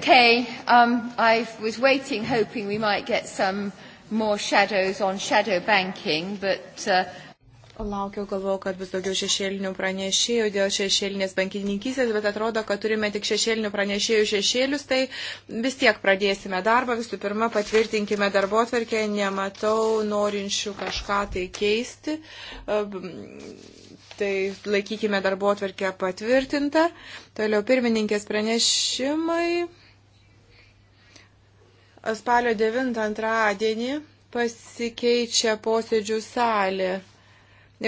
Okay, um, I was waiting, hoping we might get some more shadows on shadow banking, but... Uh, Laukiau galvau, kad bus daugiau šešėlinių pranešėjų dėl šešėlinės bankininkysės, bet atrodo, kad turime tik šešėlinių pranešėjų šešėlius, tai vis tiek pradėsime darbą. Visų pirma, patvirtinkime darbo atverkę, nematau norinčių kažką tai keisti. Tai laikykime darbo atverkę patvirtintą. Toliau pirmininkės pranešimai spalio 9 antradienį pasikeičia posėdžių salė.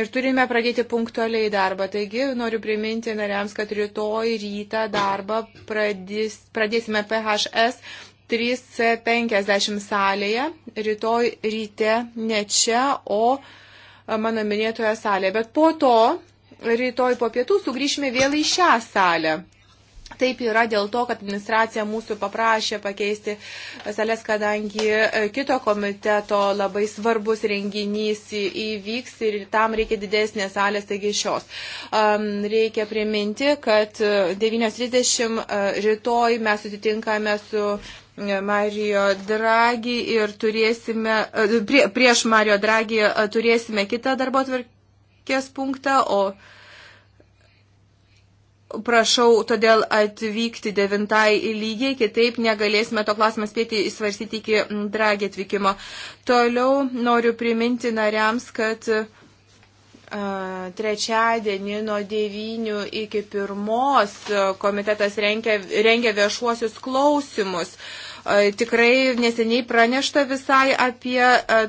Ir turime pradėti punktualiai darbą. Taigi noriu priminti nariams, kad rytoj rytą darbą pradės, pradėsime PHS 3C50 salėje. Rytoj ryte ne čia, o mano minėtoje salėje. Bet po to rytoj po pietų sugrįšime vėl į šią salę. Taip yra dėl to, kad administracija mūsų paprašė pakeisti salės, kadangi e, kito komiteto labai svarbus renginys įvyks ir tam reikia didesnės salės, taigi šios. Reikia priminti, kad 9.30 e, e, rytoj mes susitinkame su Mario Draghi ir turėsime, prie, prieš Mario Draghi turėsime kitą darbo tvarkės punktą, o prašau todėl atvykti devintai lygiai, kitaip negalėsime to klausimą spėti įsvarsyti iki dragė atvykimo. Toliau noriu priminti nariams, kad uh, trečiadienį nuo 9 iki 1 komitetas rengia, rengia viešuosius klausimus. Uh, Tikrai neseniai pranešta visai apie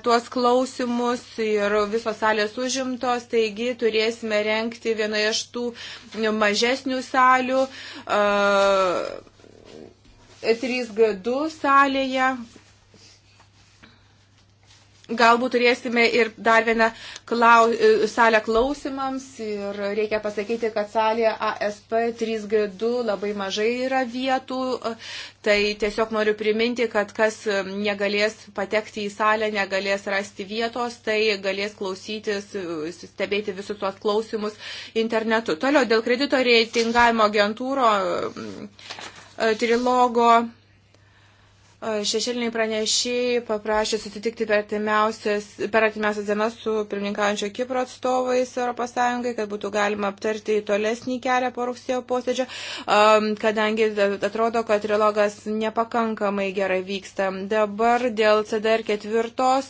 tuos klausimus ir visos salės užimtos, taigi turėsime renkti vienoje iš tų mažesnių salių. 3G2 salėje, Galbūt turėsime ir dar vieną klau, e, salę klausimams ir reikia pasakyti, kad salėje ASP 3G2 labai mažai yra vietų, tai tiesiog noriu priminti, kad kas negalės patekti į salę, negalės rasti vietos, tai galės klausytis, stebėti visus tuos klausimus internetu. Toliau dėl kredito reitingavimo agentūro trilogo Šešėliniai pranešiai paprašė susitikti per atimiausias, per atimiausias dienas su pirmininkaujančio Kipro atstovais ES, kad būtų galima aptarti tolesnį kelią po rugsėjo posėdžio, kadangi atrodo, kad trilogas nepakankamai gerai vyksta. Dabar dėl CDR ketvirtos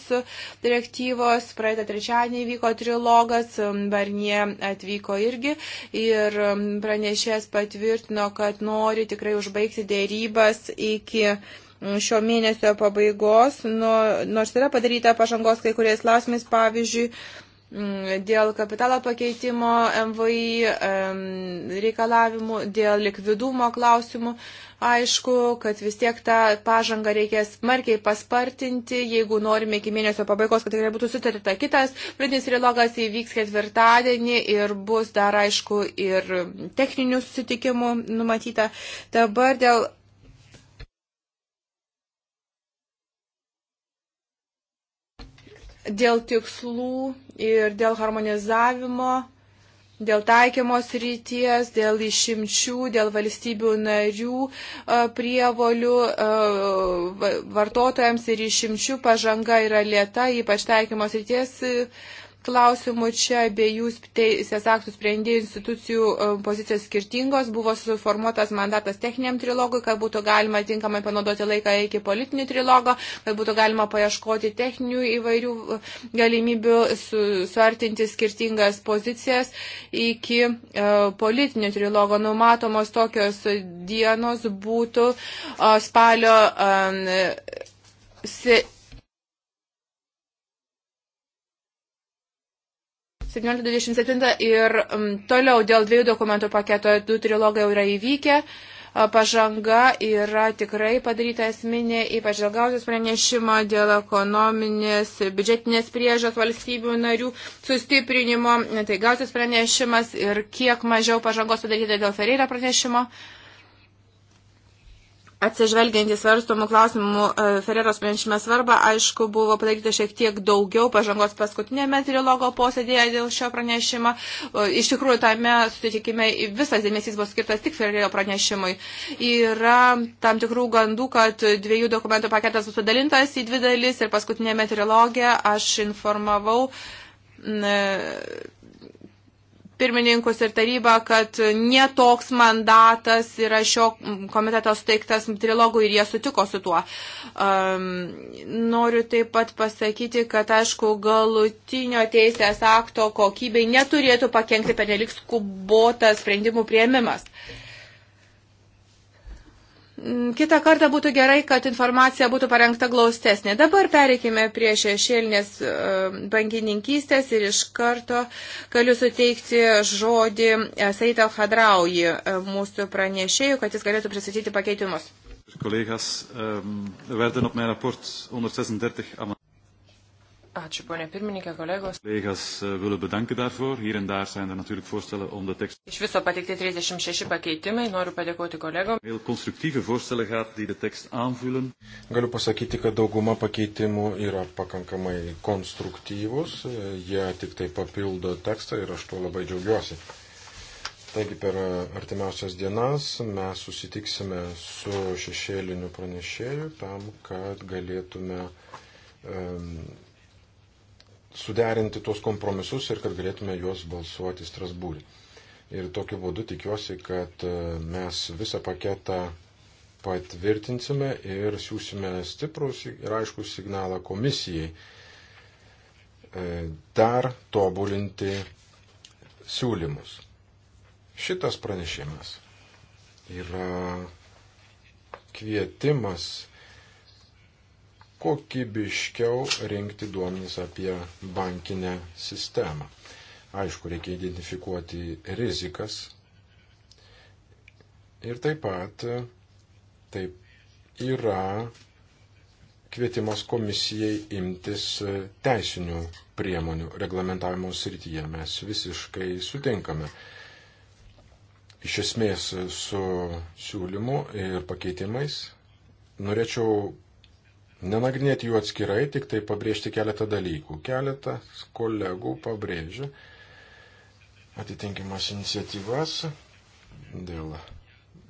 direktyvos praeitą trečiadienį vyko trilogas, Barnie atvyko irgi ir pranešės patvirtino, kad nori tikrai užbaigti dėrybas iki šio mėnesio pabaigos, nu, nors yra padaryta pažangos kai kuriais klausimais, pavyzdžiui, mm, dėl kapitalo pakeitimo MVI reikalavimų, dėl likvidumo klausimų. Aišku, kad vis tiek tą pažangą reikės smarkiai paspartinti, jeigu norime iki mėnesio pabaigos, kad tikrai būtų sutarta. Kitas pradinis trilogas įvyks ketvirtadienį ir bus dar, aišku, ir techninių susitikimų numatyta. Dabar dėl dėl tikslų ir dėl harmonizavimo, dėl taikymos ryties, dėl išimčių, dėl valstybių narių e, prievolių e, vartotojams ir išimčių pažanga yra lėta, ypač taikymos ryties e, klausimų čia abiejų teisės aktų sprendėjų institucijų e, pozicijos skirtingos. Buvo suformuotas mandatas techniniam trilogui, kad būtų galima tinkamai panaudoti laiką iki politinių trilogo, kad būtų galima paieškoti techninių įvairių e, galimybių, su, suartinti skirtingas pozicijas iki e, politinių trilogo. Numatomos tokios dienos būtų o, e, spalio. E, 17.27 ir mm, toliau dėl dviejų dokumentų paketo du trilogai jau yra įvykę. Pažanga yra tikrai padaryta esminė, ypač dėl gausios pranešimo, dėl ekonominės, biudžetinės priežos valstybių narių sustiprinimo. Tai gausios pranešimas ir kiek mažiau pažangos padaryta dėl Ferreira pranešimo. Uh, Atsižvelgiant į svarstomų klausimų e, Ferreros pranešime svarbą, aišku, buvo padaryta šiek tiek daugiau pažangos paskutinėme trilogo posėdėje dėl šio pranešimo. E, iš tikrųjų, tame susitikime visas dėmesys buvo skirtas tik Ferrero pranešimui. Yra tam tikrų gandų, kad dviejų dokumentų paketas bus padalintas į dvi dalis ir paskutinėme trilogė aš informavau. Ne, pirmininkus ir tarybą, kad netoks mandatas yra šio komiteto suteiktas trilogui ir jie sutiko su tuo. Um, noriu taip pat pasakyti, kad aišku, galutinio teisės akto kokybei neturėtų pakengti per nelik skubotas sprendimų prieimimas. Uh, Mm, Kita karta būtų gerai, kad informacija būtų parengta glaustesnė. Dabar pereikime prie šešėlinės um, bankininkystės ir iš karto galiu suteikti žodį e, Saitel Hadrauji e, mūsų pranešėjų, kad jis galėtų pristatyti pakeitimus. Kolegas, um, er werden op mijn rapport 136 amendementen. Ačiū, ponė pirmininkė, kolegos. Eh, er Iš viso pateikti 36 pakeitimai, noriu padėkoti kolegom. Galiu pasakyti, kad dauguma pakeitimų yra pakankamai konstruktyvus, jie tik tai papildo tekstą ir aš tuo labai džiaugiuosi. Taigi per artimiausias dienas mes susitiksime su šešėliniu pranešėju tam, kad galėtume um, suderinti tuos kompromisus ir kad galėtume juos balsuoti Strasbūrį. Ir tokiu būdu tikiuosi, kad e, mes visą paketą patvirtinsime ir siūsime stiprų ir aiškų signalą komisijai e, dar tobulinti siūlymus. Šitas pranešimas yra kvietimas kokybiškiau rinkti duomenys apie bankinę sistemą. Aišku, reikia identifikuoti rizikas ir taip pat taip yra kvietimas komisijai imtis teisinių priemonių reglamentavimo srityje. Mes visiškai sutinkame iš esmės su siūlymu ir pakeitimais. Norėčiau nenagrinėti jų atskirai, tik tai pabrėžti keletą dalykų. Keletas kolegų pabrėžia atitinkamas iniciatyvas dėl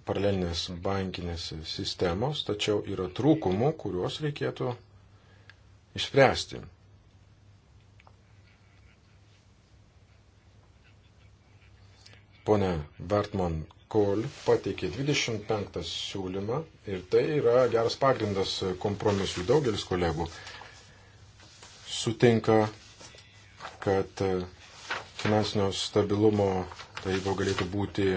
paralelinės bankinės sistemos, tačiau yra trūkumų, kuriuos reikėtų išspręsti. Pone Bartman Kol pateikė 25 siūlymą ir tai yra geras pagrindas kompromisui. Daugelis kolegų sutinka, kad finansinio stabilumo taryba galėtų būti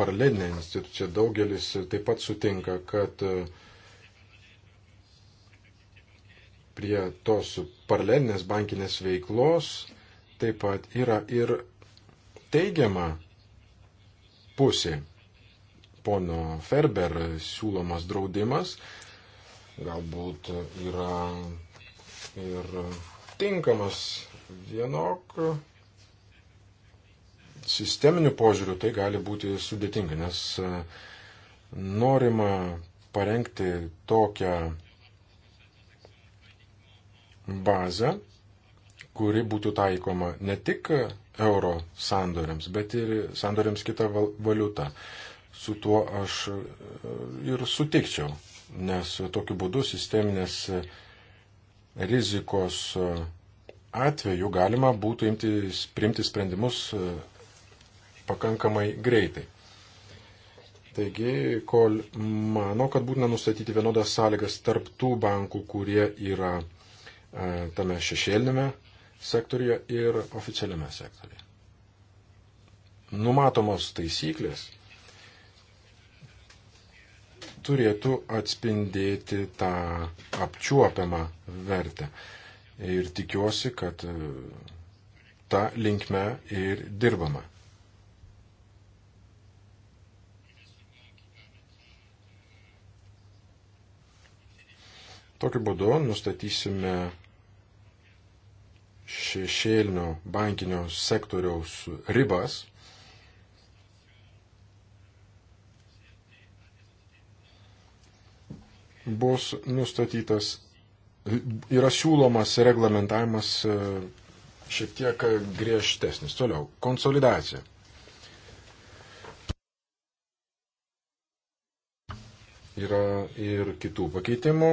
paralelinė institucija. Daugelis taip pat sutinka, kad prie tos paralelinės bankinės veiklos taip pat yra ir teigiama pusė pono Ferber siūlomas draudimas galbūt yra ir tinkamas vienok sisteminių požiūrių tai gali būti sudėtinga, nes e, norima parengti tokią bazę, kuri būtų taikoma ne tik euro sandoriams, bet ir sandoriams kitą valiutą su tuo aš e, ir sutikčiau, nes tokiu būdu sisteminės e, rizikos e, atveju galima būtų imti, priimti sprendimus pakankamai greitai. Taigi, kol mano, kad būtina nustatyti vienodas sąlygas tarp tų bankų, kurie yra e, tame šešėlinėme sektoriuje ir oficialiame sektoriuje. Numatomos taisyklės turėtų atspindėti tą apčiuopiamą vertę. Ir tikiuosi, kad e, tą linkme ir dirbama. Tokiu būdu nustatysime šešėlinio bankinio sektoriaus ribas bus nustatytas, yra siūlomas reglamentavimas e, šiek tiek griežtesnis. Toliau, konsolidacija. Yra ir kitų pakeitimų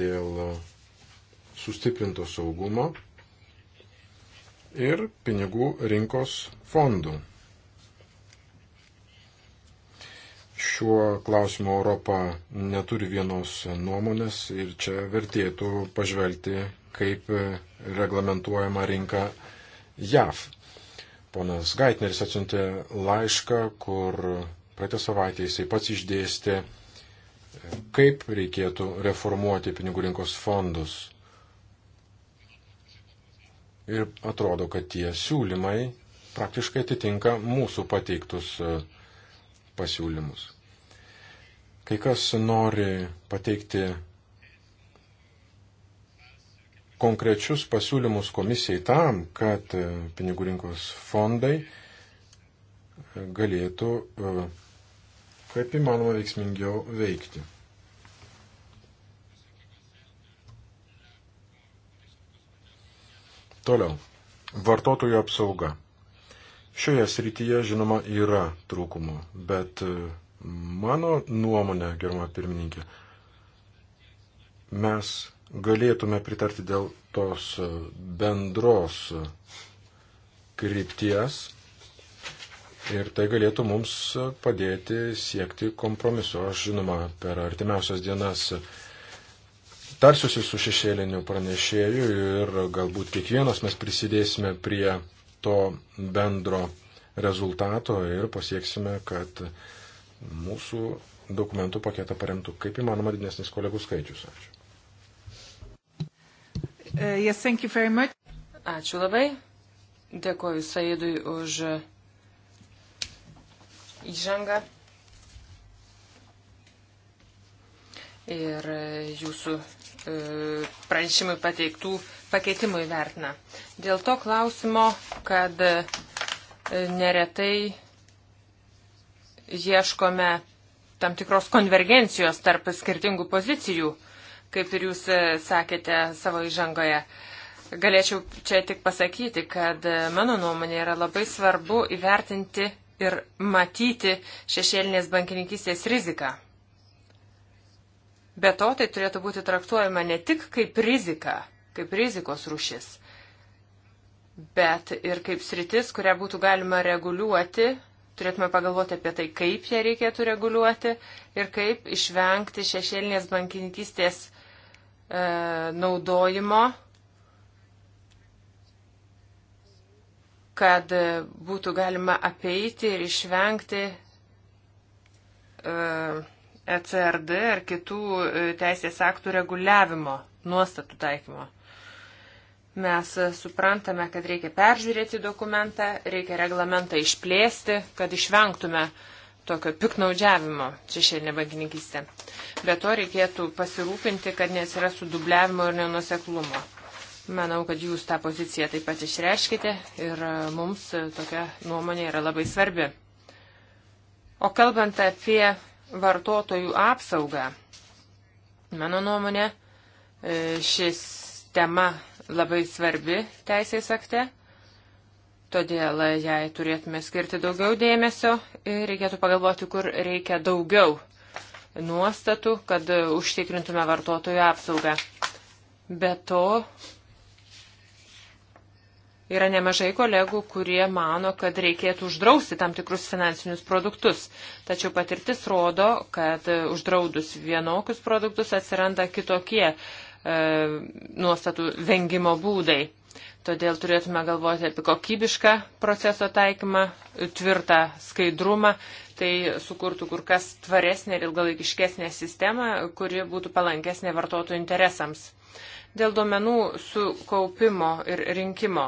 dėl sustiprinto saugumo ir pinigų rinkos fondų. Šiuo klausimu Europa neturi vienos nuomonės ir čia vertėtų pažvelgti, kaip reglamentuojama rinka JAV. Ponas Gaitneris atsiuntė laišką, kur praeitą savaitę jisai pats išdėstė, kaip reikėtų reformuoti pinigų rinkos fondus. Ir atrodo, kad tie siūlymai praktiškai atitinka mūsų pateiktus uh, pasiūlymus. Kai kas nori pateikti konkrečius pasiūlymus komisijai tam, kad e, pinigų rinkos fondai e, galėtų e, kaip įmanoma veiksmingiau veikti. Toliau. Vartotojų apsauga. Šioje srityje, žinoma, yra trūkumų, bet e, mano nuomonė, germa pirmininkė, mes galėtume pritarti dėl tos e, bendros e, krypties ir tai galėtų mums padėti siekti kompromiso. Aš, žinoma, per artimiausias dienas tarsiuosi su šešėliniu pranešėju ir galbūt kiekvienas mes prisidėsime prie to bendro rezultato ir pasieksime, kad mūsų dokumentų paketą paremtų kaip įmanoma didesnis kolegų skaičius. Ačiū. Uh, yes, Ačiū labai. Dėkoju Saidui už įžangą ir jūsų uh, pranešimui pateiktų pakeitimų įvertina. Dėl to klausimo, kad e, neretai ieškome tam tikros konvergencijos tarp skirtingų pozicijų, kaip ir jūs e, sakėte savo įžangoje. Galėčiau čia tik pasakyti, kad e, mano nuomonė yra labai svarbu įvertinti ir matyti šešėlinės bankininkystės riziką. Be to, tai turėtų būti traktuojama ne tik kaip rizika, kaip rizikos rušis, bet ir kaip sritis, kurią būtų galima reguliuoti. Turėtume pagalvoti apie tai, kaip ją reikėtų reguliuoti ir kaip išvengti šešėlinės bankininkystės e, naudojimo, kad e, būtų galima apeiti ir išvengti ECRD e ar kitų e, teisės aktų reguliavimo, nuostatų taikymo. Mes suprantame, kad reikia peržiūrėti dokumentą, reikia reglamentą išplėsti, kad išvengtume tokio piknaudžiavimo šešėlinė bankininkystė. Be to reikėtų pasirūpinti, kad nesirastų dubliavimo ir nenuseklumo. Manau, kad jūs tą poziciją taip pat išreiškite ir mums tokia nuomonė yra labai svarbi. O kalbant apie vartotojų apsaugą, mano nuomonė, e, šis tema labai svarbi teisės akte, todėl e, jai turėtume skirti daugiau dėmesio ir reikėtų pagalvoti, kur reikia daugiau nuostatų, kad e, užtikrintume vartotojų apsaugą. Be to, yra nemažai kolegų, kurie mano, kad reikėtų uždrausti tam tikrus finansinius produktus. Tačiau patirtis rodo, kad e, uždraudus vienokius produktus atsiranda kitokie E, nuostatų vengimo būdai. Todėl turėtume galvoti apie kokybišką proceso taikymą, tvirtą skaidrumą, tai sukurtų kur kas tvaresnę ir ilgalaikiškesnę sistemą, kuri būtų palankesnė vartotojų interesams. Dėl duomenų sukaupimo ir rinkimo.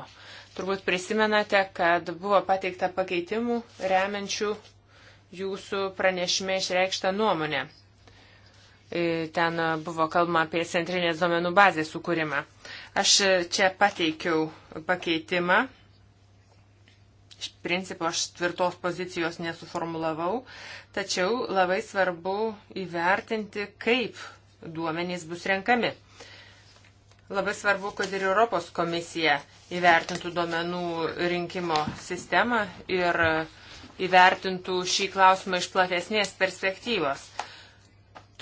Turbūt prisimenate, kad buvo pateikta pakeitimų remiančių jūsų pranešime išreikštą nuomonę. E, ten buvo kalbama apie centrinės duomenų bazės sukūrimą. Aš čia pateikiau pakeitimą. Iš principo aš tvirtos pozicijos nesuformulavau, tačiau labai svarbu įvertinti, kaip duomenys bus renkami. Labai svarbu, kad ir Europos komisija įvertintų duomenų rinkimo sistemą ir įvertintų šį klausimą iš platesnės perspektyvos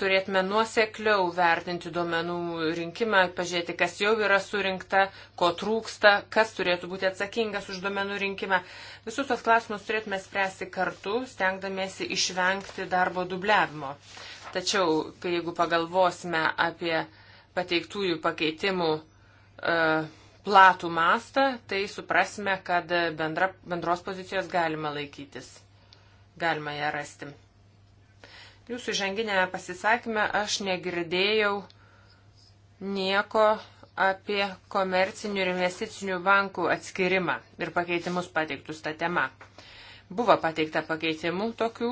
turėtume nuosekliau vertinti duomenų rinkimą, pažiūrėti, kas jau yra surinkta, ko trūksta, kas turėtų būti atsakingas už duomenų rinkimą. Visus tos klausimus turėtume spręsti kartu, stengdamiesi išvengti darbo dubliavimo. Tačiau, kai jeigu pagalvosime apie pateiktųjų pakeitimų e, platų mastą, tai suprasime, kad bendra, bendros pozicijos galima laikytis. Galima ją rasti. Jūsų ženginėme pasisakymę aš negirdėjau nieko apie komercinių ir investicinių bankų atskirimą ir pakeitimus pateiktus tą temą. Buvo pateikta pakeitimų tokių,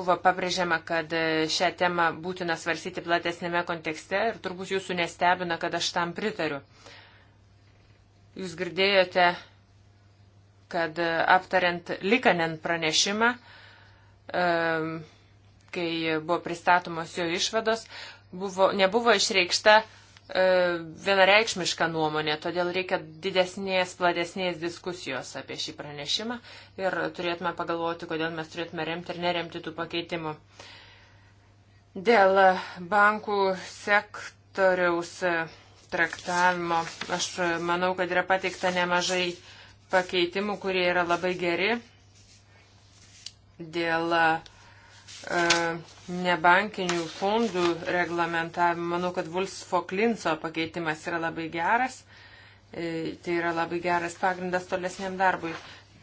buvo pabrėžiama, kad šią temą būtina svarsyti platesnėme kontekste ir turbūt jūsų nestebina, kad aš tam pritariu. Jūs girdėjote, kad aptariant Likanen pranešimą, um, kai buvo pristatomos jo išvados, buvo, nebuvo išreikšta e, vienareikšmiška nuomonė, todėl reikia didesnės, platesnės diskusijos apie šį pranešimą ir turėtume pagalvoti, kodėl mes turėtume remti ir neremti tų pakeitimų. Dėl bankų sektoriaus traktavimo aš manau, kad yra pateikta nemažai pakeitimų, kurie yra labai geri. Dėl uh, E, nebankinių fondų reglamentavimą. Manau, kad Vulsfo Klinso pakeitimas yra labai geras. E, tai yra labai geras pagrindas tolesniam darbui.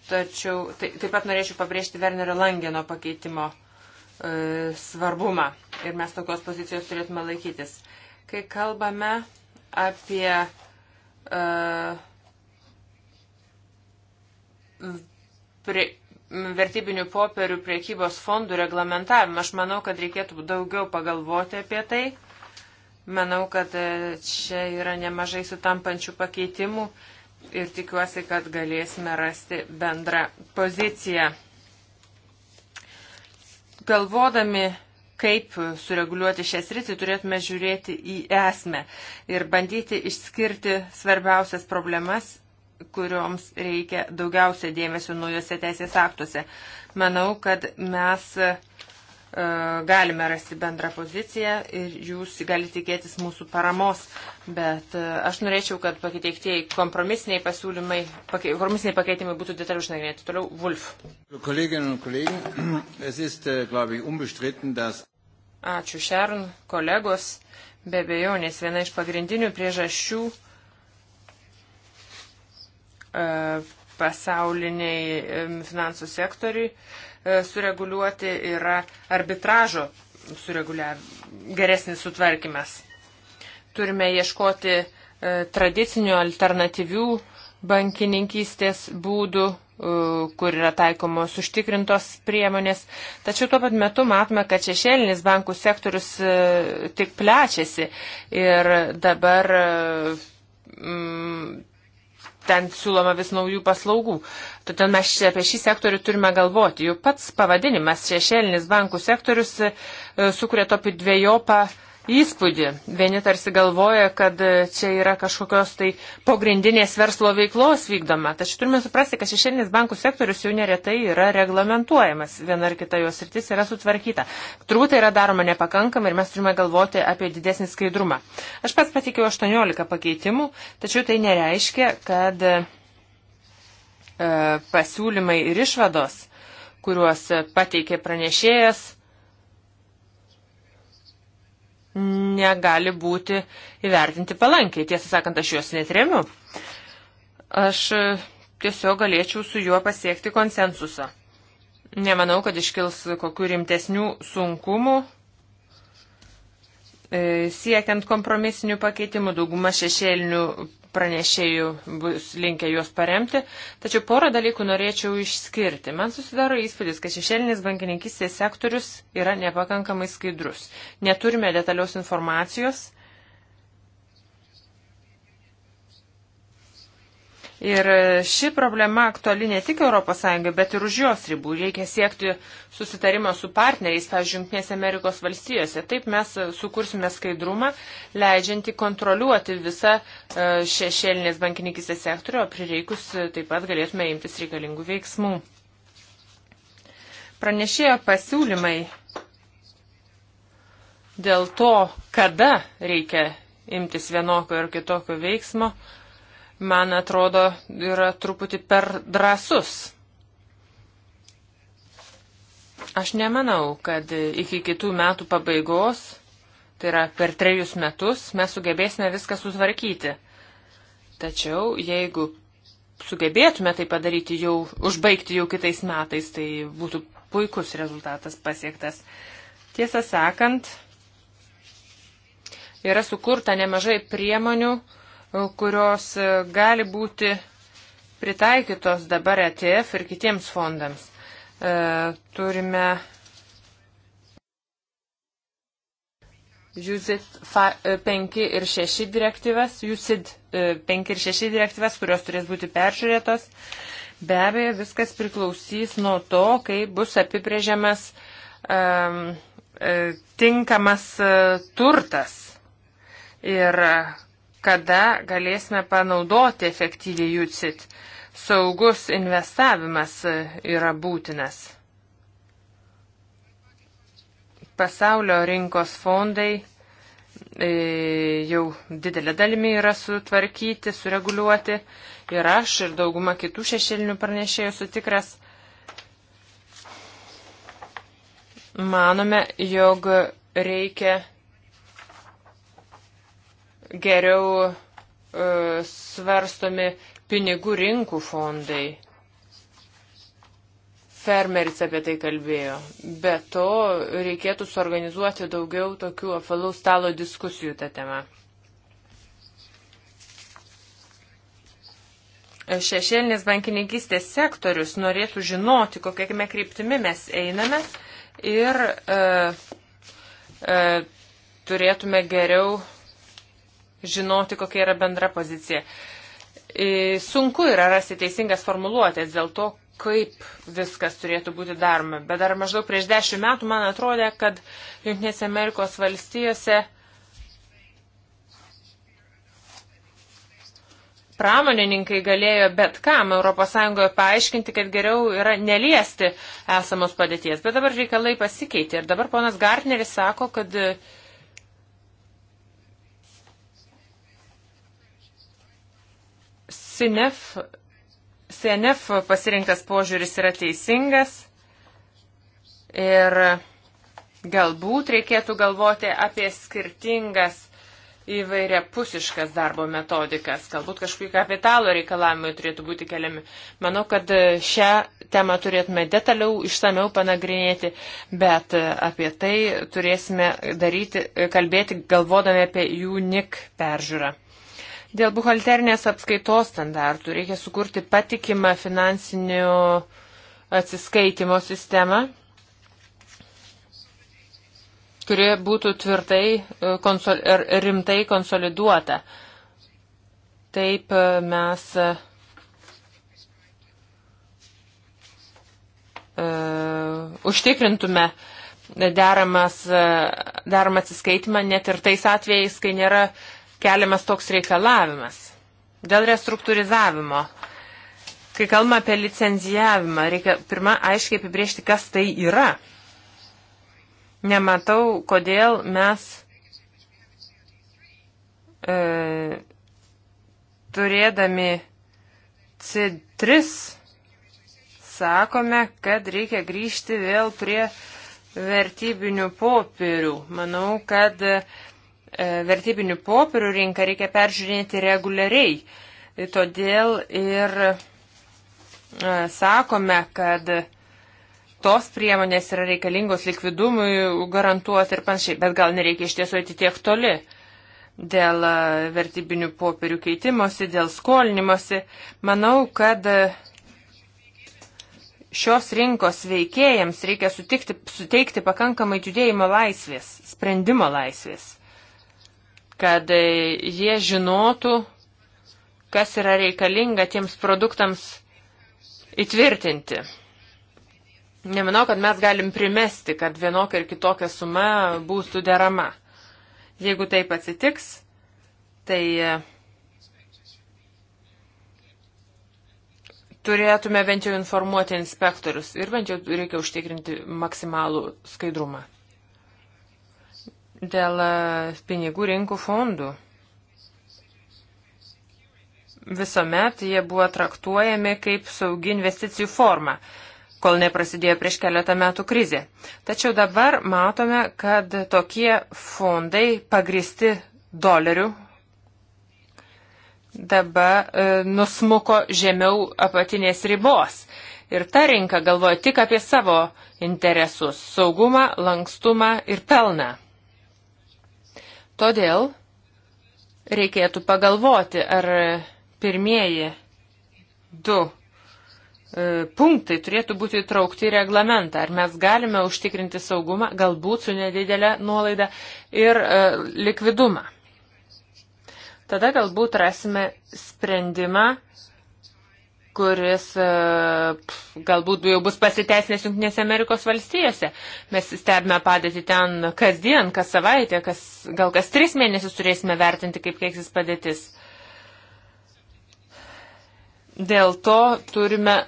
Tačiau tai, taip pat norėčiau pabrėžti Wernerio Langeno pakeitimo e, svarbumą. Ir mes tokios pozicijos turėtume laikytis. Kai kalbame apie e, pre, vertybinių popierių priekybos fondų reglamentavimą. Aš manau, kad reikėtų daugiau pagalvoti apie tai. Manau, kad e, čia yra nemažai sutampančių pakeitimų ir tikiuosi, kad galėsime rasti bendrą poziciją. Galvodami, kaip sureguliuoti šią sritį, turėtume žiūrėti į esmę ir bandyti išskirti svarbiausias problemas kurioms reikia daugiausia dėmesio naujose teisės aktuose. Manau, kad mes e, galime rasti bendrą poziciją ir jūs galite tikėtis mūsų paramos, bet e, aš norėčiau, kad pakiteiktieji kompromisiniai pasiūlymai, pake, kompromisiniai pakeitimai būtų detaliau išnagrinėti. Toliau, Vulf. Äh, Ačiū, Šern, kolegos. Be abejo, nes viena iš pagrindinių priežasčių E, pasauliniai finansų sektoriui e, sureguliuoti yra arbitražo geresnis sutvarkymas. Turime ieškoti e, tradicinių alternatyvių bankininkystės būdų, kur yra taikomos užtikrintos priemonės. Tačiau tuo pat metu matome, kad šešėlinis bankų sektorius tik plečiasi ir dabar ten siūloma vis naujų paslaugų. Todėl mes apie šį sektorių turime galvoti. Jau pats pavadinimas šešėlinis bankų sektorius e, sukuria tokį dviejopą uh, įspūdį. Vieni tarsi galvoja, kad čia yra kažkokios tai pogrindinės verslo veiklos vykdoma. Tačiau turime suprasti, kad šešėlinis bankų sektorius jau neretai yra reglamentuojamas. Viena ar kita jos rytis yra sutvarkyta. Turbūt tai yra daroma nepakankamai ir mes turime galvoti apie didesnį skaidrumą. Aš pats patikiu 18 pakeitimų, tačiau tai nereiškia, kad e, pasiūlymai ir išvados kuriuos pateikė pranešėjas, negali būti įvertinti palankiai. Tiesą sakant, aš juos netremiu. Aš e, tiesiog galėčiau su juo pasiekti konsensusą. Nemanau, kad iškils kokių rimtesnių sunkumų e, siekiant kompromisinių pakeitimų. Dauguma šešėlinių pranešėjų bus linkę juos paremti, tačiau porą dalykų norėčiau išskirti. Man susidaro įspūdis, kad šešėlinis bankininkistės sektorius yra nepakankamai skaidrus. Neturime detalios informacijos Ir ši problema aktuali ne tik ES, bet ir už jos ribų. Reikia siekti susitarimo su partneriais, pavyzdžiui, Junktinėse Amerikos valstijose. Taip mes sukursime skaidrumą, leidžiantį kontroliuoti visą e, šešėlinės bankininkistės sektorių, o prireikus e, taip pat galėtume imtis reikalingų veiksmų. Pranešėjo pasiūlymai dėl to, kada reikia imtis vienokio ir kitokio veiksmo man atrodo, yra truputį per drąsus. Aš nemanau, kad iki kitų metų pabaigos, tai yra per trejus metus, mes sugebėsime viską sutvarkyti. Tačiau, jeigu sugebėtume tai padaryti jau, užbaigti jau kitais metais, tai būtų puikus rezultatas pasiektas. Tiesą sakant, yra sukurta nemažai priemonių, uh, kurios e, gali būti pritaikytos dabar ETF ir kitiems fondams. E, turime JUSID 5 e, ir 6 direktyvas, JUSID 5 ir 6 direktyvas, kurios turės būti peržiūrėtos. Be abejo, viskas priklausys nuo to, kaip bus apibrėžiamas um, tinkamas turtas ir kada galėsime panaudoti efektyviai jūcit. Saugus investavimas e, yra būtinas. Pasaulio rinkos fondai e, jau didelė dalimi yra sutvarkyti, sureguliuoti. Ir aš, ir dauguma kitų šešėlinių pranešėjų sutikras. Manome, jog reikia geriau e, svarstomi pinigų rinkų fondai. Fermeris apie tai kalbėjo. Be to, reikėtų suorganizuoti daugiau tokių apvalaus stalo diskusijų tą temą. Šešėlinis bankininkystės sektorius norėtų žinoti, kokiame kryptimi mes einame ir e, e, turėtume geriau žinoti, kokia yra bendra pozicija. E, sunku yra rasti teisingas formuluotės dėl to, kaip viskas turėtų būti daroma. Bet dar maždaug prieš dešimt metų man atrodė, kad Junktinėse Amerikos valstijose pramonininkai galėjo bet kam ES paaiškinti, kad geriau yra neliesti esamos padėties. Bet dabar reikalai pasikeitė ir dabar ponas Gartneris sako, kad uh, CNF, CNF pasirinktas požiūris yra teisingas ir galbūt reikėtų galvoti apie skirtingas įvairiapusiškas darbo metodikas, galbūt kažkokie kapitalo reikalavimai turėtų būti keliami. Manau, kad šią temą turėtume detaliau, išsameu panagrinėti, bet apie tai turėsime daryti, kalbėti galvodami apie jų NIK peržiūrą. Dėl buhalternės apskaitos standartų reikia sukurti patikimą finansinių atsiskaitimo sistemą, kuri būtų tvirtai e, konsol, er, rimtai konsoliduota. Taip e, mes uh, užtikrintume deramas, deramą atsiskaitimą net ir tais atvejais, kai nėra uh, keliamas toks reikalavimas. Dėl restruktūrizavimo. Kai kalbame apie licenzijavimą, reikia pirmą aiškiai apibriežti, kas tai yra. Nematau, kodėl mes e, turėdami C3 sakome, kad reikia grįžti vėl prie vertybinių popierių. Manau, kad E, vertybinių popierių rinką reikia peržiūrėti reguliariai. E, todėl ir e, sakome, kad tos priemonės yra reikalingos likvidumui garantuoti ir panašiai, bet gal nereikia iš tiesų eiti tiek toli dėl vertybinių popierių keitimosi, dėl skolinimosi. Manau, kad šios rinkos veikėjams reikia sutikti, suteikti pakankamai judėjimo laisvės, sprendimo laisvės kad e, jie žinotų, kas yra reikalinga tiems produktams įtvirtinti. Nemanau, kad mes galim primesti, kad vienokia ir kitokia suma būtų derama. Jeigu taip atsitiks, tai e, turėtume bent jau informuoti inspektorius ir bent jau reikia užtikrinti maksimalų skaidrumą dėl e, pinigų rinkų fondų. Visuomet jie buvo traktuojami kaip saugi investicijų forma, kol neprasidėjo prieš keletą metų krizė. Tačiau dabar matome, kad tokie fondai pagristi dolerių dabar e, nusmuko žemiau apatinės ribos. Ir ta rinka galvoja tik apie savo interesus - saugumą, lankstumą ir pelną. Todėl reikėtų pagalvoti, ar pirmieji du e, punktai turėtų būti įtraukti į reglamentą. Ar mes galime užtikrinti saugumą, galbūt su nedidelė nuolaida ir e, likvidumą. Tada galbūt rasime sprendimą kuris e, galbūt jau bus pasiteisnės Junktinėse Amerikos valstijose. Mes stebime padėti ten kasdien, kas savaitę, kas, gal kas tris mėnesius turėsime vertinti, kaip keiksis padėtis. Dėl to turime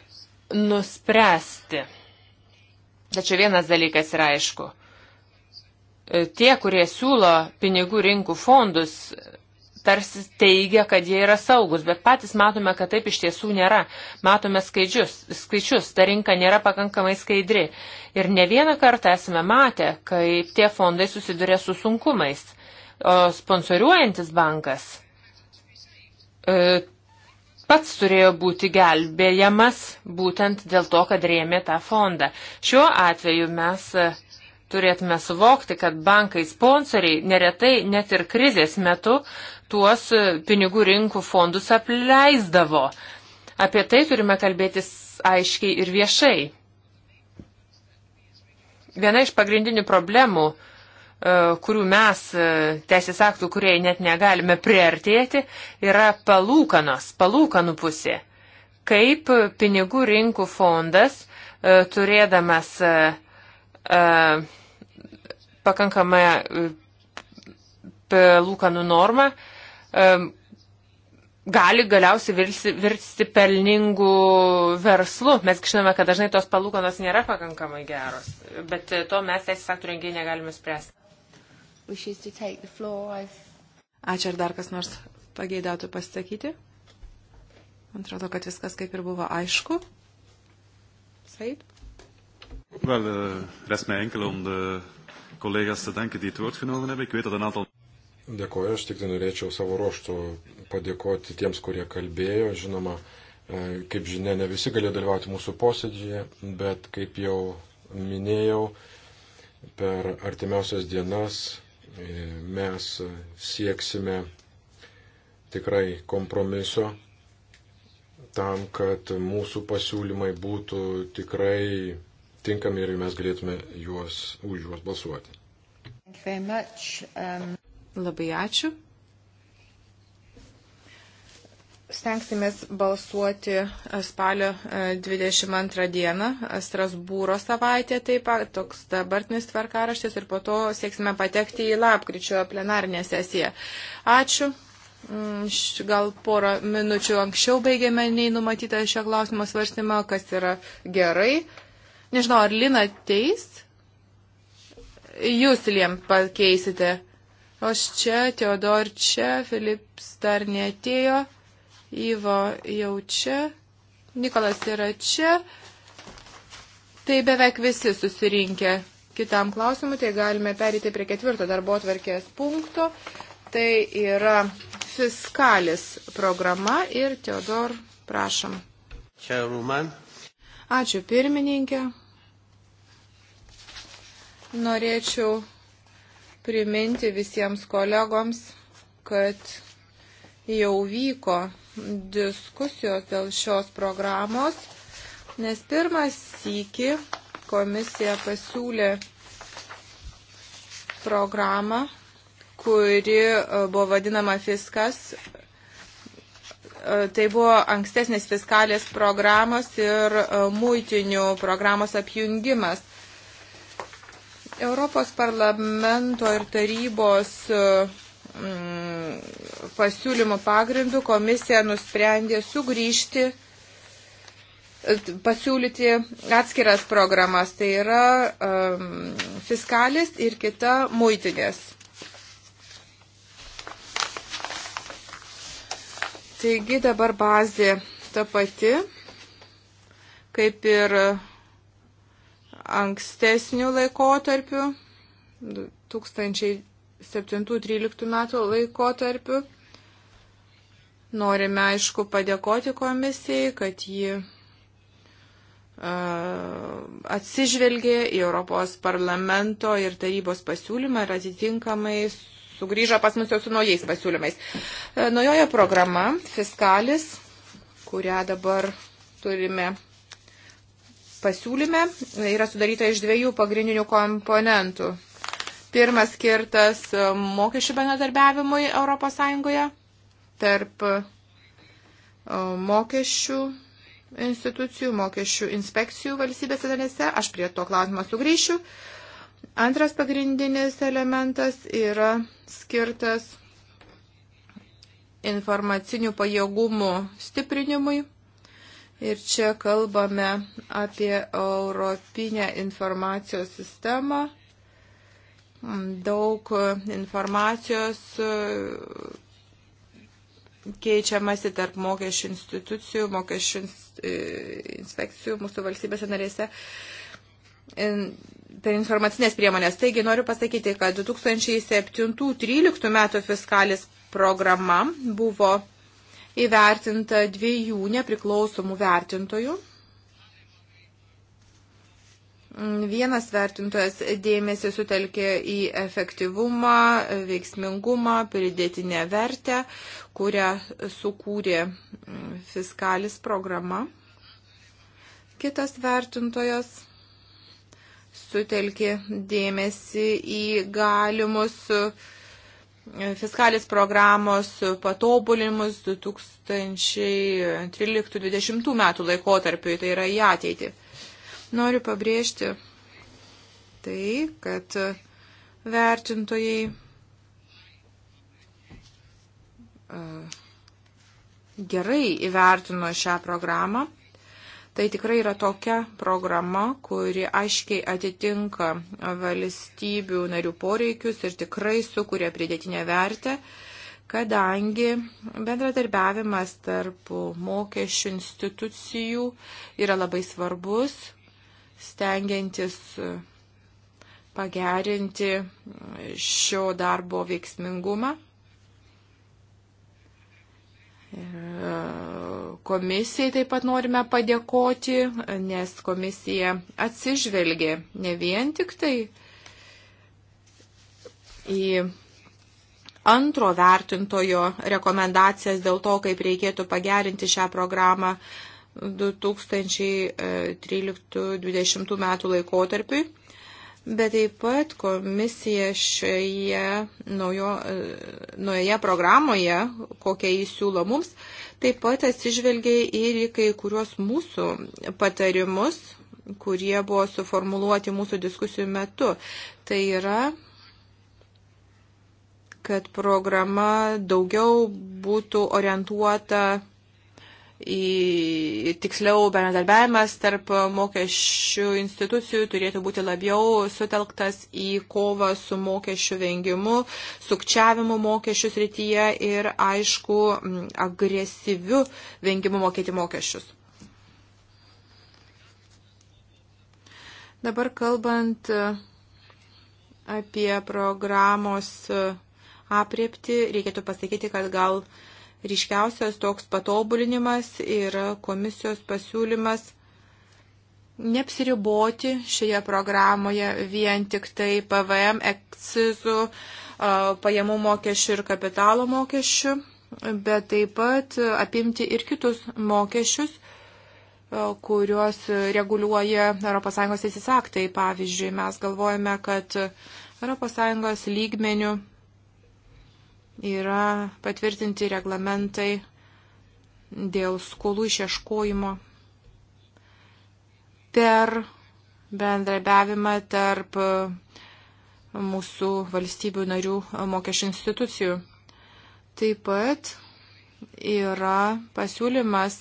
nuspręsti. Tačiau vienas dalykas yra aišku. E, tie, kurie siūlo pinigų rinkų fondus, tarsi teigia, kad jie yra saugus, bet patys matome, kad taip iš tiesų nėra. Matome skaičius, skaičius ta rinka nėra pakankamai skaidri. Ir ne vieną kartą esame matę, kai tie fondai susiduria su sunkumais, o sponsoriuojantis bankas e, pats turėjo būti gelbėjamas būtent dėl to, kad rėmė tą fondą. Šiuo atveju mes. E, turėtume suvokti, kad bankai sponsoriai neretai net ir krizės metu tuos e, pinigų rinkų fondus apleisdavo. Apie tai turime kalbėtis aiškiai ir viešai. Viena iš pagrindinių problemų, e, kurių mes, e, teisės aktų, kurie net negalime priartėti, yra palūkanos, palūkanų pusė. Kaip pinigų rinkų fondas, turėdamas uh, pakankamą e, palūkanų normą, e, gali galiausiai virsti, virsti pelningų verslų. Mes žinome, kad dažnai tos palūkanos nėra pakankamai geros, bet e, to mes teisės aktų rengėjai negalime spręsti. Ačiū, ar dar kas nors pageidautų pasakyti? Man atrodo, kad viskas kaip ir buvo aišku. Said? Wel, uh, rest mij enkel om de collega's te danken die het woord genomen hebben. Ik weet dat een aantal. Dėkoju, aš tik tai norėčiau savo ruoštų padėkoti tiems, kurie kalbėjo. Žinoma, e, kaip žinia, ne visi galėjo dalyvauti mūsų posėdžiuje, bet kaip jau minėjau, per artimiausias dienas e, mes sieksime tikrai kompromiso tam, kad mūsų pasiūlymai būtų tikrai tinkami ir mes galėtume juos, už juos balsuoti. Um... Labai ačiū. Stengsimės balsuoti uh, spalio 22 uh, dieną, uh, Strasbūro savaitė taip pat, toks dabartinis tvarkaraštis ir po to sieksime patekti į lapkričio plenarinę sesiją. Ačiū. Mm, gal porą minučių anksčiau baigėme nei numatytą šio klausimo svarstymą, kas yra gerai. Nežinau, ar Lina teis? Jūs Liem pakeisite. Aš čia, Teodor čia, Filips dar netėjo, Ivo jau čia, Nikolas yra čia. Tai beveik visi susirinkę kitam klausimui, tai galime perėti prie ketvirto darbo atvarkės punkto. Tai yra fiskalis programa ir Teodor, prašom. Čia Ruman. Ačiū pirmininkė. Norėčiau priminti visiems kolegoms, kad jau vyko diskusijos dėl šios programos, nes pirmas sįki komisija pasiūlė programą, kuri e, buvo vadinama Fiskas. E, tai buvo ankstesnės fiskalės programos ir e, muitinių programos apjungimas. Europos parlamento ir tarybos e, mm, pasiūlymų pagrindų komisija nusprendė sugrįžti e, pasiūlyti atskiras programas, tai yra um, e, fiskalis ir kita muitinės. Taigi dabar bazė ta pati, kaip ir ankstesnių laikotarpių, 2007-2013 metų laikotarpių. Norime, aišku, padėkoti komisijai, kad ji e, atsižvelgė į Europos parlamento ir tarybos pasiūlymą ir atitinkamai sugrįžo pas mus jau su naujais pasiūlymais. E, Naujoje programa Fiskalis, kurią dabar turime pasiūlyme yra sudaryta iš dviejų pagrindinių komponentų. Pirmas skirtas mokesčių bendradarbiavimui ES tarp e, mokesčių institucijų, mokesčių inspekcijų valstybės dalėse. Aš prie to klausimo sugrįšiu. Antras pagrindinis elementas yra skirtas informacinių pajėgumų stiprinimui Ir čia kalbame apie Europinę informacijos sistemą. Daug informacijos e, keičiamasi tarp mokesčių institucijų, mokesčių e, inspekcijų mūsų valstybėse narėse per informacinės priemonės. Taigi noriu pasakyti, kad 2007-2013 metų fiskalis programa buvo įvertinta dviejų nepriklausomų vertintojų. Vienas vertintojas dėmesį sutelkė į efektyvumą, veiksmingumą, pridėtinę vertę, kurią sukūrė mm, fiskalis programa. Kitas vertintojas sutelkė dėmesį į galimus uh, fiskalės programos patobulimus 2013-2020 metų laikotarpiu, tai yra į ateitį. Noriu pabrėžti tai, kad vertintojai e, gerai įvertino šią programą Tai tikrai yra tokia programa, kuri aiškiai atitinka valstybių narių poreikius ir tikrai sukuria pridėtinę vertę, kadangi bendradarbiavimas tarp mokesčių institucijų yra labai svarbus, stengiantis pagerinti šio darbo veiksmingumą. Komisijai taip pat norime padėkoti, nes komisija atsižvelgė ne vien tik tai į antro vertintojo rekomendacijas dėl to, kaip reikėtų pagerinti šią programą 2013-2020 metų laikotarpiui, Bet taip pat komisija šioje naujo, naujoje programoje, kokią jis siūlo mums, taip pat atsižvelgia ir į kai kuriuos mūsų patarimus, kurie buvo suformuluoti mūsų diskusijų metu. Tai yra, kad programa daugiau būtų orientuota į tiksliau bendradarbiavimas tarp mokesčių institucijų turėtų būti labiau sutelktas į kovą su mokesčių vengimu, sukčiavimu mokesčių srityje ir, aišku, agresyviu vengimu mokėti mokesčius. Dabar kalbant e, apie programos e, apriepti, reikėtų pasakyti, kad gal uh, ryškiausias toks patobulinimas yra komisijos pasiūlymas neapsiriboti šioje programoje vien tik tai PVM, akcizų, pajamų mokesčių ir kapitalo mokesčių, bet taip pat apimti ir kitus mokesčius, kuriuos reguliuoja ES teisės aktai. Pavyzdžiui, mes galvojame, kad ES lygmenių yra patvirtinti reglamentai dėl skolų išieškojimo per bendrabiavimą tarp mūsų valstybių narių mokesčių institucijų. Taip pat yra pasiūlymas,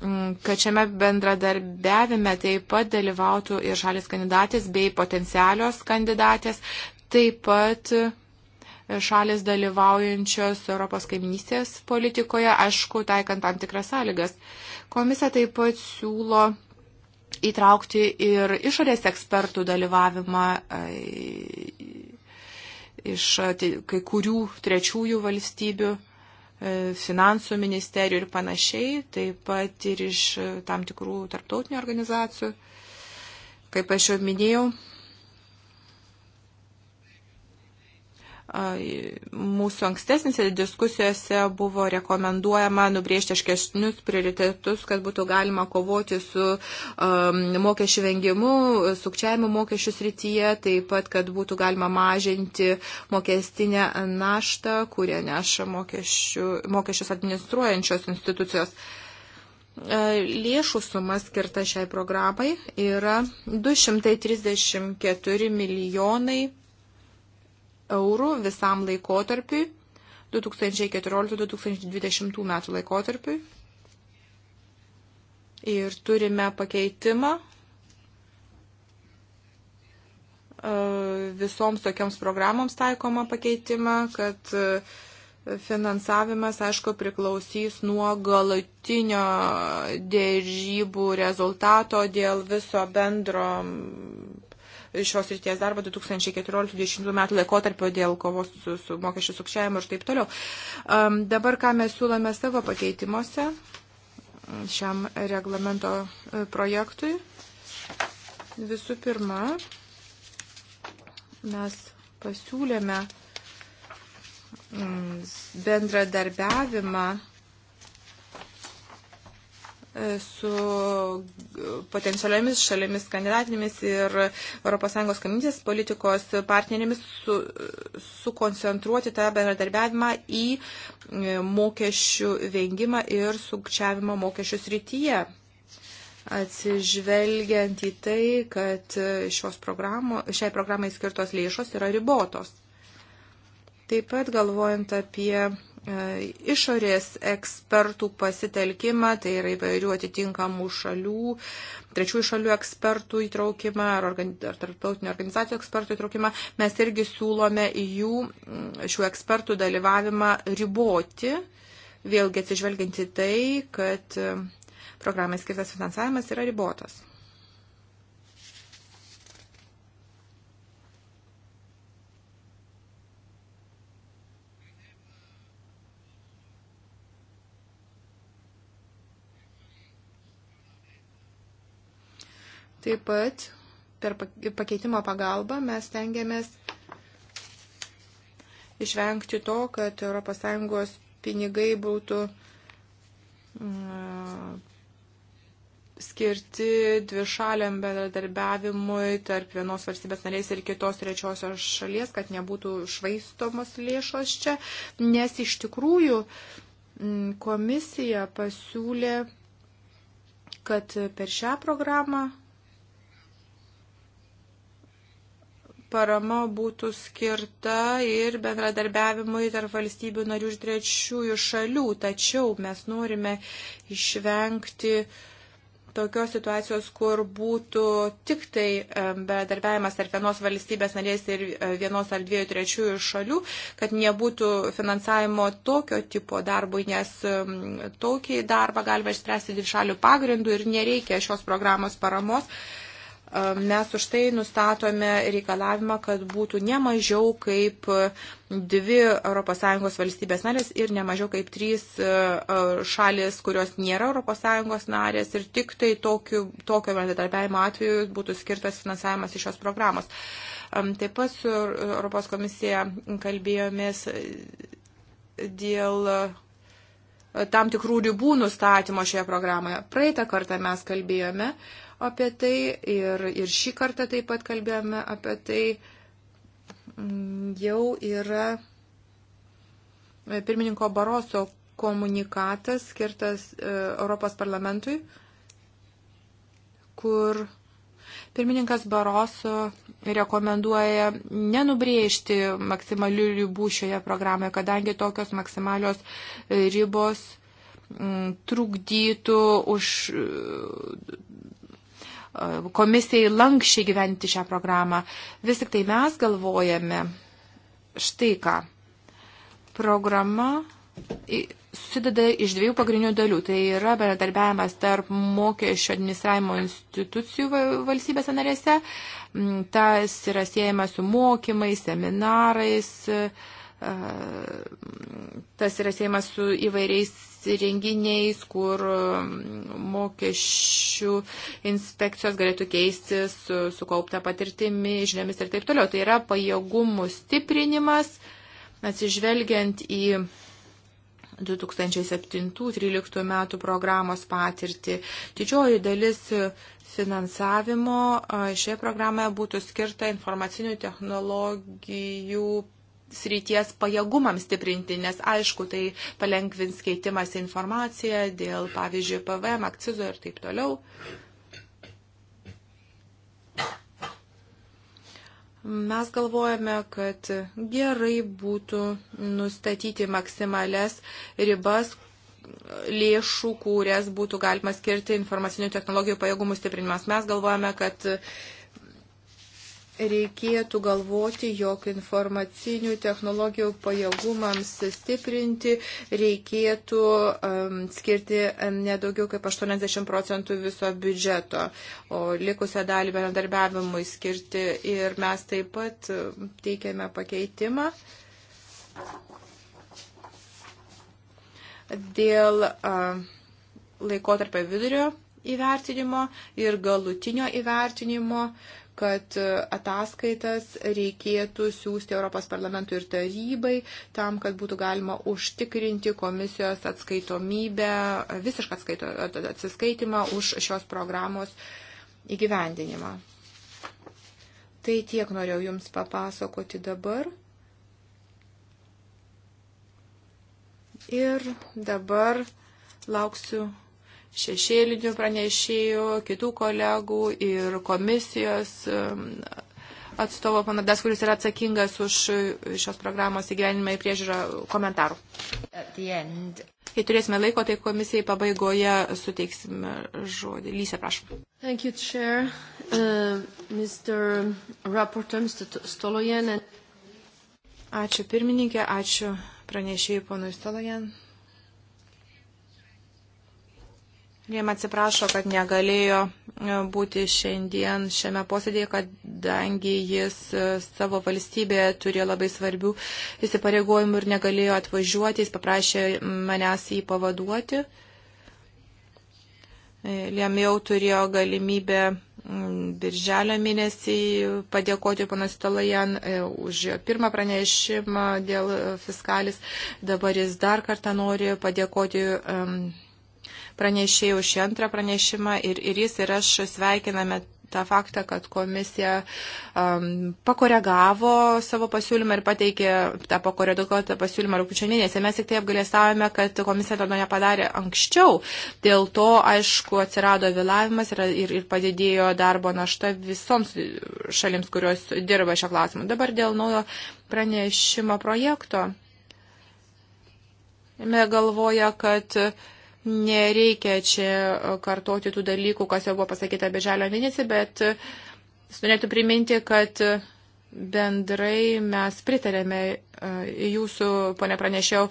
mm, kad šiame bendradarbiavime taip pat dalyvautų ir šalis kandidatės bei potencialios kandidatės, taip pat šalis dalyvaujančios Europos kaiminystės politikoje, aišku, taikant tam tikras sąlygas. Komisija taip pat siūlo įtraukti ir išorės ekspertų dalyvavimą e, iš tai, kai kurių trečiųjų valstybių e, finansų ministerijų ir panašiai, taip pat ir iš tam tikrų tarptautinių organizacijų. Kaip aš jau minėjau, mūsų ankstesnėse diskusijose buvo rekomenduojama nubriežti aškesnius prioritetus, kad būtų galima kovoti su um, mokesčių vengimu, sukčiavimu mokesčių srityje, taip pat, kad būtų galima mažinti mokestinę naštą, kurią neša mokesčių, mokesčius administruojančios institucijos. Lėšų suma skirta šiai programai yra 234 milijonai eurų visam laikotarpiui, 2014-2020 metų laikotarpiui. Ir turime pakeitimą e, visoms tokiams programoms taikoma pakeitimą, kad e, finansavimas, aišku, priklausys nuo galutinio dėžybų rezultato dėl viso bendro šios ryties darbą 2014-2020 metų laikotarpio dėl kovos su, su mokesčių sukčiavimu ir taip toliau. Um, dabar ką mes siūlome savo pakeitimuose mm, šiam reglamento e, projektui. Visų pirma, mes pasiūlėme mm, bendradarbiavimą E, su potencialiomis šalimis kandidatinėmis ir ES komisijos politikos partnerėmis su, sukoncentruoti tą bendradarbiavimą į e, mokesčių vengimą ir sukčiavimą mokesčių srityje. Atsižvelgiant į tai, kad programo, šiai programai skirtos lėšos yra ribotos. Taip pat galvojant apie E, išorės ekspertų pasitelkimą, tai yra įvairių atitinkamų šalių, trečiųjų šalių ekspertų įtraukimą ar, organi ar tarptautinių organizacijų ekspertų įtraukimą, mes irgi siūlome jų, šių ekspertų dalyvavimą riboti, vėlgi atsižvelginti tai, kad e, programai skirtas finansavimas yra ribotas. Taip pat per pakeitimo pagalbą mes tengiamės išvengti to, kad ES pinigai būtų mm, skirti dvišaliam bendradarbiavimui tarp vienos valstybės narės ir kitos trečiosios šalies, kad nebūtų švaistomos lėšos čia, nes iš tikrųjų mm, komisija pasiūlė, kad per šią programą parama būtų skirta ir bendradarbiavimui tarp valstybių narių ir trečiųjų šalių, tačiau mes norime išvengti tokios situacijos, kur būtų tik tai bendarbiavimas tarp vienos valstybės narės ir e, vienos ar dviejų trečiųjų šalių, kad nebūtų finansavimo tokio tipo darbui, nes tokį darbą galima išspręsti dvišalių pagrindų ir nereikia šios programos paramos mes už tai nustatome reikalavimą, kad būtų ne mažiau kaip dvi ES valstybės narės ir ne mažiau kaip trys e, e, šalis, kurios nėra ES narės ir tik tai tokiu, tokio bendradarbiavimo atveju būtų skirtas finansavimas iš šios programos. Taip pat su Europos komisija kalbėjomės dėl e, tam tikrų ribų nustatymo šioje programoje. Praeitą kartą mes kalbėjome uh, apie tai ir, ir šį kartą taip pat kalbėjome apie tai. Mm, jau yra e, pirmininko Baroso komunikatas skirtas e, Europos parlamentui, kur pirmininkas Baroso rekomenduoja nenubrėžti maksimalių ribų šioje programoje, kadangi tokios maksimalios e, ribos mm, trukdytų už komisijai lankščiai gyventi šią programą. Vis tik tai mes galvojame štai ką. Programa susideda iš dviejų pagrindinių dalių. Tai yra bendradarbiavimas tarp mokesčio administravimo institucijų valstybėse narėse. Mm, tas yra siejama su mokymais, seminarais, e, mm, tas yra siejama su įvairiais renginiais, kur um, mokesčių inspekcijos galėtų keistis su, sukaupta patirtimi, žiniomis ir taip toliau. Tai yra pajėgumų stiprinimas, atsižvelgiant į 2007-2013 metų programos patirtį. Didžioji dalis finansavimo šioje programoje būtų skirta informacinių technologijų srities pajėgumams stiprinti, nes aišku, tai palengvins keitimas informaciją dėl, pavyzdžiui, PVM, akcizo ir taip toliau. Mes galvojame, kad gerai būtų nustatyti maksimales ribas, lėšų, kurias būtų galima skirti informacinių technologijų pajėgumų stiprinimas. Mes galvojame, kad reikėtų galvoti, jog informacinių technologijų pajėgumams stiprinti reikėtų um, skirti um, nedaugiau kaip 80 procentų viso biudžeto, o likusią dalį bendradarbiavimui skirti. Ir mes taip pat um, teikiame pakeitimą dėl uh, laikotarpio vidurio įvertinimo ir galutinio įvertinimo. Uh, kad e, ataskaitas reikėtų siūsti Europos parlamentui ir tarybai, tam, kad būtų galima užtikrinti komisijos atskaitomybę, visišką atskaito, atsiskaitimą už šios programos įgyvendinimą. Tai tiek norėjau Jums papasakoti dabar. Ir dabar lauksiu šešėlinių pranešėjų, kitų kolegų ir komisijos um, atstovo panadas, kuris yra atsakingas už šios programos įgyvenimą ir priežiūrą komentarų. Kai turėsime laiko, tai komisijai pabaigoje suteiksime žodį. Lysė, prašom. Thank you, Chair. Uh, Mr. Rapporteur, Mr. Stolojan. And... Ačiū pirmininkė, ačiū pranešėjai ponui Stolojan. Jiem atsiprašo, kad negalėjo e, būti šiandien šiame posėdėje, kadangi jis e, savo valstybėje turėjo labai svarbių įsipareigojimų ir negalėjo atvažiuoti. Jis paprašė manęs jį pavaduoti. Liemiau turėjo galimybę birželio mėnesį padėkoti panas Tolajan e, už jo pirmą pranešimą dėl fiskalis. Dabar jis dar kartą nori padėkoti pranešėjai už šį antrą pranešimą ir, ir jis ir aš sveikiname tą faktą, kad komisija um, pakoregavo savo pasiūlymą ir pateikė tą pakoreduotą pasiūlymą rūpiučio mėnesį. Mes tik tai apgalėstavome, kad komisija to nepadarė anksčiau. Dėl to, aišku, atsirado vėlavimas ir, ir, ir padidėjo darbo našta visoms šalims, kurios dirba šio klausimu. Dabar dėl naujo pranešimo projekto. Mė galvoja, kad uh, Nereikia čia kartoti tų dalykų, kas jau buvo pasakyta beželio mėnesį, bet norėtų priminti, kad bendrai mes pritarėme jūsų, pone pranešiau,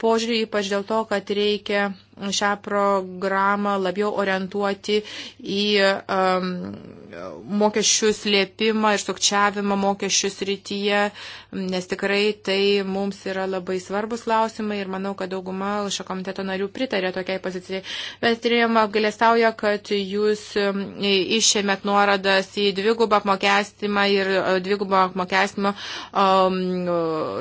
požiūrį, ypač dėl to, kad reikia šią programą labiau orientuoti į um, mokesčių slėpimą ir sukčiavimą mokesčių srityje, nes tikrai tai mums yra labai svarbus klausimai ir manau, kad dauguma šio komiteto narių pritarė tokiai pozicijai. Bet turėjom apgalėstauja, kad jūs um, išėmėt nuoradas į dvigubą apmokestimą ir uh, dvigubą apmokestimo um,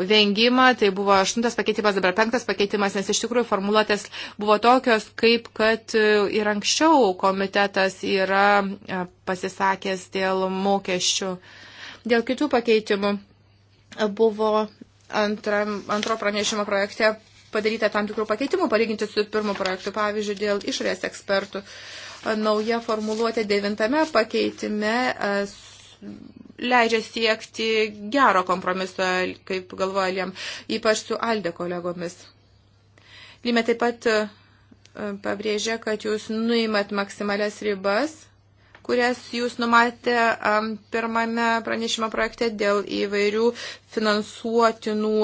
vengimą, tai buvo aštuntas pakeitimas, dabar penktas pakeitimas, nes iš tikrųjų formuluotės buvo tokios, kaip kad e, ir anksčiau komitetas yra e, pasisakęs dėl mokesčių. Dėl kitų pakeitimų buvo antra, antro pranešimo projekte padaryta tam tikrų pakeitimų, palyginti su pirmu projektu, pavyzdžiui, dėl išorės ekspertų. Nauja formuluotė devintame pakeitime e, leidžia siekti gero kompromiso, kaip galvojam, ypač su Alde kolegomis. Lime taip pat e, pabrėžia, kad jūs nuimat maksimalias ribas kurias jūs numatė pirmame pranešimo projekte dėl įvairių finansuotinų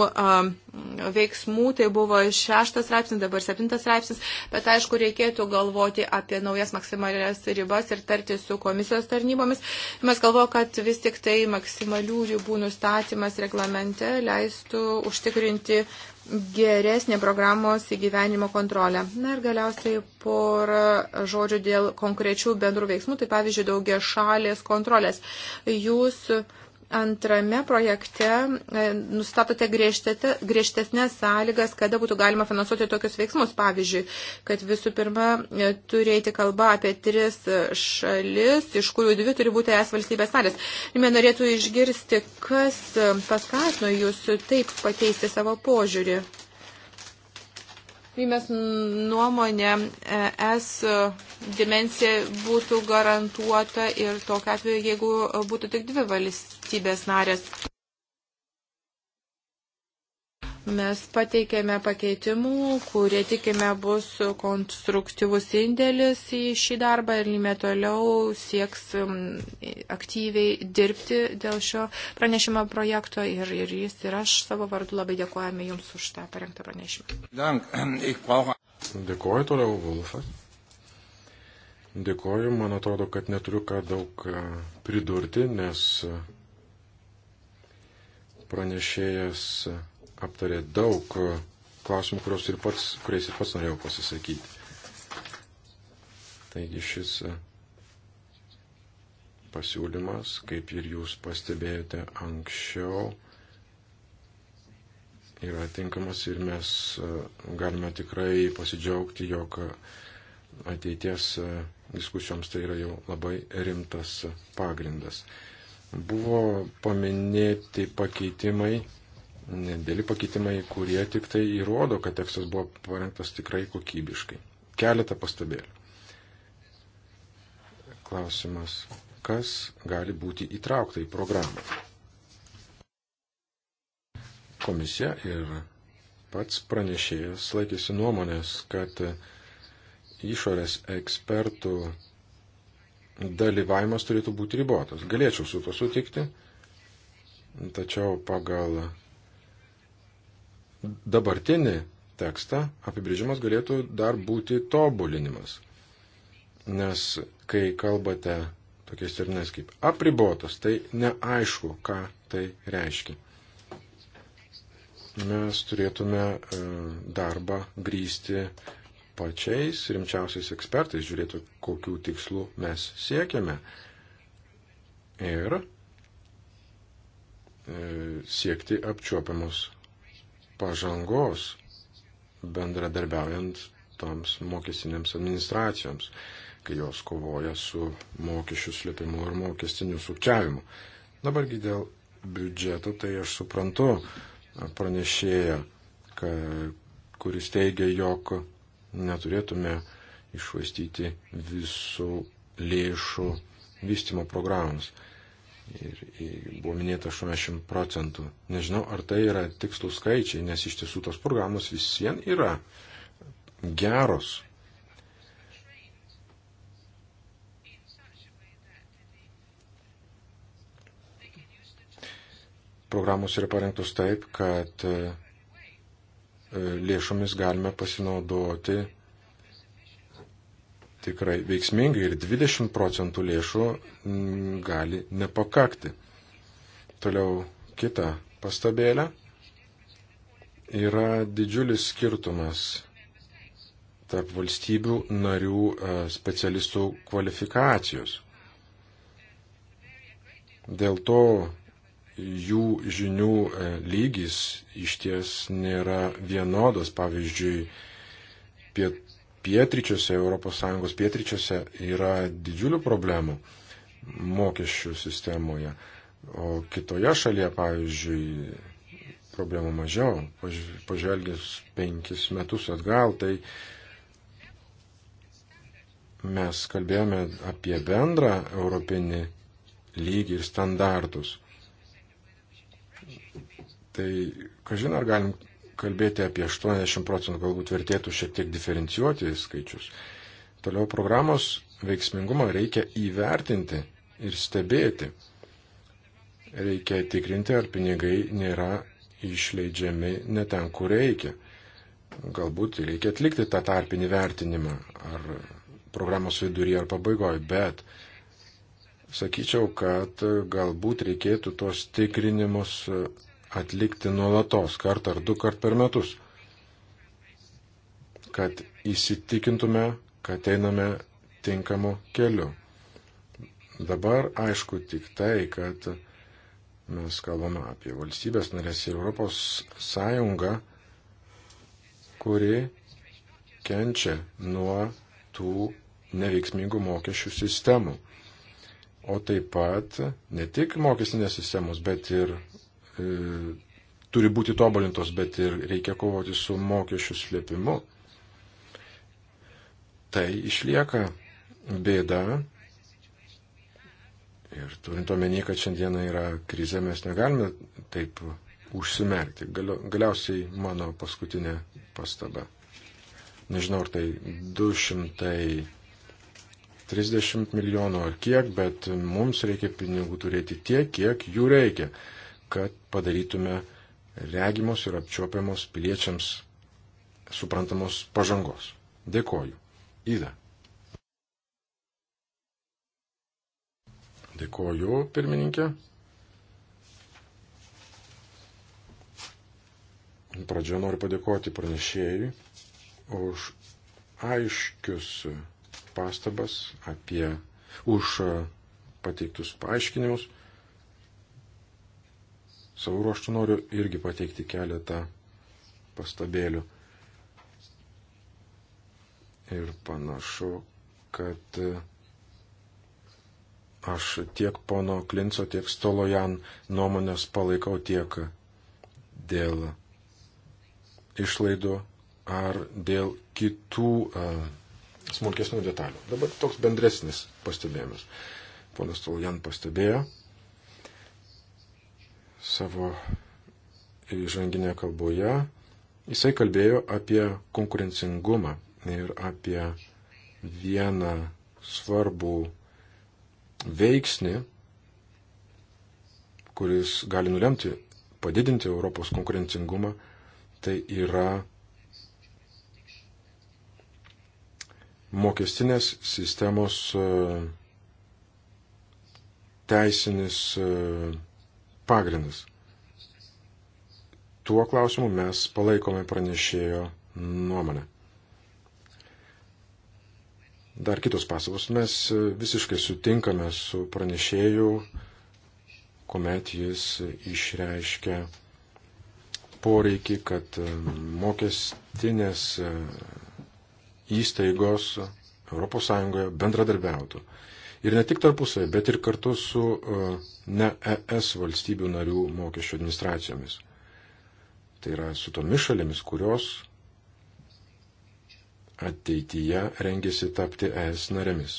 veiksmų, tai buvo šeštas straipsnis, dabar septintas straipsnis, bet aišku, reikėtų galvoti apie naujas maksimalias ribas ir tarti su komisijos tarnybomis. Mes galvoju, kad vis tik tai maksimalių ribų nustatymas reglamente leistų užtikrinti geresnė programos įgyvenimo kontrolė. Na ir galiausiai porą žodžių dėl konkrečių bendrų veiksmų, tai pavyzdžiui daugia šalės kontrolės. Jūs Antrame projekte e, nustatote griežtesnės sąlygas, kada būtų galima finansuoti tokius veiksmus. Pavyzdžiui, kad visų pirma e, turėti kalbą apie tris šalis, iš kurių dvi turi būti es valstybės narės. Ir man norėtų išgirsti, kas paskatino jūs taip pakeisti savo požiūrį. Vymės nuomonė e, es e, dimensija būtų garantuota ir tokia atveju, jeigu būtų tik dvi valstybės narės. Mes pateikėme pakeitimų, kurie tikime bus konstruktyvus indėlis į šį darbą ir lime toliau sieks aktyviai dirbti dėl šio pranešimo projekto ir, ir jis ir aš savo vardu labai dėkojame Jums už tą parengtą pranešimą. Dėkoju toliau, Vulfas. Dėkoju, man atrodo, kad neturiu ką daug e, pridurti, nes e, pranešėjas e, aptarė daug e, klausimų, kuriuos ir pats, kuriais ir pats norėjau pasisakyti. Taigi šis e, pasiūlymas, kaip ir jūs pastebėjote anksčiau, yra tinkamas ir mes e, galime tikrai pasidžiaugti, jog ateities diskusijoms tai yra jau labai rimtas pagrindas. Buvo paminėti pakeitimai nedėlį pakeitimai, kurie tik tai įrodo, kad tekstas buvo parengtas tikrai kokybiškai. Keletą pastabėlių. Klausimas, kas gali būti įtraukta į programą? Komisija ir pats pranešėjas laikėsi nuomonės, kad išorės ekspertų dalyvavimas turėtų būti ribotas. Galėčiau su to sutikti, tačiau pagal dabartinį tekstą apibrėžimas galėtų dar būti tobulinimas. Nes kai kalbate tokiais terminais kaip apribotas, tai neaišku, ką tai reiškia. Mes turėtume e, darbą grįsti pačiais rimčiausiais ekspertais, žiūrėti, kokių tikslų mes siekiame. Ir e, siekti apčiuopiamus pažangos bendradarbiaujant toms mokestinėms administracijoms, kai jos kovoja su mokesčių slėpimu ir mokestiniu sukčiavimu. Dabargi dėl biudžeto, tai aš suprantu pranešėją, kuris teigia, jog neturėtume išvaistyti visų lėšų vystimo programos ir, ir buvo minėta 80 procentų. Nežinau, ar tai yra tikslų skaičiai, nes iš tiesų tos programos visien yra geros. Programos yra parengtos taip, kad e, lėšomis galime pasinaudoti tikrai veiksmingai ir 20 procentų lėšų mm, gali nepakakti. Toliau kita pastabėlė. Yra didžiulis skirtumas tarp valstybių narių e, specialistų kvalifikacijos. Dėl to jų žinių e, lygis iš ties nėra vienodas. Pavyzdžiui, piet, pietryčiuose, ES pietryčiuose yra didžiulių problemų mokesčių sistemoje, o kitoje šalyje, pavyzdžiui, problemų mažiau, pažvelgęs penkis metus atgal, tai mes kalbėjome apie bendrą europinį lygį ir standartus. Tai, kažin, ar galim kalbėti apie 80 procentų, galbūt vertėtų šiek tiek diferencijuoti skaičius. Toliau programos veiksmingumą reikia įvertinti ir stebėti. Reikia tikrinti, ar pinigai nėra išleidžiami ne ten, kur reikia. Galbūt reikia atlikti tą tarpinį vertinimą, ar programos viduryje ar pabaigoje, bet sakyčiau, kad galbūt reikėtų tos tikrinimus atlikti nuolatos, kartą ar du kart per metus, kad įsitikintume, kad einame tinkamu keliu. Dabar aišku tik tai, kad mes kalbame apie valstybės narės ir Europos Sąjungą, kuri kenčia nuo tų neveiksmingų mokesčių sistemų. O taip pat ne tik mokestinės sistemos, bet ir E, turi būti tobulintos, bet ir reikia kovoti su mokesčių slėpimu. Tai išlieka bėda. Ir turint omeny, kad šiandieną yra krizė, mes negalime taip užsimerkti. Galiausiai mano paskutinė pastaba. Nežinau, ar tai 230 milijonų ar kiek, bet mums reikia pinigų turėti tiek, kiek jų reikia kad padarytume regimos ir apčiopiamos piliečiams suprantamos pažangos. Dėkoju. Įda. Dėkoju, pirmininkė. Pradžioje noriu padėkoti pranešėjui už aiškius pastabas apie, už pateiktus paaiškinimus. Savo ruoštų noriu irgi pateikti keletą pastabėlių. Ir panašu, kad aš tiek pono Klinco, tiek Stolojan nuomonės palaikau tiek dėl išlaidų ar dėl kitų a, smulkesnių detalių. Dabar toks bendresnis pastebėjimas. Ponas Stolojan pastebėjo, savo įžanginėje kalboje, jisai kalbėjo apie konkurencingumą ir apie vieną svarbų veiksnį, kuris gali nulemti padidinti Europos konkurencingumą, tai yra mokestinės sistemos e, teisinis e, pagrindus. Tuo klausimu mes palaikome pranešėjo nuomonę. Dar kitos pasavos. Mes visiškai sutinkame su pranešėju, kuomet jis išreiškia poreikį, kad mokestinės įstaigos ES bendradarbiautų ir ne tik tarpusai, bet ir kartu su e, ne ES valstybių narių mokesčių administracijomis. Tai yra su tomis šalėmis, kurios ateityje rengėsi tapti ES narėmis.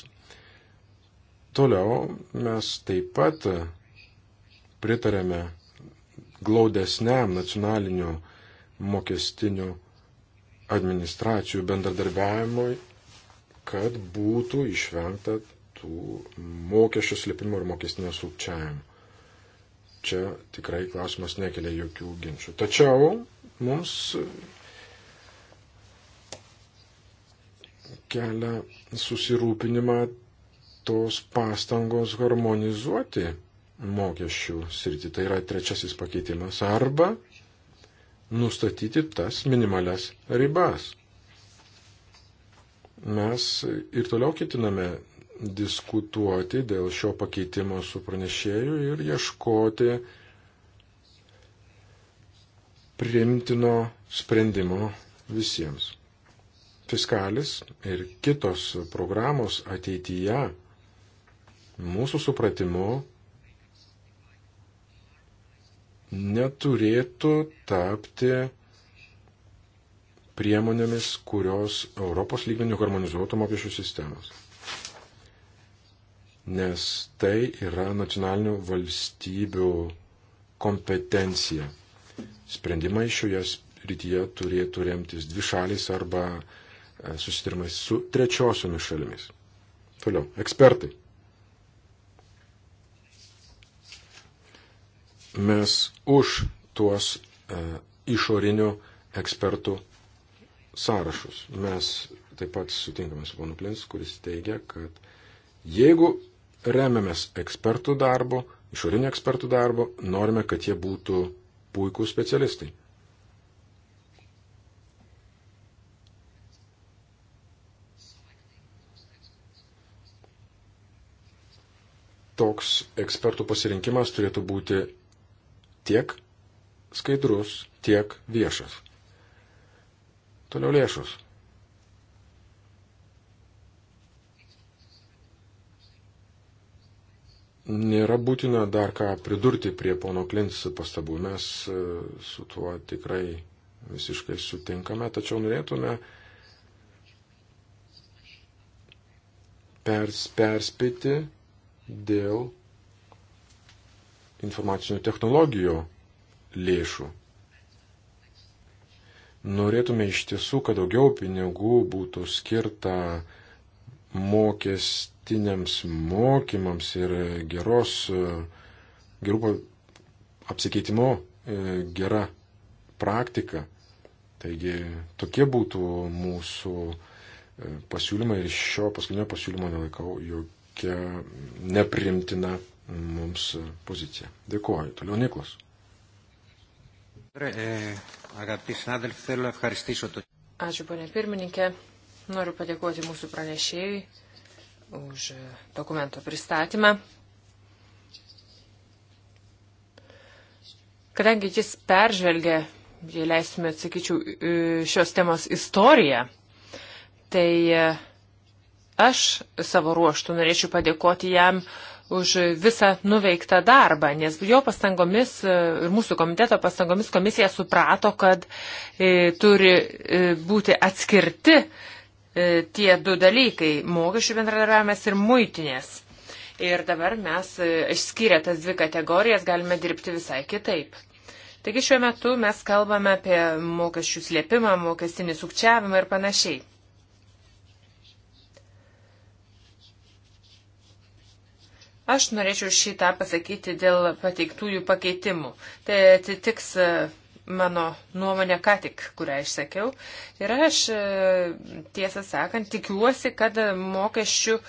Toliau mes taip pat pritarėme glaudesniam nacionaliniu mokestiniu administracijų bendradarbiavimui, kad būtų išvengta tų mokesčių slėpimo ir mokestinio sukčiavimo. Čia tikrai klausimas nekelia jokių ginčių. Tačiau mums kelia susirūpinimą tos pastangos harmonizuoti mokesčių sritį. Tai yra trečiasis pakeitimas. Arba nustatyti tas minimales ribas. Mes ir toliau ketiname diskutuoti dėl šio pakeitimo su pranešėju ir ieškoti priimtino sprendimo visiems. Fiskalis ir kitos programos ateityje mūsų supratimu neturėtų tapti priemonėmis, kurios Europos lygmenių harmonizuotų mokesčių sistemos nes tai yra nacionalinių valstybių kompetencija. Sprendimai šioje rytyje turėtų remtis dvi šalis arba e, susitarimais su trečiosiomis šalimis. Toliau, ekspertai. Mes už tuos e, išorinių ekspertų sąrašus. Mes taip pat sutinkame su ponu Plins, kuris teigia, kad jeigu remiamės ekspertų darbu, išorinio ekspertų darbu, norime, kad jie būtų puikų specialistai. Toks ekspertų pasirinkimas turėtų būti tiek skaidrus, tiek viešas. Toliau lėšus. nėra būtina dar ką pridurti prie pono Klins pastabų. Mes e, su tuo tikrai visiškai sutinkame, tačiau norėtume pers, perspėti dėl informacinių technologijų lėšų. Norėtume iš tiesų, kad daugiau pinigų būtų skirta mokes, nuolatiniams mokymams ir geros, gerų apsikeitimo e, gera praktika. Taigi tokie būtų mūsų e, pasiūlymai ir šio paskutinio pasiūlymo nelaikau jokia neprimtina mums pozicija. Dėkuoju. Toliau Niklas. E, Ačiū, ponė pirmininkė. Noriu padėkoti mūsų pranešėjui už dokumento pristatymą. Kadangi jis peržvelgia, jei leisime, sakyčiau, šios temos istoriją, tai aš savo ruoštų norėčiau padėkoti jam už visą nuveiktą darbą, nes jo pastangomis ir mūsų komiteto pastangomis komisija suprato, kad e, turi e, būti atskirti E, tie du dalykai - mokesčių bendradarbiavimas ir muitinės. Ir dabar mes e, išskyrę tas dvi kategorijas galime dirbti visai kitaip. Taigi šiuo metu mes kalbame apie mokesčių slėpimą, mokestinį sukčiavimą ir panašiai. Aš norėčiau šitą pasakyti dėl pateiktųjų pakeitimų. Tai atitiks e, mano nuomonę ką tik, kurią išsakiau. Ir aš, e, tiesą sakant, tikiuosi, kad mokesčių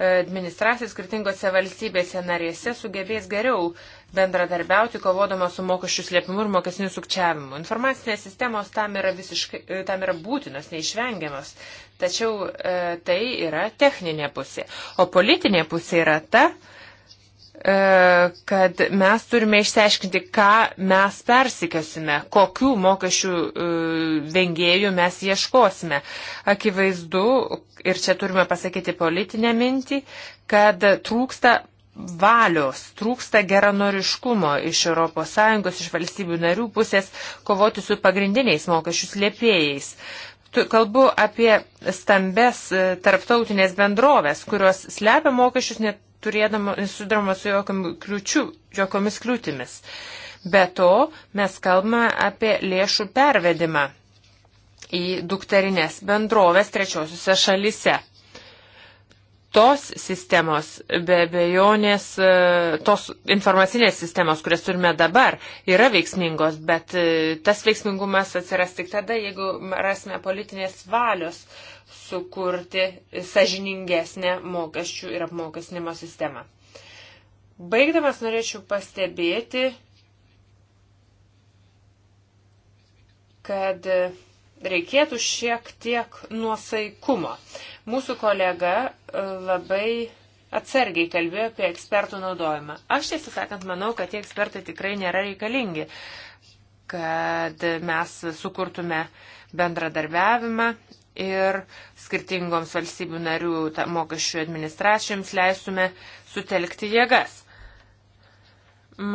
administracijos skirtingose valstybėse narėse sugebės geriau bendradarbiauti, kovodama su mokesčių slėpimu ir mokesnių sukčiavimu. Informacinės sistemos tam yra, visiškai, e, tam yra būtinos, neišvengiamos. Tačiau e, tai yra techninė pusė. O politinė pusė yra ta, e, E, kad mes turime išsiaiškinti, ką mes persikėsime, kokių mokesčių e, vengėjų mes ieškosime. Akivaizdu, ir čia turime pasakyti politinę mintį, kad trūksta valios, trūksta geranoriškumo iš ES, iš valstybių narių pusės kovoti su pagrindiniais mokesčių slėpėjais. Kalbu apie stambes e, tarptautinės bendrovės, kurios slepia mokesčius net sudaroma su kliučiu, jokiomis kliūtimis. Be to, mes kalbame apie lėšų pervedimą į dukterinės bendrovės trečiosiuose šalise. Tos sistemos, be bejonės, e, tos informacinės sistemos, kurias turime dabar, yra veiksmingos, bet e, tas veiksmingumas atsiras tik tada, jeigu rasime politinės valios sukurti sažiningesnę mokesčių ir apmokestinimo sistemą. Baigdamas norėčiau pastebėti, kad reikėtų šiek tiek nuosaikumo. Mūsų kolega e, labai atsargiai kalbėjo apie ekspertų naudojimą. Aš tiesą sakant, manau, kad tie ekspertai tikrai nėra reikalingi, kad mes sukurtume bendradarbiavimą ir skirtingoms valstybių narių mokesčių administracijoms leistume sutelkti jėgas.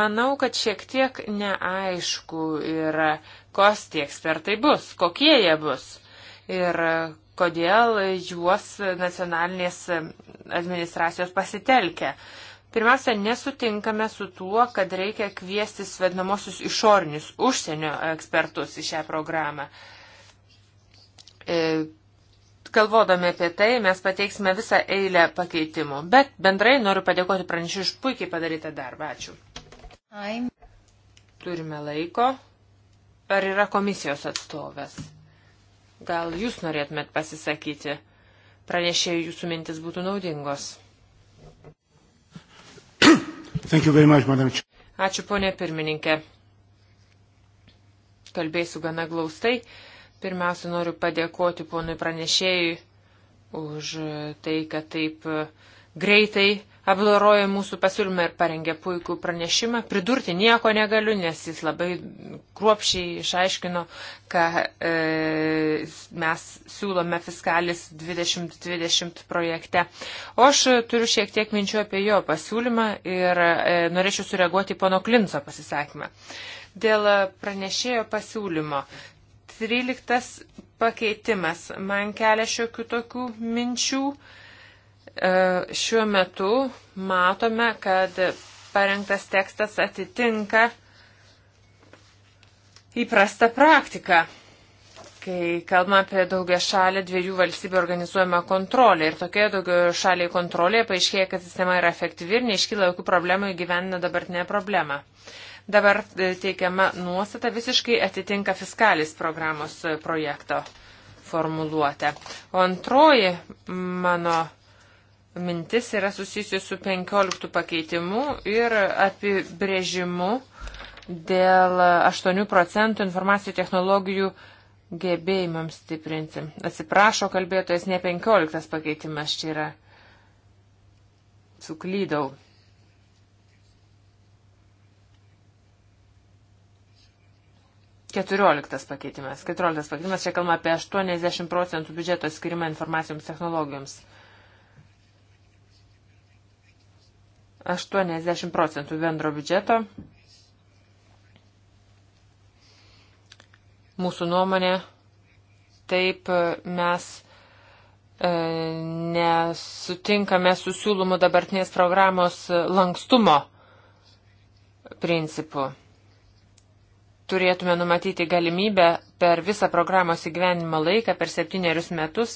Manau, kad šiek tiek neaišku yra, kos tie ekspertai bus, kokie jie bus ir kodėl juos nacionalinės administracijos pasitelkia. Pirmiausia, nesutinkame su tuo, kad reikia kviestis vadinamosius išorinius užsienio ekspertus į šią programą. Uh, Kalvodami e, apie tai, mes pateiksime visą eilę pakeitimų. Bet bendrai noriu padėkoti pranešiu už puikiai padarytą darbą. Ačiū. I'm... Turime laiko. Ar yra komisijos atstovas? Gal jūs norėtumėt pasisakyti? Pranešėjų jūsų mintis būtų naudingos. Much, Ačiū, ponė pirmininkė. Kalbėsiu gana glaustai Pirmiausia, noriu padėkoti ponui pranešėjui už tai, kad taip e, greitai apdorojo mūsų pasiūlymą ir parengė puikų pranešimą. Pridurti nieko negaliu, nes jis labai kruopšiai išaiškino, ką e, mes siūlome fiskalis 2020 projekte. O aš turiu šiek tiek minčių apie jo pasiūlymą ir e, norėčiau sureaguoti į pono Klinco pasisakymą. Dėl pranešėjo pasiūlymo. Tryliktas pakeitimas. Man kelia šiokių tokių minčių. E, šiuo metu matome, kad parengtas tekstas atitinka įprastą praktiką kai kalbame apie daugia šalį dviejų valstybių organizuojamą kontrolę. Ir tokioje daugia šaliai kontrolėje paaiškėja, kad sistema yra efektyvi ir neiškyla jokių problemų įgyveninę dabartinę problemą dabar e, teikiama nuostata visiškai atitinka fiskalis programos e, projekto formuluotę. O antroji mano mintis yra susijusi su 15 pakeitimu ir apibrėžimu dėl 8 procentų informacijų technologijų gebėjimams stiprinti. Atsiprašo kalbėtojas, ne 15 pakeitimas čia yra. Suklydau. 14 pakeitimas. 14 pakeitimas, čia kalbama apie 80 procentų biudžeto skirimą informacijoms technologijoms. 80 procentų bendro biudžeto. Mūsų nuomonė, taip mes e, nesutinkame su siūlomu dabartinės programos lankstumo principu turėtume numatyti galimybę per visą programos įgyvenimo laiką, per septynerius metus,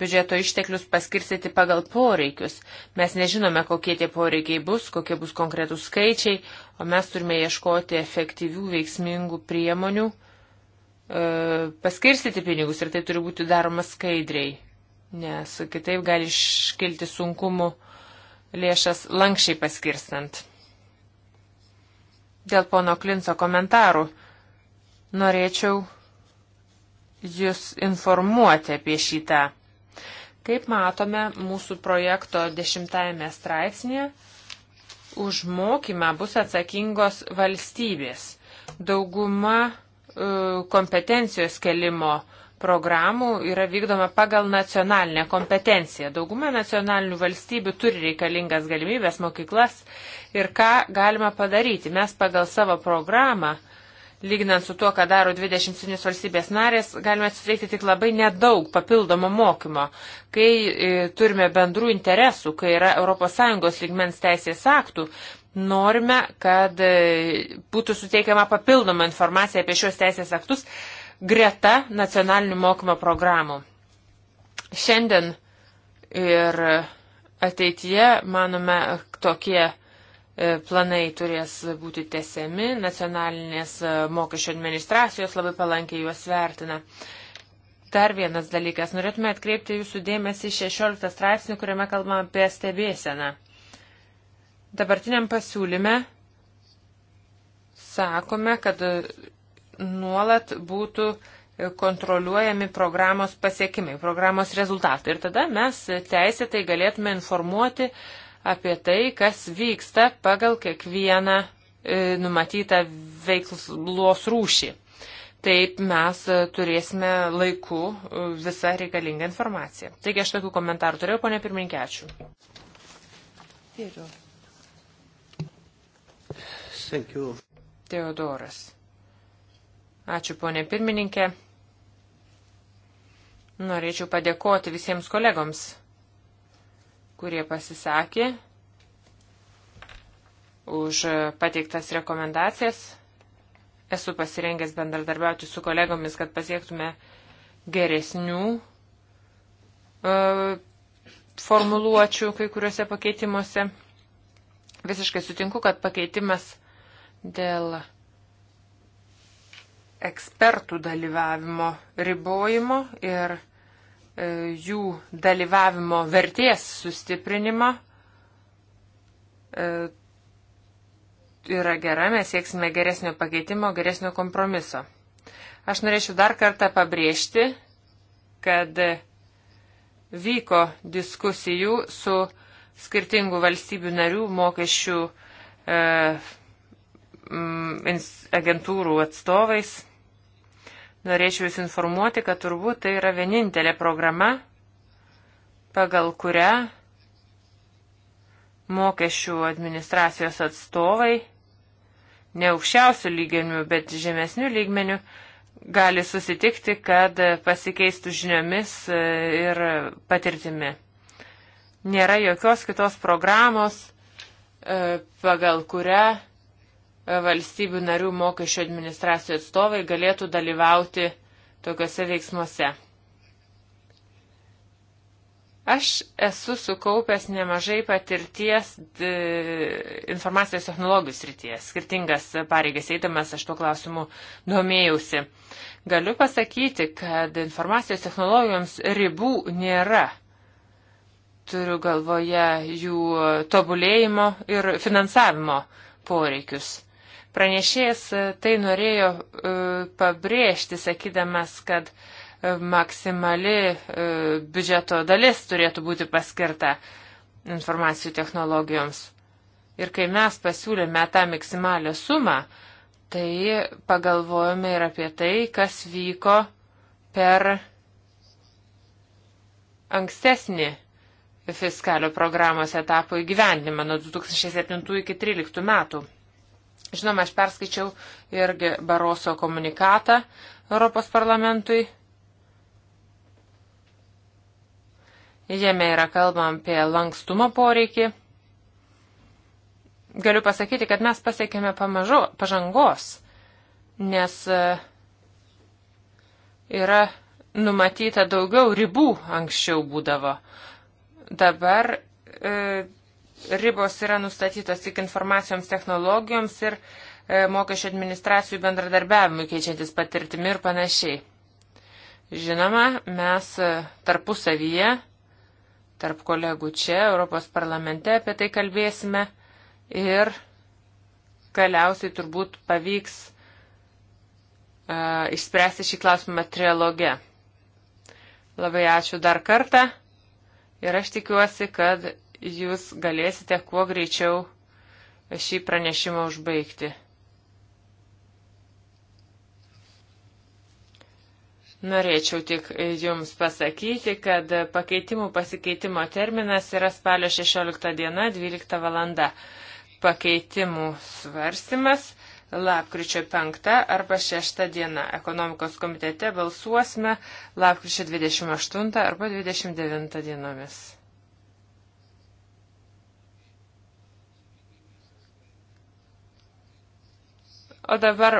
biudžeto išteklius paskirstyti pagal poreikius. Mes nežinome, kokie tie poreikiai bus, kokie bus konkretūs skaičiai, o mes turime ieškoti efektyvių, veiksmingų priemonių, e, paskirstyti pinigus ir tai turi būti daroma skaidriai, nes kitaip gali iškilti sunkumų lėšas lankščiai paskirstant. Dėl pono Klinso komentarų norėčiau jūs informuoti apie šitą. Kaip matome, mūsų projekto dešimtajame straipsnėje už mokymą bus atsakingos valstybės. Dauguma e, kompetencijos kelimo uh, programų yra vykdoma pagal nacionalinę kompetenciją. Dauguma nacionalinių valstybių turi reikalingas galimybės mokyklas ir ką galima padaryti. Mes pagal savo programą, lyginant su tuo, ką daro 27 valstybės narės, galime atsireikti tik labai nedaug papildomo mokymo. Kai e, turime bendrų interesų, kai yra ES lygmens teisės aktų, norime, kad e, būtų suteikiama papildoma informacija apie šios teisės aktus, greta nacionalinių mokymo programų. Šiandien ir ateityje, manome, tokie e, planai turės būti tesiami, nacionalinės e, mokesčio administracijos labai palankiai juos vertina. Dar vienas dalykas, norėtume atkreipti jūsų dėmesį 16 straipsnį, kuriame kalbame apie stebėseną. Dabartiniam pasiūlyme sakome, kad nuolat būtų kontroliuojami programos pasiekimai, programos rezultatai. Ir tada mes teisėtai galėtume informuoti apie tai, kas vyksta pagal kiekvieną e, numatytą veiklos rūšį. Taip mes turėsime laiku e, visą reikalingą informaciją. Taigi aš tokių komentarų turėjau, ponė pirminkečių. Teodoras. Ačiū, ponė pirmininkė. Norėčiau padėkoti visiems kolegoms, kurie pasisakė už pateiktas rekomendacijas. Esu pasirengęs bendradarbiauti su kolegomis, kad pasiektume geresnių e, formuluočių kai kuriuose pakeitimuose. Visiškai sutinku, kad pakeitimas dėl ekspertų dalyvavimo ribojimo ir e, jų dalyvavimo vertės sustiprinimą e, yra gera, mes sieksime geresnio pakeitimo, geresnio kompromiso. Aš norėčiau dar kartą pabrėžti, kad vyko diskusijų su skirtingų valstybių narių mokesčių e, Mm, agentūrų atstovais. Norėčiau Jūs informuoti, kad turbūt tai yra vienintelė programa, pagal kurią mokesčių administracijos atstovai, ne aukščiausių lygmenių, bet žemesnių lygmenių, gali susitikti, kad pasikeistų žiniomis e, ir patirtimi. Nėra jokios kitos programos, e, pagal kurią valstybių narių mokesčio administracijų atstovai galėtų dalyvauti tokiuose veiksmuose. Aš esu sukaupęs nemažai patirties informacijos technologijų srityje. Skirtingas pareigas eidamas aš tuo klausimu domėjausi. Galiu pasakyti, kad informacijos technologijoms ribų nėra. Turiu galvoje jų tobulėjimo ir finansavimo poreikius. Pranešėjas e, tai norėjo e, pabrėžti, sakydamas, kad e, maksimali biudžeto dalis turėtų būti paskirta informacijų technologijoms. Ir kai mes pasiūlėme tą maksimalią sumą, tai pagalvojome ir apie tai, kas vyko per ankstesnį fiskalio programos etapų įgyvendimą nuo 2007 iki 2013 metų. Žinoma, aš perskaičiau irgi Baroso komunikatą Europos parlamentui. Jame yra kalbam apie lankstumo poreikį. Galiu pasakyti, kad mes pasiekėme pamažu, pažangos, nes e, yra numatyta daugiau ribų anksčiau būdavo. Dabar e, ribos yra nustatytos tik informacijoms technologijoms ir e, mokesčių administracijų bendradarbiavimui keičiantis patirtimi ir panašiai. Žinoma, mes e, tarpusavyje, tarp kolegų čia, Europos parlamente apie tai kalbėsime ir galiausiai turbūt pavyks uh, išspręsti šį klausimą trialoge. Labai ačiū dar kartą ir aš tikiuosi, kad jūs galėsite kuo greičiau šį pranešimą užbaigti. Norėčiau tik Jums pasakyti, kad pakeitimų pasikeitimo terminas yra spalio 16 diena 12 valanda. Pakeitimų svarstymas lapkričio 5 arba 6 diena. Ekonomikos komitete balsuosime lapkričio 28 arba 29 dienomis. O dabar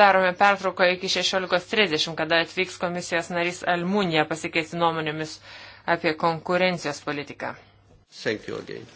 darome pertrauką iki 16.30, kada atvyks komisijos narys Almunija pasikeisti nuomonėmis apie konkurencijos politiką. Thank you again.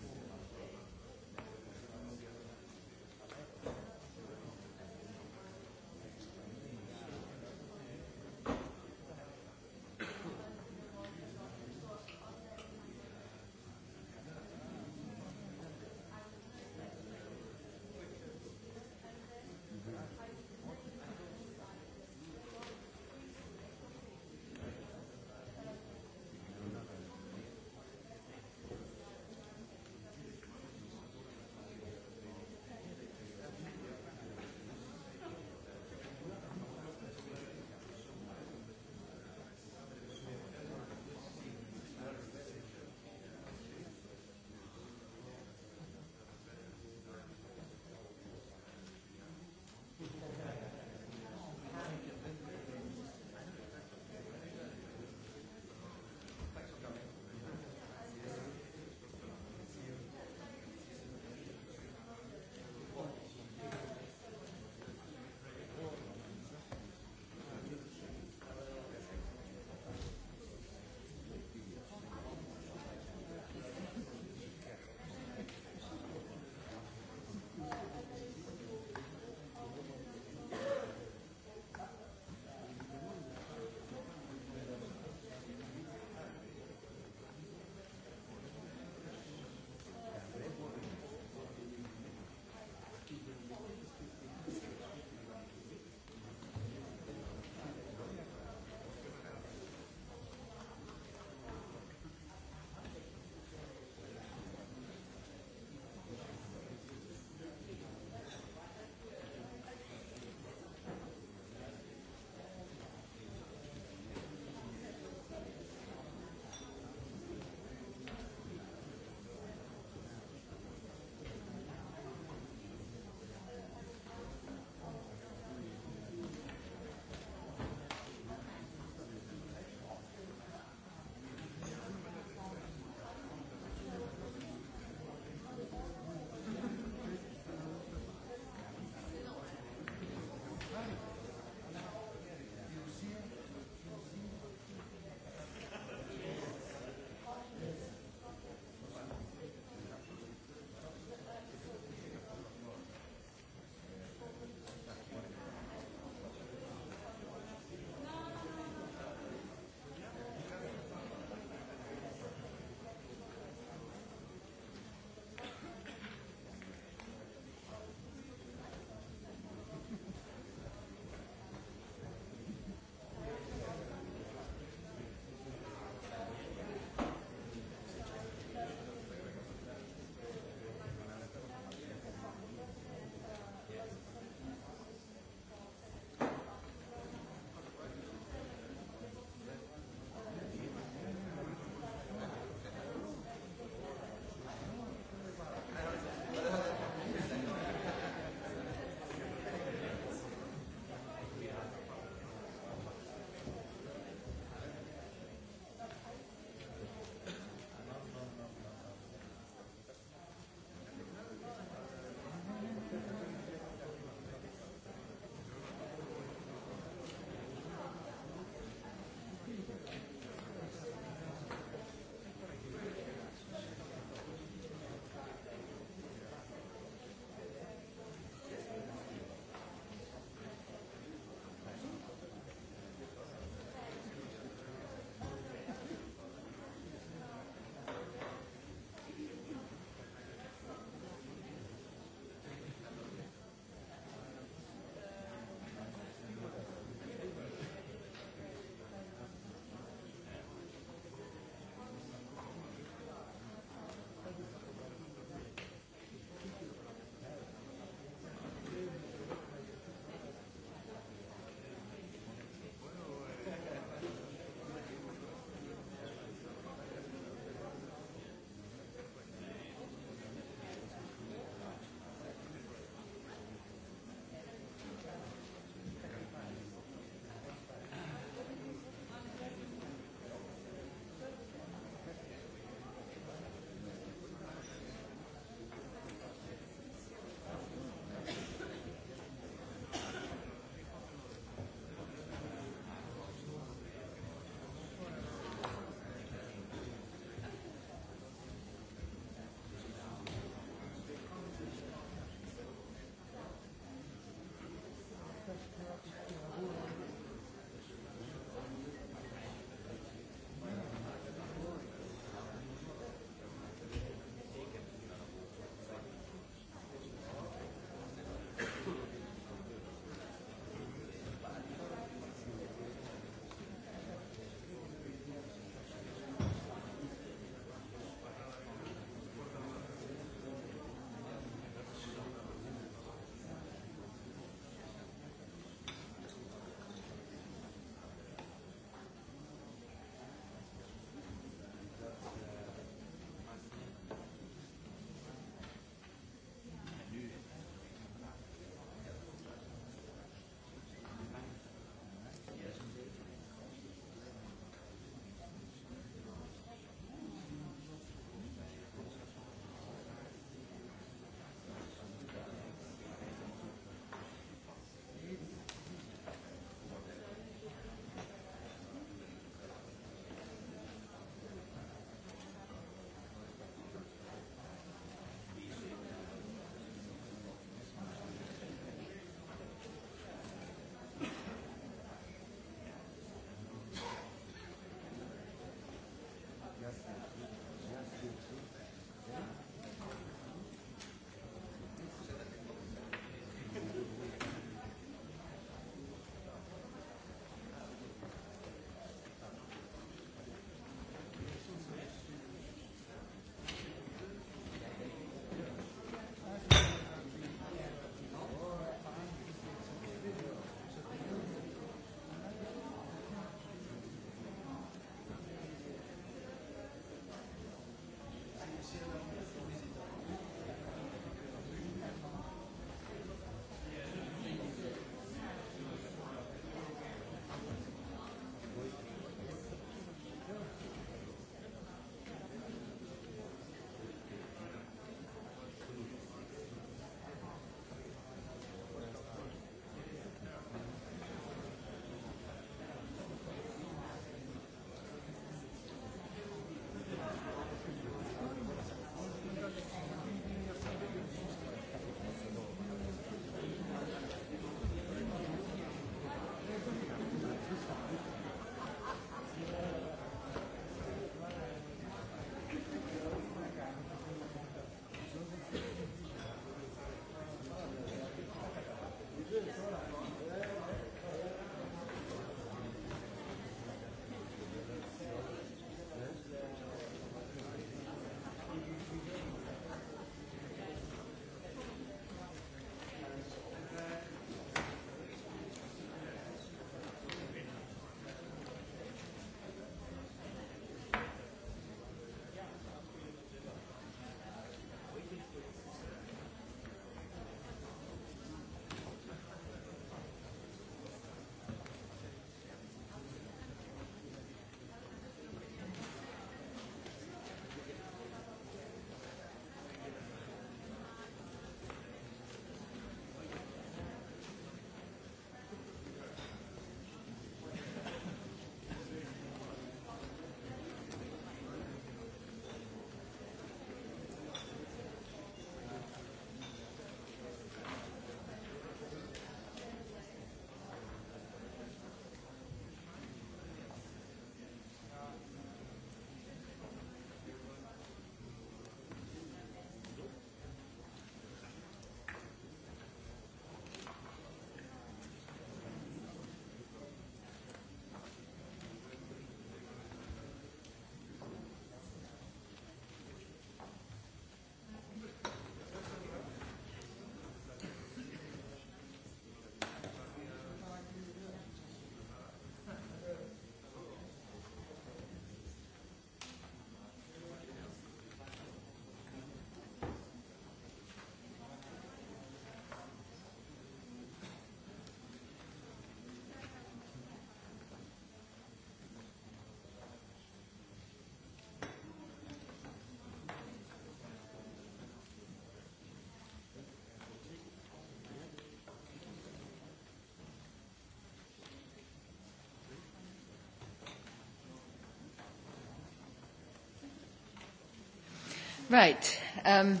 Right. Um,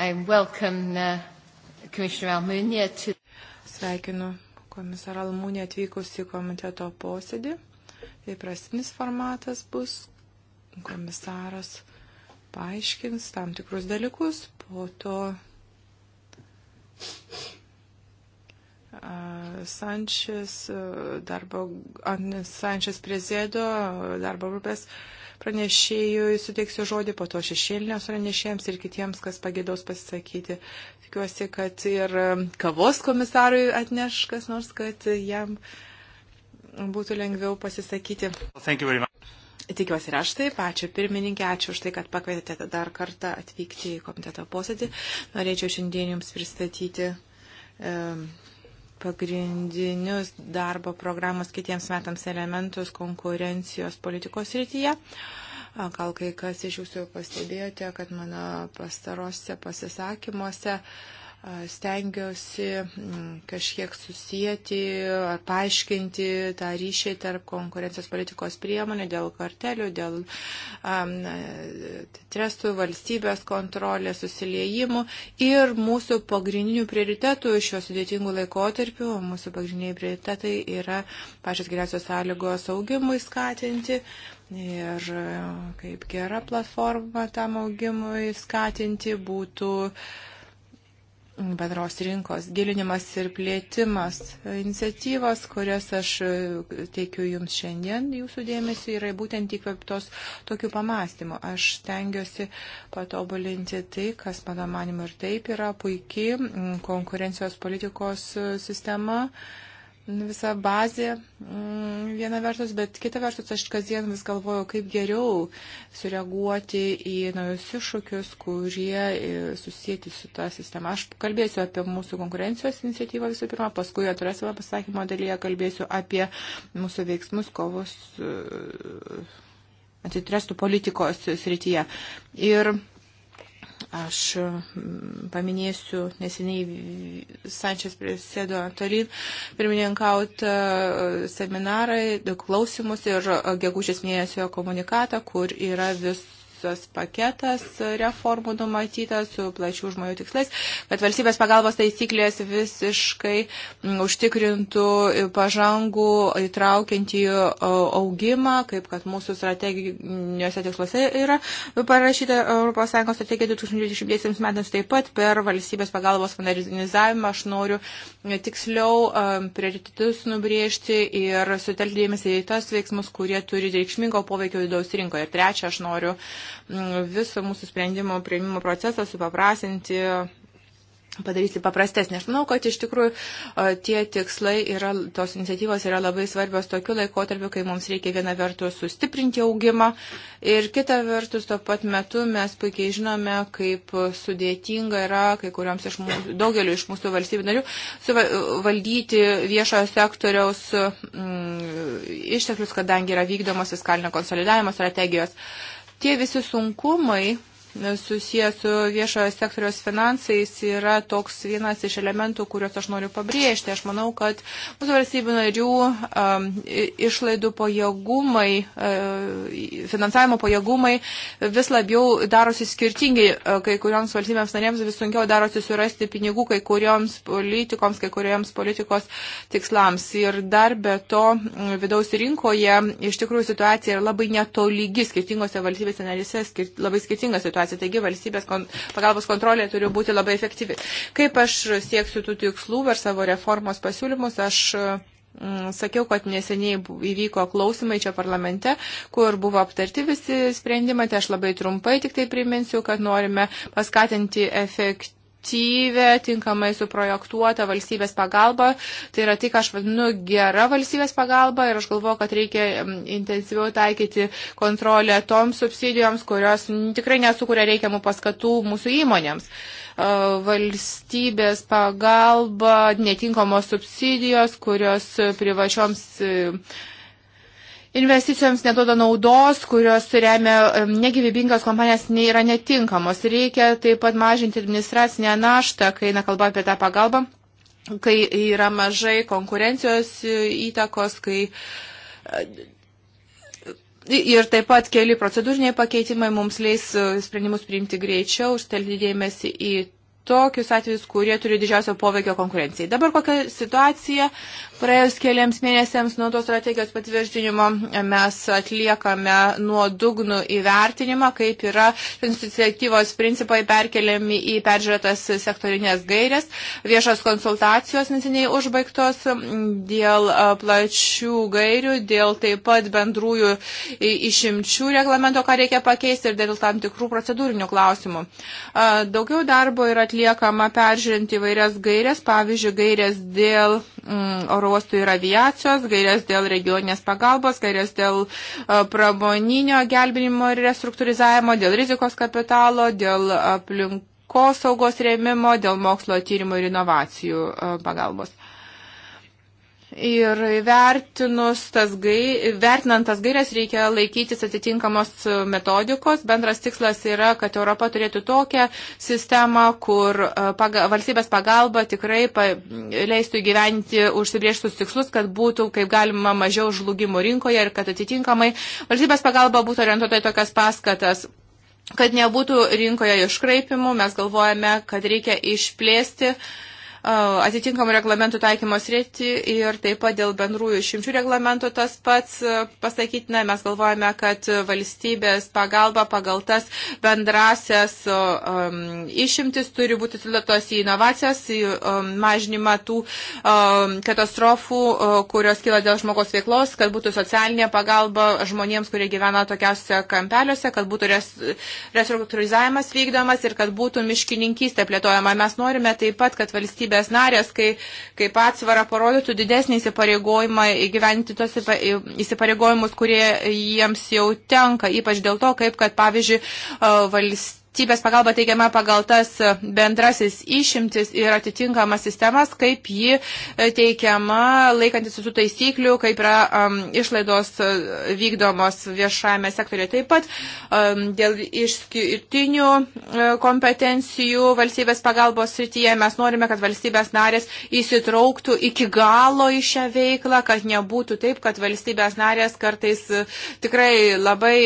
I welcome uh, Commissioner Almunia to... Sveikinu komisarą Almūnį atvykus į komiteto posėdį. Įprastinis formatas bus. Komisaras paaiškins tam tikrus dalykus, po to Sančias, darbo, Sančias Prezėdo, darbo grupės uh, pranešėjui suteiksiu žodį, po to šešėlinės pranešėjams ir kitiems, kas pagėdaus pasisakyti. Tikiuosi, kad ir kavos komisarui atneš kas nors, kad jam būtų lengviau pasisakyti. Well, Tikiuosi ir aš taip, ačiū pirmininkė, ačiū už tai, kad pakvietėte dar kartą atvykti į komiteto posėdį. Norėčiau šiandien jums pristatyti e, pagrindinius darbo programos kitiems metams elementus konkurencijos politikos rytyje. Gal kai kas iš jūsų jau pastebėjote, kad mano pastarose pasisakymuose uh, stengiuosi kažkiek susijęti ar paaiškinti tą ryšį tarp konkurencijos politikos priemonių dėl kartelių, dėl um, trestų valstybės kontrolės susiliejimų ir mūsų pagrindinių prioritetų šiuo sudėtingu laikotarpiu. Mūsų pagrindiniai prioritetai yra pačios geriausios sąlygos augimui skatinti. Ir e, kaip gera platforma tam augimui skatinti būtų uh, bendros rinkos gilinimas ir plėtimas. Iniciatyvas, kurias aš e, teikiu Jums šiandien, Jūsų dėmesį yra būtent įkvėptos tokių pamastymų. Aš stengiuosi patobulinti tai, kas, mano manimu, ir taip yra puikiai konkurencijos politikos e, sistema. Uh, Nu, visa bazė mm, viena vertus, bet kita vertus aš kasdien vis galvoju, kaip geriau sureaguoti į naujus iššūkius, kurie e, susijęti su ta sistema. Aš kalbėsiu apie mūsų konkurencijos iniciatyvą visų pirma, paskui atrasiu savo pasakymo dalyje, kalbėsiu apie mūsų veiksmus kovos e, antitrestų politikos srityje. Ir Aš mm, paminėsiu neseniai Sančias prie Sėdo Antolin pirmininkautą e, seminarą, klausimus ir e, gegužės mėnesio komunikatą, kur yra vis visas paketas reformų numatytas su plačių žmonių tikslais, kad valstybės pagalbos taisyklės visiškai mm, užtikrintų pažangų įtraukiantį e, augimą, kaip kad mūsų strateginiuose tiksluose yra parašyta ES strategija 2020 metams taip pat per valstybės pagalbos modernizavimą. Aš noriu tiksliau e, prioritetus nubrėžti ir sutelkdėmės į tas veiksmus, kurie turi reikšmingo poveikio vidaus rinkoje. Ir trečia, aš noriu uh, visą mūsų sprendimo prieimimo procesą supaprasinti padaryti paprastesnį. Aš manau, kad iš tikrųjų tie tikslai yra, tos iniciatyvos yra labai svarbios tokiu laikotarpiu, kai mums reikia viena vertus sustiprinti augimą ir kita vertus tuo pat metu mes puikiai žinome, kaip sudėtinga yra kai kurioms iš mūsų, daugeliu iš mūsų valstybių narių valdyti viešojo sektoriaus m, mm, išteklius, kadangi yra vykdomos fiskalinio konsolidavimo strategijos. Uh, Tie visi sunkumai susijęs su viešojo sektoriaus finansais yra toks vienas iš elementų, kuriuos aš noriu pabrėžti. Aš manau, kad mūsų valstybių narių um, išlaidų pajėgumai, uh, finansavimo pajėgumai vis labiau darosi skirtingi. Uh, kai kurioms valstybėms narėms vis sunkiau darosi surasti pinigų, kai kurioms politikoms, kai kurioms politikos tikslams. Ir dar be to mm, vidaus rinkoje iš tikrųjų situacija yra labai netolygi skirtingose valstybėse narėse, skir labai skirtinga situacija situaciją. Taigi valstybės kon, pagalbos kontrolė turi būti labai efektyvi. Kaip aš sieksiu tų tikslų ar savo reformos pasiūlymus, aš mm, Sakiau, kad neseniai įvyko klausimai čia parlamente, kur buvo aptarti visi sprendimai, tai aš labai trumpai tik tai priminsiu, kad norime paskatinti efekt, efektyvę, tinkamai suprojektuotą valstybės pagalbą. Tai yra tik aš vadinu gera valstybės pagalba ir aš galvoju, kad reikia mm, intensyviau taikyti kontrolę toms subsidijoms, kurios tikrai nesukuria reikiamų paskatų mūsų įmonėms e, valstybės pagalba, netinkamos subsidijos, kurios privačioms e, investicijoms neduoda naudos, kurios remia negyvybingas kompanijas, yra netinkamos. Reikia taip pat mažinti administracinę naštą, kai eina kalba apie tą pagalbą, kai yra mažai konkurencijos e, įtakos, kai. E, ir taip pat keli procedūriniai pakeitimai mums leis e, sprendimus priimti greičiau, užtelti dėmesį į tokius atvejus, kurie turi didžiausio poveikio konkurencijai. Dabar kokia situacija Praėjus keliams mėnesiams nuo tos strategijos patvirtinimo mes atliekame nuodugnų įvertinimą, kaip yra iniciatyvos principai perkeliami į peržiūrėtas sektorinės gairės, viešas konsultacijos neseniai užbaigtos dėl e, plačių gairių, dėl taip pat bendrųjų išimčių reglamento, ką reikia pakeisti ir dėl tam tikrų procedūrinių klausimų. E, daugiau darbo yra atliekama peržiūrint įvairias gairės, pavyzdžiui, gairės dėl mm, oro oro uostų ir aviacijos, gairias dėl regioninės pagalbos, gairias dėl e, pramoninio gelbinimo ir restruktūrizavimo, dėl rizikos kapitalo, dėl aplinkos saugos rėmimo, dėl mokslo tyrimo ir inovacijų e, pagalbos. Ir vertinus tas gai, vertinant tas gairias reikia laikytis atitinkamos metodikos. Bendras tikslas yra, kad Europa turėtų tokią sistemą, kur e, paga, valstybės pagalba tikrai pa, leistų įgyventi užsibrieštus tikslus, kad būtų kaip galima mažiau žlugimų rinkoje ir kad atitinkamai valstybės pagalba būtų orientuota į tokias paskatas kad nebūtų rinkoje iškraipimų, mes galvojame, kad reikia išplėsti uh, atitinkamų reglamentų taikymos rėti ir taip pat dėl bendrųjų šimčių reglamentų tas pats pasakytina. Mes galvojame, kad valstybės pagalba pagal tas bendrasias um, išimtis turi būti sudėtos į inovacijas, į um, mažinimą tų um, katastrofų, um, kurios kyla dėl žmogaus veiklos, kad būtų socialinė pagalba žmonėms, kurie gyvena tokiausiose kampeliuose, kad būtų res, restruktūrizavimas vykdomas ir kad būtų miškininkystė plėtojama. Mes norime taip pat, kad valstybė valstybės narės, kai, kaip atsvara parodytų didesnį įsipareigojimą įgyventi tos įsipareigojimus, kurie jiems jau tenka, ypač dėl to, kaip, kad pavyzdžiui, valstybės valstybės pagalba teikiama pagal tas bendrasis išimtis ir atitinkamas sistemas, kaip ji e, teikiama laikantis visų taisyklių, kaip yra um, išlaidos e, vykdomos viešajame sektoriuje. Taip pat um, dėl išskirtinių e, kompetencijų valstybės pagalbos srityje mes norime, kad valstybės narės įsitrauktų iki galo į šią veiklą, kad nebūtų taip, kad valstybės narės kartais tikrai labai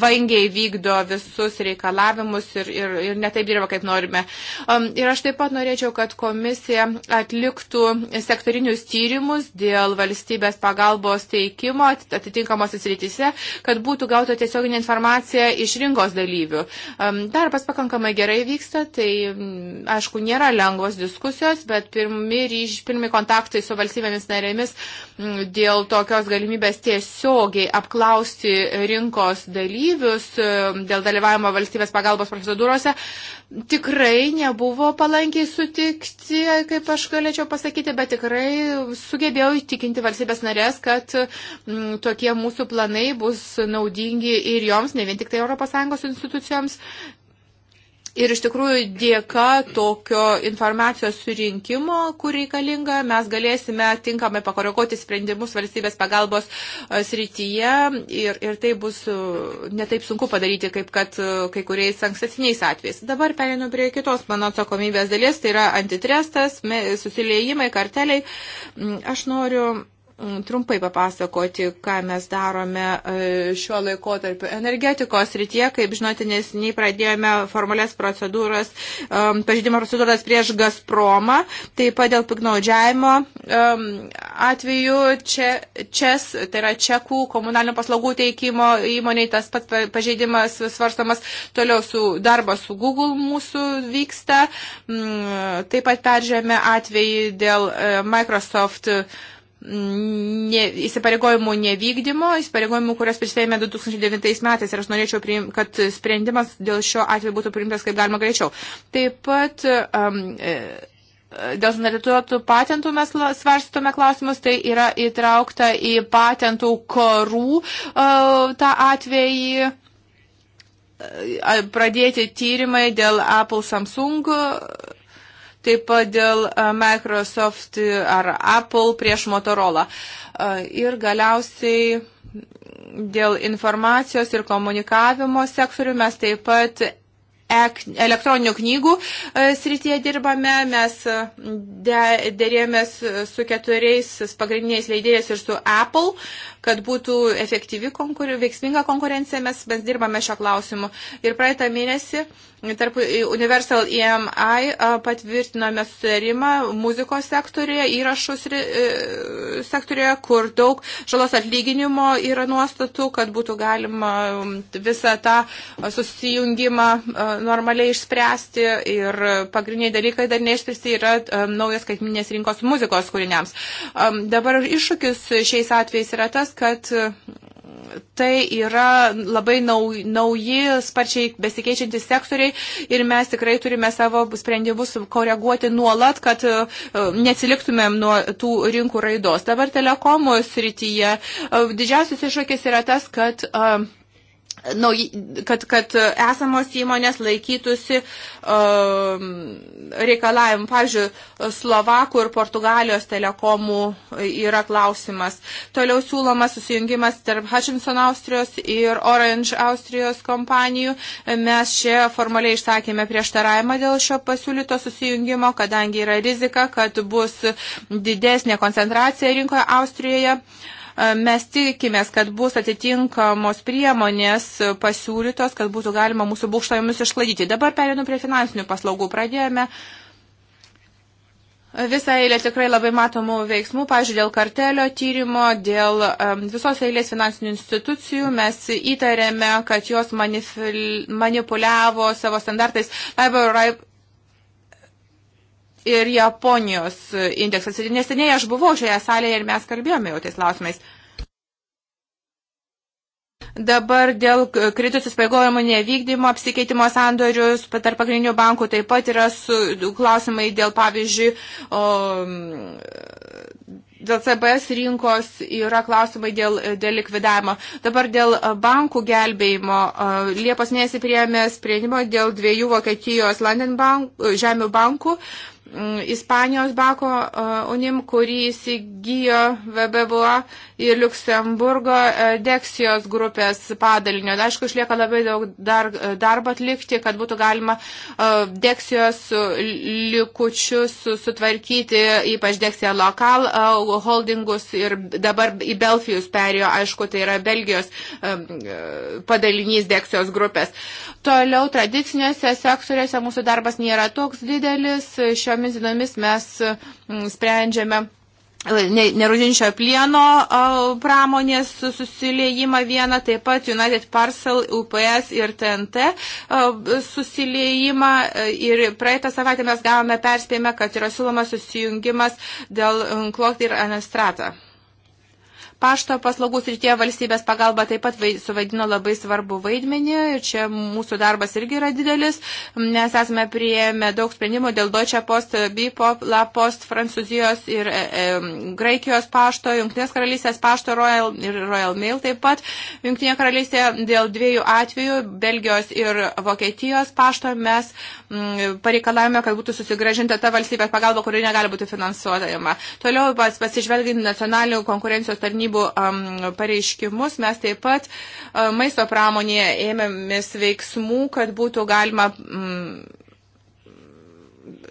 vangiai vykdo visus reikalavimus darbus ir, ir, ir netaip dirba, kaip norime. Um, ir aš taip pat norėčiau, kad komisija atliktų sektorinius tyrimus dėl valstybės pagalbos teikimo atitinkamos įsirytise, kad būtų gauta tiesioginė informacija iš rinkos dalyvių. Um, darbas pakankamai gerai vyksta, tai mm, aišku, nėra lengvos diskusijos, bet pirmi, ryž, pirmi kontaktai su valstybėmis narėmis mm, dėl tokios galimybės tiesiogiai apklausti rinkos dalyvius mm, dėl dalyvavimo valstybės pagalbos teisėkuros procedūrose tikrai nebuvo palankiai sutikti, kaip aš galėčiau pasakyti, bet tikrai sugebėjau įtikinti valstybės narės, kad m, mm, tokie mūsų planai bus naudingi ir joms, ne vien tik tai ES institucijoms. Ir iš tikrųjų dėka tokio informacijos surinkimo, kur reikalinga, mes galėsime tinkamai pakoreguoti sprendimus valstybės pagalbos e, srityje ir, ir tai bus e, netaip sunku padaryti, kaip kad e, kai kuriais ankstesniais atvejais. Dabar perinu prie kitos mano atsakomybės dalies, tai yra antitrestas, susiliejimai, karteliai. Mm, aš noriu trumpai papasakoti, ką mes darome e, šiuo laikotarpiu. Energetikos rytie, kaip žinote, nesiniai pradėjome formulės procedūras, pažydimo procedūras prieš Gazpromą, taip pat dėl piknaudžiavimo atveju čia, čes, tai yra čekų komunalinių paslaugų teikimo įmoniai, tas pat pažeidimas svarstamas toliau su darbas su Google mūsų vyksta. Mm, taip pat peržiūrėjome atvejį dėl e, Microsoft Microsoft ne, įsipareigojimų nevykdymo, įsipareigojimų, kurias prisėmė 2009 metais ir aš norėčiau, priim, kad sprendimas dėl šio atveju būtų priimtas kaip galima greičiau. Taip pat um, e, dėl standartizuotų patentų mes svarstome klausimus, tai yra įtraukta į patentų karų uh, tą atvejį e, pradėti tyrimai dėl Apple Samsung uh, taip pat dėl e, Microsoft ar Apple prieš Motorola. E, ir galiausiai dėl informacijos ir komunikavimo sektorių mes taip pat elektroninių knygų e, srityje dirbame, mes dėrėmės su keturiais pagrindiniais leidėjais ir su Apple, kad būtų efektyvi, konkur, veiksminga konkurencija, mes, mes dirbame šio klausimu. Ir praeitą mėnesį tarp Universal EMI patvirtinome sutarimą muzikos sektorėje, įrašų e, sektorėje, kur daug žalos atlyginimo yra nuostatų, kad būtų galima visą tą susijungimą normaliai išspręsti. Ir pagrindiniai dalykai dar neišspręsti yra naujas skaitminės rinkos muzikos kūriniams. Dabar iššūkis šiais atvejais yra tas, faktas, kad e, tai yra labai nauji, sparčiai besikeičiantys sektoriai ir mes tikrai turime savo sprendimus koreguoti nuolat, kad e, neatsiliktumėm nuo tų rinkų raidos. Dabar telekomų srityje e, didžiausias iššūkis yra tas, kad uh, kad, kad esamos įmonės laikytųsi uh, reikalavimų. Pavyzdžiui, Slovakų ir Portugalijos telekomų yra klausimas. Toliau siūlomas susijungimas tarp Hutchinson Austrijos ir Orange Austrijos kompanijų. Mes čia formaliai išsakėme prieštaravimą dėl šio pasiūlyto susijungimo, kadangi yra rizika, kad bus didesnė koncentracija rinkoje Austrijoje. Uh, E, mes tikimės, kad bus atitinkamos priemonės pasiūlytos, kad būtų galima mūsų būkštojimus išlaidyti. Dabar perėdu prie finansinių paslaugų. Pradėjome visą eilę tikrai labai matomų veiksmų, pažiūrėjau, dėl kartelio tyrimo, dėl um, visos eilės finansinių institucijų mes įtarėme, kad jos manipuliavo savo standartais. Laibor, ir Japonijos indeksas. Ir neseniai aš buvau šioje salėje ir mes kalbėjome jau tais klausimais. Dabar dėl kritusių spaigojimų nevykdymo, apsikeitimo sandorius tarp pagrindinių bankų taip pat yra su, klausimai dėl, pavyzdžiui, o, dėl CBS rinkos yra klausimai dėl, dėl likvidavimo. Dabar dėl bankų gelbėjimo. Liepos mėnesį priėmė sprendimo dėl dviejų Vokietijos London bank, žemių bankų. Ispanijos bako unim, e, kurį įsigijo VBVA ir Luksemburgo e, deksijos grupės padalinio. Aišku, išlieka labai daug dar, e, darbo atlikti, kad būtų galima e, deksijos likučius sutvarkyti, ypač deksija lokal holdingus ir dabar į Belfijus perėjo, aišku, tai yra Belgijos padalinys deksijos grupės. Toliau tradicinėse sektoriuose mūsų darbas nėra toks didelis, šiomis dienomis mes sprendžiame E, nerūdinčio plieno e, pramonės susiliejimą vieną, taip pat United Parcel, UPS ir TNT e, susiliejimą. Ir praeitą savaitę mes gavome perspėjimą, kad yra siūlomas susijungimas dėl Unklot ir Anestrata. Pašto paslaugų srityje valstybės pagalba taip pat suvaidino labai svarbu vaidmenį. Čia mūsų darbas irgi yra didelis, nes esame prieėmę daug sprendimų dėl Deutsche Post, Bipop, La Post, Prancūzijos ir e, e, Graikijos pašto, Junktinės karalystės pašto Royal ir Royal Mail taip pat. Junktinė karalystė dėl dviejų atvejų, Belgijos ir Vokietijos pašto mes. E, Mm, pareikalavome, kad būtų susigražinta ta valstybės pagalba, kuri negali būti finansuojama. Toliau pas, pasižvelgiant nacionalinių konkurencijos tarnybų um, pareiškimus, mes taip pat um, maisto pramonėje ėmėmės veiksmų, kad būtų galima. Um,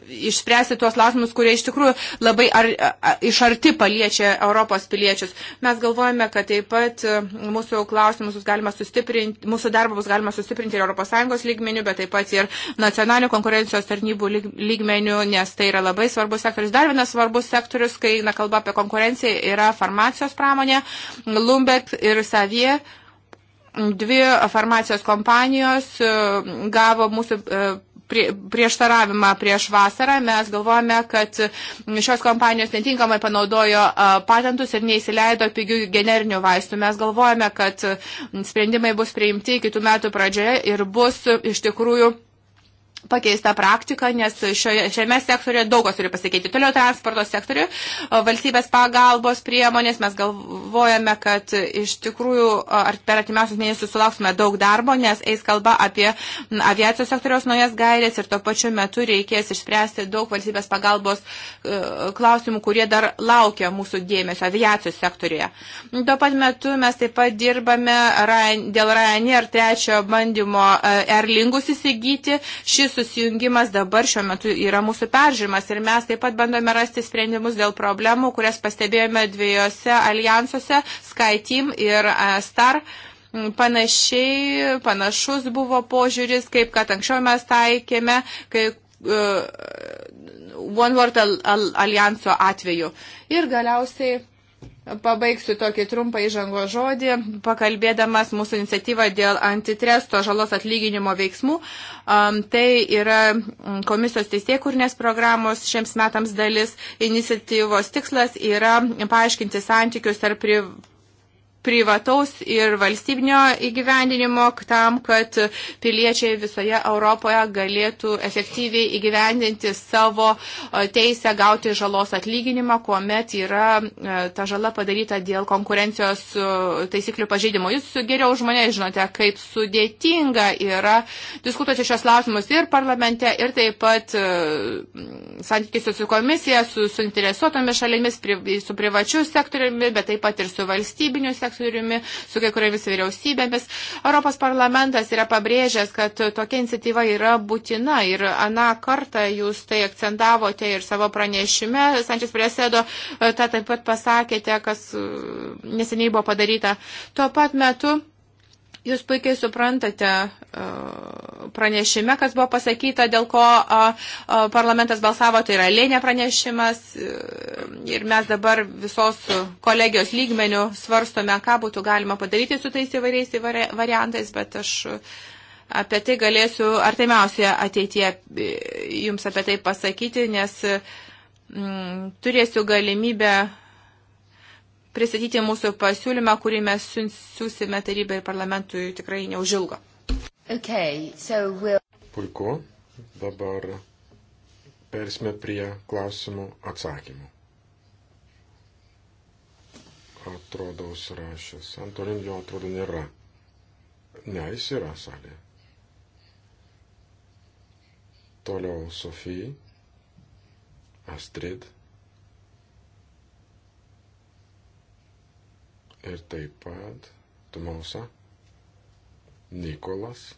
išspręsti tuos klausimus, kurie iš tikrųjų labai ar, ar, iš arti paliečia Europos piliečius. Mes galvojame, kad taip pat e, mūsų klausimus bus galima sustiprinti, mūsų darbą bus galima sustiprinti ir ES lygmenių, bet taip pat ir nacionalinių konkurencijos tarnybų lygmenių, nes tai yra labai svarbus sektorius. Dar vienas svarbus sektorius, kai na, kalba apie konkurenciją, yra farmacijos pramonė, Lumbek ir Savie dvi farmacijos kompanijos e, gavo mūsų e, prie, prieštaravimą prieš vasarą. Mes galvojame, kad šios kompanijos netinkamai panaudojo patentus ir neįsileido pigių generinių vaistų. Mes galvojame, kad sprendimai bus priimti kitų metų pradžioje ir bus iš tikrųjų pakeista praktika, nes šioje, šiame sektoriuje daug kas turi pasikeiti. Toliau transporto sektoriuje valstybės pagalbos priemonės, mes gal, galvojame, kad iš tikrųjų ar per atimiausius mėnesius sulauksime daug darbo, nes eis kalba apie aviacijos sektoriaus naujas gairės ir tuo pačiu metu reikės išspręsti daug valstybės pagalbos e, klausimų, kurie dar laukia mūsų dėmesio aviacijos sektorėje. Tuo pat metu mes taip pat dirbame dėl Ryanair trečiojo bandymo Erlingus įsigyti. Šis susijungimas dabar šiuo metu yra mūsų peržiūrimas ir mes taip pat bandome rasti sprendimus dėl problemų, kurias pastebėjome dviejose alijanso projektuose SkyTeam ir e, Star. Panašiai, panašus buvo požiūris, kaip kad anksčiau mes taikėme, kai uh, One World al al alijanso atveju. Ir galiausiai Pabaigsiu tokį trumpą įžango žodį, pakalbėdamas mūsų iniciatyvą dėl antitresto žalos atlyginimo veiksmų. Tai yra komisijos teisėkurnės programos šiems metams dalis. Iniciatyvos tikslas yra paaiškinti santykius tarp privataus ir valstybinio įgyvendinimo tam, kad piliečiai visoje Europoje galėtų efektyviai įgyvendinti savo e, teisę gauti žalos atlyginimą, kuomet yra e, ta žala padaryta dėl konkurencijos e, taisyklių pažeidimo. Jūs geriau už mane žinote, kaip sudėtinga yra diskutuoti šios klausimus ir parlamente, ir taip pat santykiuose su komisija, su suinteresuotomis šalimis, pri, su privačiu sektoriumi, bet taip pat ir su valstybiniu sektoriumi sektoriumi, su kai kuriomis vyriausybėmis. Europos parlamentas yra pabrėžęs, kad tokia iniciatyva yra būtina ir aną kartą jūs tai akcentavote ir savo pranešime. Sančias Priesėdo e, tą taip pat pasakėte, kas e, neseniai buvo padaryta. Tuo pat metu Jūs puikiai suprantate e, pranešime, kas buvo pasakyta, dėl ko parlamentas balsavo, tai yra lėnė pranešimas e, ir mes dabar visos kolegijos lygmenių svarstome, ką būtų galima padaryti su tais įvairiais variantais, bet aš apie tai galėsiu artimiausioje ateityje e, jums apie tai pasakyti, nes turėsiu galimybę pristatyti mūsų pasiūlymą, kurį mes siūsime tarybai ir parlamentui tikrai neužilgo. Okay, so we'll... Puiku. Dabar persime prie klausimų atsakymų. Atrodo, užsirašęs. Antolin jo atrodo nėra. Ne, jis yra salėje. Toliau Sofija, Astrid. ir taip pat Tomausa, Nikolas,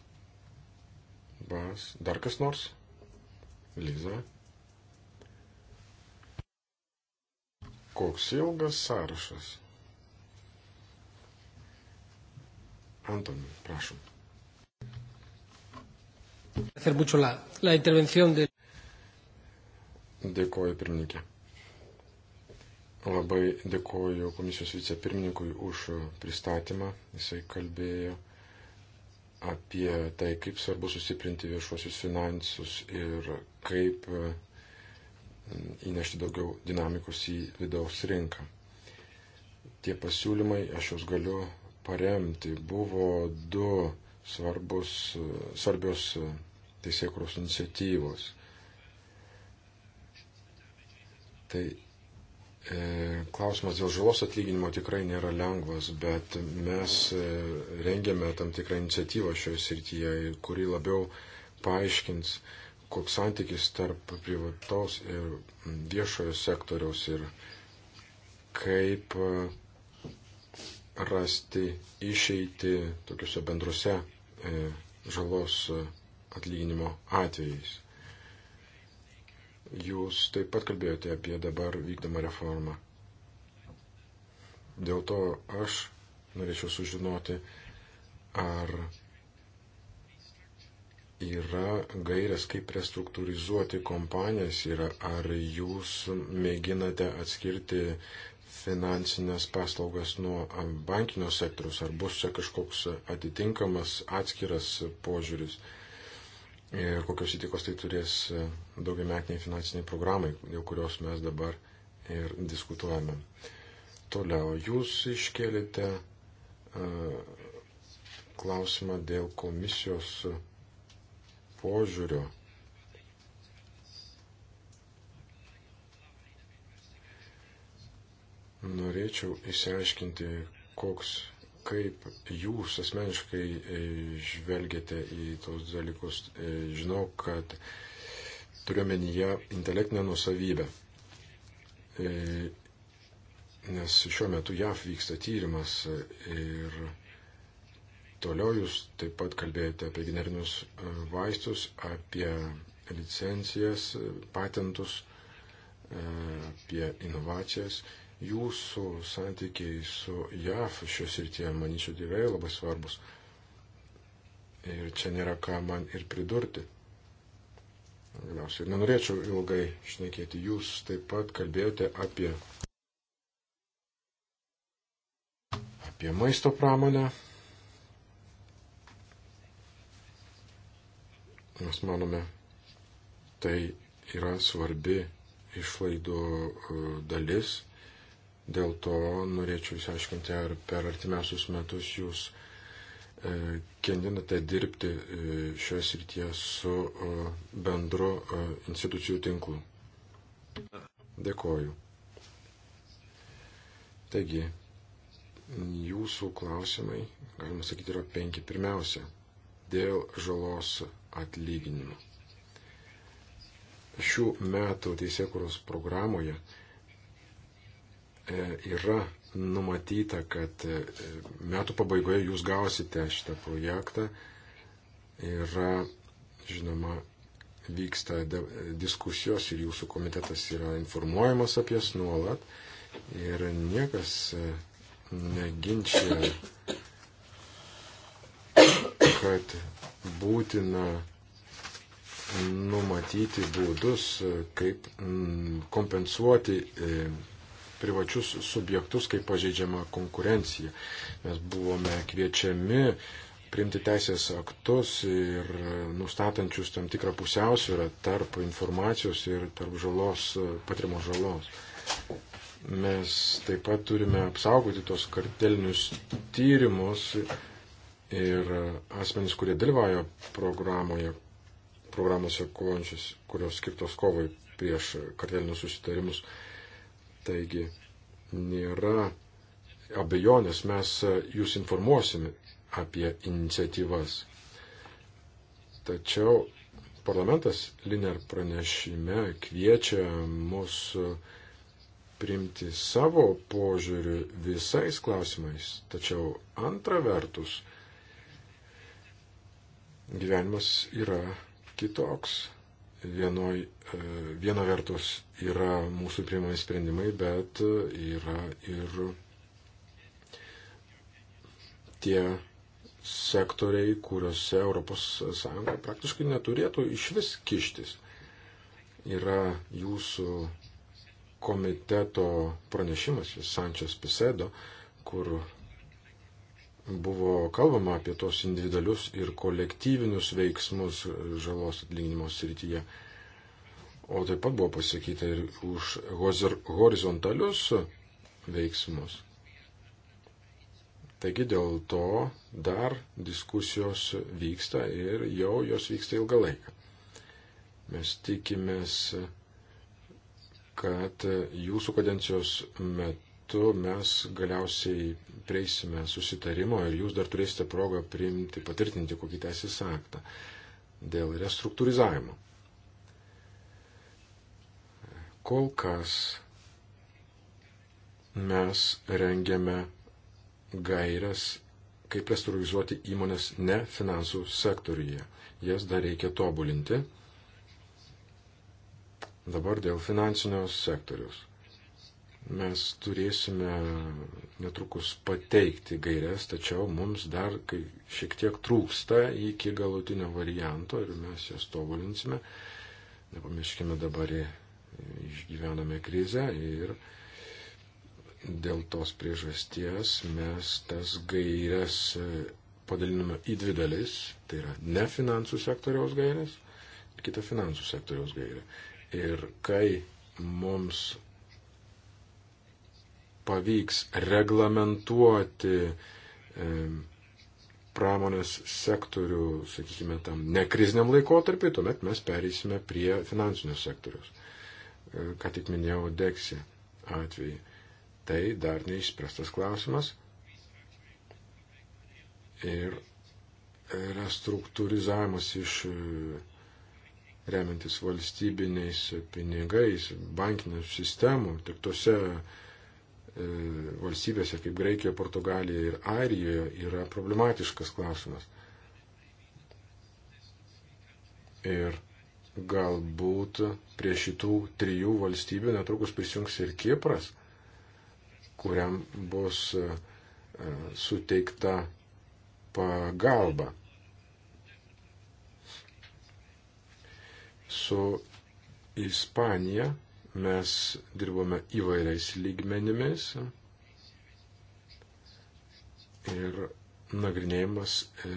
Bas, dar kas nors, Liza. Koks ilgas sąrašas. Antoni, prašom. Hacer mucho la, la intervención de. Dėkuoju, pirmininkė. Labai dėkoju komisijos vicepirmininkui už pristatymą. Jisai kalbėjo apie tai, kaip svarbu sustiprinti viešuosius finansus ir kaip e, įnešti daugiau dinamikos į vidaus rinką. Tie pasiūlymai, aš juos galiu paremti, buvo du svarbus, e, svarbios e, teisėkros iniciatyvos. Tai E, klausimas dėl žalos atlyginimo tikrai nėra lengvas, bet mes e, rengėme tam tikrą iniciatyvą šioje srityje, kuri labiau paaiškins, koks santykis tarp privataus ir viešojo sektoriaus ir kaip e, rasti išeiti tokiuose bendruose žalos atlyginimo atvejais. Jūs taip pat kalbėjote apie dabar vykdomą reformą. Dėl to aš norėčiau sužinoti, ar yra gairias, kaip restruktūrizuoti kompanijas ir ar jūs mėginate atskirti finansinės paslaugas nuo bankinio sektoriaus, ar bus čia kažkoks atitinkamas atskiras požiūris ir kokios įtikos tai turės e, daugiametiniai finansiniai programai, dėl kurios mes dabar ir diskutuojame. Toliau, jūs iškėlėte e, klausimą dėl komisijos požiūrio. Norėčiau išsiaiškinti, koks kaip jūs asmeniškai e, žvelgiate į tos dalykus. E, žinau, kad turiuomenyje intelektinę nusavybę. E, nes šiuo metu JAV vyksta tyrimas ir toliau jūs taip pat kalbėjote apie generinius vaistus, apie licencijas, patentus, apie inovacijas. Jūsų santykiai su JAF šios rytie, manyčiau, tikrai labai svarbus. Ir čia nėra ką man ir pridurti. Galiausiai, nenorėčiau ilgai šnekėti. Jūs taip pat kalbėjote apie, apie maisto pramonę. Mes manome, tai yra svarbi išlaidų e, dalis Dėl to norėčiau išsiaiškinti, ar per artimiausius metus jūs e, kendinate dirbti e, šioje srityje su e, bendru institucijų tinklu. Dėkoju. Taigi, jūsų klausimai, galima sakyti, yra penki. Pirmiausia, dėl žalos atlyginimo. Šių metų teisėkuros programoje E, yra numatyta, kad e, metų pabaigoje jūs gausite šitą projektą. Yra, žinoma, vyksta diskusijos ir jūsų komitetas yra informuojamas apie jas nuolat. Ir niekas e, neginčia, kad būtina numatyti būdus, kaip kompensuoti privačius subjektus, kaip pažeidžiama konkurencija. Mes buvome kviečiami priimti teisės aktus ir nustatančius tam tikrą pusiausvyrą tarp informacijos ir tarp žalos, patiriamos žalos. Mes taip pat turime apsaugoti tos kartelinius tyrimus ir asmenys, kurie dalyvauja programoje, programose kovojančios, kurios skirtos kovai prieš kartelinius susitarimus. Taigi nėra abejonės, mes jūs informuosime apie iniciatyvas. Tačiau parlamentas Liner pranešime kviečia mus priimti savo požiūrį visais klausimais. Tačiau antra vertus, gyvenimas yra kitoks vienoj, e, viena vertus yra mūsų priimami sprendimai, bet e, yra ir tie sektoriai, kuriuose ES praktiškai neturėtų iš vis kištis. Yra jūsų komiteto pranešimas, jis Sančias Pisedo, kur buvo kalbama apie tos individualius ir kolektyvinius veiksmus žalos atlyginimo srityje. O taip pat buvo pasakyta ir už horizontalius veiksmus. Taigi dėl to dar diskusijos vyksta ir jau jos vyksta ilgą laiką. Mes tikimės, kad jūsų kadencijos metu metu mes galiausiai prieisime susitarimo ir jūs dar turėsite progą priimti, patvirtinti kokį teisės aktą dėl restruktūrizavimo. Kol kas mes rengiame gairias, kaip restruktūrizuoti įmonės ne finansų sektoriuje. Jas dar reikia tobulinti. Dabar dėl finansinio sektoriaus. Mes turėsime netrukus pateikti gairias, tačiau mums dar kai, šiek tiek trūksta iki galutinio varianto ir mes jas tobulinsime. Nepamirškime dabar išgyvename krizę ir dėl tos priežasties mes tas gairias e, padaliname į dvi dalis, tai yra ne finansų sektoriaus gairės ir kita finansų sektoriaus gairė. Ir kai mums pavyks reglamentuoti e, pramonės sektorių, sakykime, tam nekriziniam laikotarpiu, tuomet mes pereisime prie finansinio sektoriaus. E, ką tik minėjau Deksį atvejį. Tai dar neišspręstas klausimas. Ir restruktūrizavimas iš e, remiantis valstybiniais pinigais, bankinių sistemų, tik tose E, valstybėse kaip Graikijoje, Portugalijoje ir Airijoje yra problematiškas klausimas. Ir galbūt prie šitų trijų valstybių netrukus prisijungs ir Kipras, kuriam bus e, suteikta pagalba. Su Ispanija mes dirbome įvairiais lygmenimis ir nagrinėjimas e,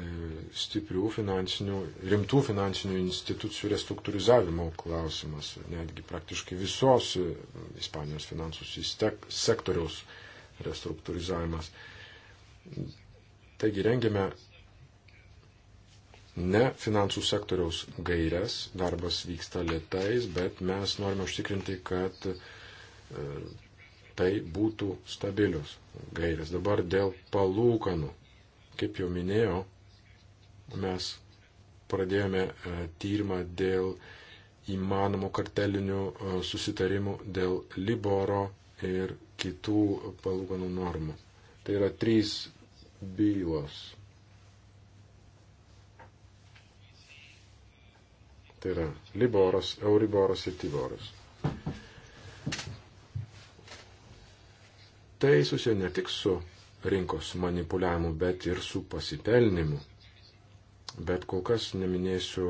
stiprių finansinių, rimtų finansinių institucijų restruktūrizavimo klausimas, netgi praktiškai visos e, Ispanijos finansų sektoriaus restruktūrizavimas. Taigi rengėme ne finansų sektoriaus gairias, darbas vyksta lėtais, bet mes norime užtikrinti, kad e, tai būtų stabilius gairias. Dabar dėl palūkanų, kaip jau minėjau, mes pradėjome e, tyrimą dėl įmanomų kartelinių e, susitarimų dėl Liboro ir kitų palūkanų normų. Tai yra trys bylos tai yra Liboras, Euriboras ir Tiboras. Tai susiję ne tik su rinkos manipuliavimu, bet ir su pasipelnimu. Bet kol kas neminėsiu,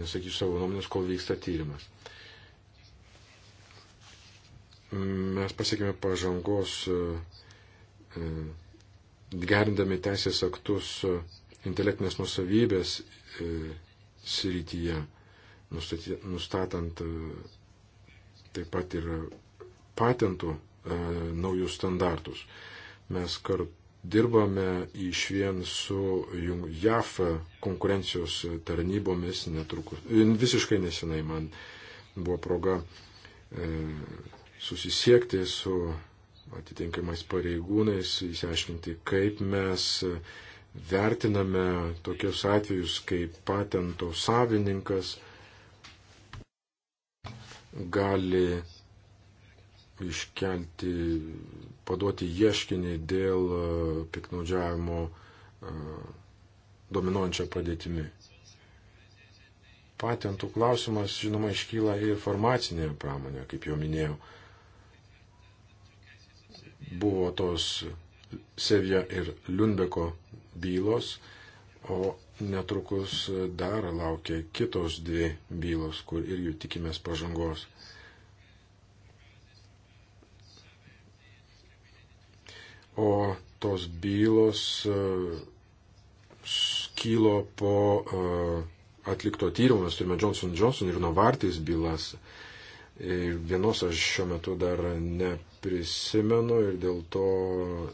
nesakysiu savo nuomonės, kol vyksta tyrimas. Mes pasiekime pažangos e, e, gerindami teisės aktus e, intelektinės nusavybės srityje. E, nustatant e, taip pat ir patentų e, naujus standartus. Mes kartu dirbame iš vien su JAF konkurencijos tarnybomis netrukus. E, visiškai nesenai man buvo proga susisiekti su atitinkamais pareigūnais, įsiaiškinti, kaip mes vertiname tokius atvejus, kaip patento savininkas gali iškelti, paduoti ieškinį dėl e, piknaudžiavimo e, dominuojančią padėtimi. Patentų klausimas, žinoma, iškyla ir farmacinė pramonė, kaip jau minėjau. Buvo tos Sevja ir Lundbeko bylos, o netrukus dar laukia kitos dvi bylos, kur ir jų tikimės pažangos. O tos bylos e, kilo po e, atlikto tyrimo, mes turime Johnson Johnson ir Novartis bylas. Ir vienos aš šiuo metu dar neprisimenu ir dėl to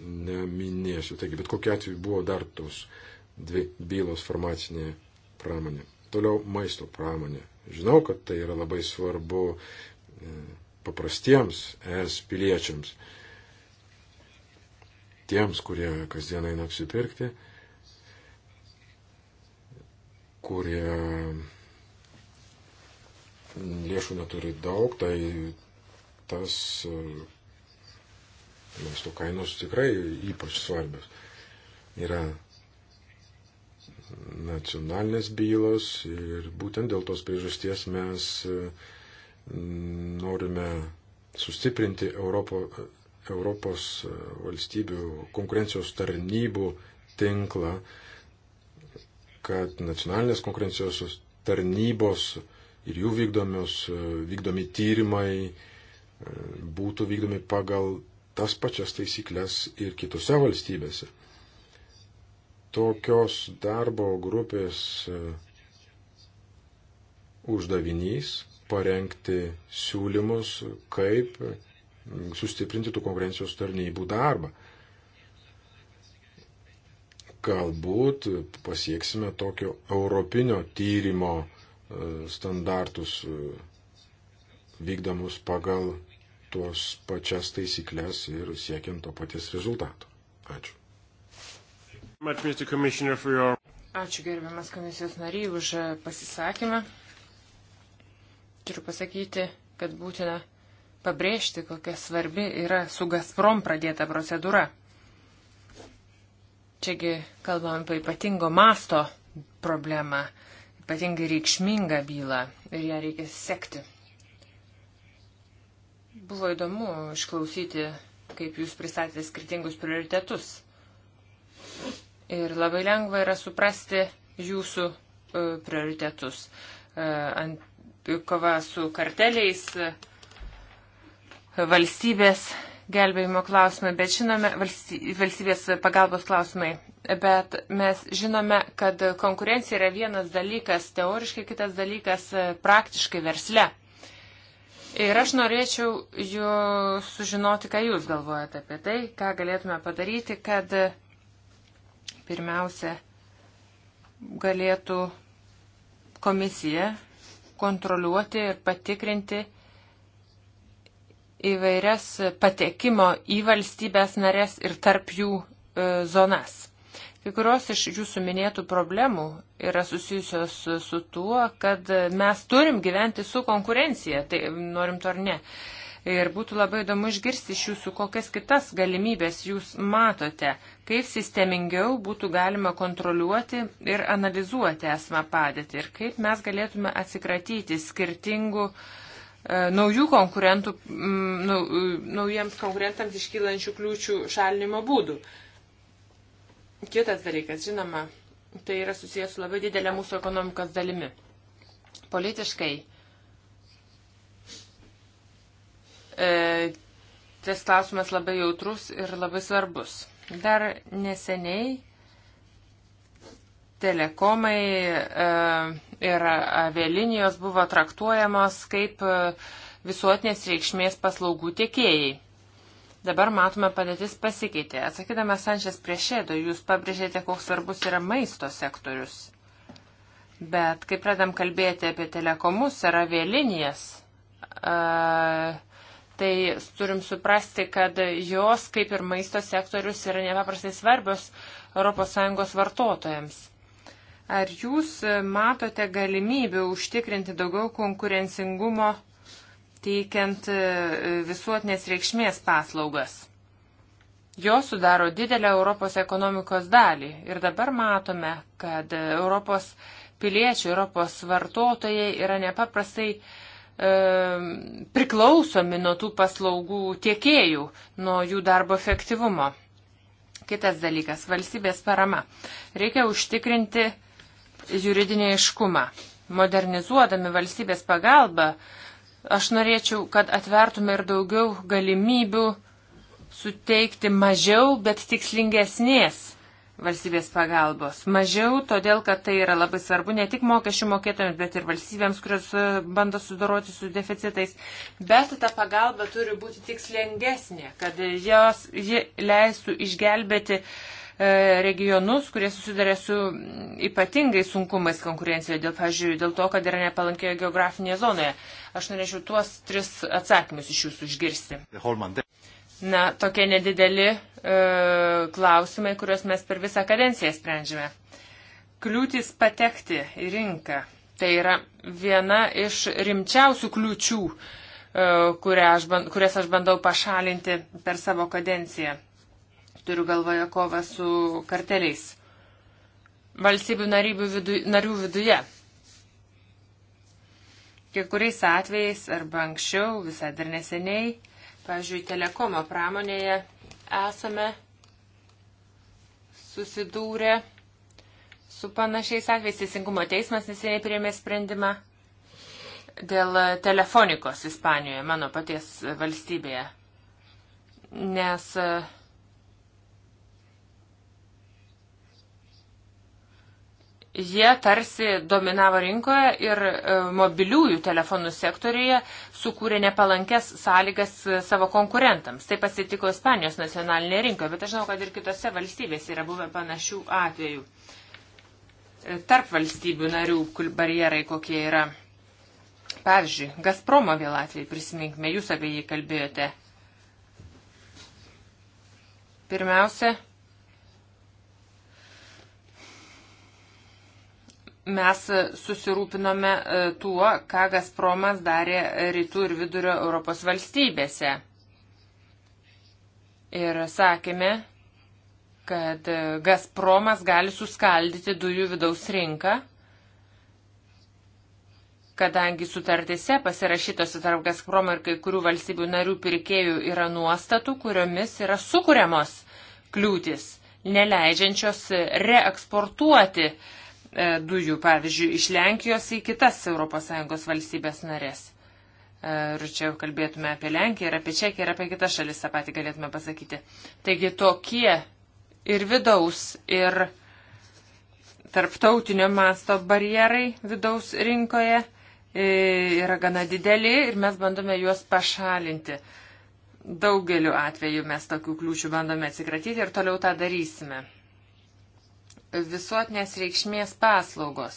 neminėsiu. Taigi, bet kokia atveju buvo dar tos uh, dvi bylos farmacinė pramonė. Toliau maisto pramonė. Žinau, kad tai yra labai svarbu e, paprastiems es piliečiams, tiems, kurie kasdien eina apsipirkti, kurie lėšų neturi daug, tai tas e, maisto kainos tikrai ypač svarbios. Yra nacionalinės bylos ir būtent dėl tos priežasties mes e, norime sustiprinti Europo, Europos e, valstybių konkurencijos tarnybų tinklą, kad nacionalinės konkurencijos tarnybos ir jų vykdomios, e, vykdomi tyrimai būtų vykdomi pagal tas pačias taisyklės ir kitose valstybėse tokios darbo grupės e, uždavinys parengti siūlymus, kaip sustiprinti tų konkurencijos tarnybų darbą. Galbūt pasieksime tokio europinio tyrimo e, standartus e, vykdamus pagal tuos pačias taisyklės ir siekiant to paties rezultato. Ačiū. Ačiū gerbiamas komisijos nariai už e, pasisakymą. Turiu pasakyti, kad būtina pabrėžti, kokia svarbi yra su Gazprom pradėta procedūra. Čiagi kalbam apie ypatingo masto problemą, ypatingai reikšmingą bylą ir ją reikia sekti. Buvo įdomu išklausyti, kaip jūs pristatėte skirtingus prioritetus ir labai lengva yra suprasti jūsų e, prioritetus. E, ant, kova su karteliais, valstybės gelbėjimo klausimai, bet žinome, valstybės pagalbos klausimai, bet mes žinome, kad konkurencija yra vienas dalykas, teoriškai kitas dalykas e, praktiškai versle. Ir aš norėčiau jų sužinoti, ką jūs galvojate apie tai, ką galėtume padaryti, kad pirmiausia galėtų komisija kontroliuoti ir patikrinti įvairias patekimo į valstybės narės ir tarp jų e, zonas. Kai kurios iš jūsų minėtų problemų yra susijusios su tuo, kad mes turim gyventi su konkurencija, tai norim to ar ne. Ir būtų labai įdomu išgirsti iš jūsų, kokias kitas galimybės jūs matote, kaip sistemingiau būtų galima kontroliuoti ir analizuoti esmą padėtį ir kaip mes galėtume atsikratyti skirtingų e, naujų konkurentų, m, nau, e, naujiems konkurentams iškylančių kliūčių šalinimo būdų. Kitas dalykas, žinoma, tai yra susijęs su labai didelė mūsų ekonomikos dalimi. Politiškai e, tas klausimas labai jautrus ir labai svarbus. Dar neseniai telekomai e, ir avialinijos buvo traktuojamos kaip e, visuotinės reikšmės paslaugų tiekėjai. Dabar matome padėtis pasikeitė. Atsakydamas Sančias priešėdo, jūs pabrėžėte, koks svarbus yra maisto sektorius. Bet kai pradam kalbėti apie telekomus ar avialinijas, uh, tai turim suprasti, kad jos, kaip ir maisto sektorius, yra nepaprastai svarbios ES vartotojams. Ar jūs matote galimybių užtikrinti daugiau konkurencingumo teikiant e, visuotinės reikšmės paslaugas? Jos sudaro didelę Europos ekonomikos dalį ir dabar matome, kad Europos piliečių, Europos vartotojai yra nepaprastai uh, E, priklausomi nuo tų paslaugų tiekėjų, nuo jų darbo efektyvumo. Kitas dalykas - valstybės parama. Reikia užtikrinti juridinį iškumą. Modernizuodami valstybės pagalbą, aš norėčiau, kad atvertume ir daugiau galimybių suteikti mažiau, bet tikslingesnės valstybės pagalbos. Mažiau, todėl kad tai yra labai svarbu ne tik mokesčių mokėtojams, bet ir valstybėms, kurios e, bando sudoroti su deficitais. Bet ta pagalba turi būti tikslingesnė, kad jos ji leistų išgelbėti e, regionus, kurie susidarė su mm, ypatingai sunkumais konkurencijoje, dėl, pažiūrėjau, dėl to, kad yra nepalankėjo geografinėje zonoje. Aš norėčiau tuos tris atsakymus iš jūsų išgirsti. Na, tokie nedideli e, klausimai, kuriuos mes per visą kadenciją sprendžiame. Kliūtis patekti į rinką. Tai yra viena iš rimčiausių kliūčių, e, kurią aš, kurias aš bandau pašalinti per savo kadenciją. Turiu galvoje kovą su karteliais. Valstybių vidu, narių viduje. Kiekvienais atvejais arba anksčiau, visai dar neseniai, Pavyzdžiui, telekomo pramonėje esame susidūrę su panašiais atvejais. Teisingumo teismas neseniai priėmė sprendimą dėl telefonikos Ispanijoje, mano paties valstybėje. Nes uh, Jie tarsi dominavo rinkoje ir e, mobiliųjų telefonų sektorijoje sukūrė nepalankes sąlygas e, savo konkurentams. Taip pasitiko Ispanijos nacionalinėje rinkoje, bet aš žinau, kad ir kitose valstybėse yra buvę panašių atvejų. E, tarp valstybių narių barjerai kokie yra. Pavyzdžiui, Gazpromo vėl atvejai prisiminkime, jūs apie jį kalbėjote. Pirmiausia, mes susirūpinome e, tuo, ką Gazpromas darė rytų ir vidurio Europos valstybėse. Ir sakėme, kad e, Gazpromas gali suskaldyti dujų vidaus rinką, kadangi sutartise pasirašytose tarp Gazpromo ir kai kurių valstybių narių pirkėjų yra nuostatų, kuriomis yra sukūriamos kliūtis, neleidžiančios reeksportuoti uh, E, dujų, pavyzdžiui, iš Lenkijos į kitas ES valstybės narės. E, ir čia kalbėtume apie Lenkiją ir apie Čekiją ir apie kitas šalis tą patį galėtume pasakyti. Taigi tokie ir vidaus, ir tarptautinio masto barjerai vidaus rinkoje e, yra gana dideli ir mes bandome juos pašalinti. Daugeliu atveju mes tokių kliūčių bandome atsikratyti ir toliau tą darysime visuotinės reikšmės paslaugos.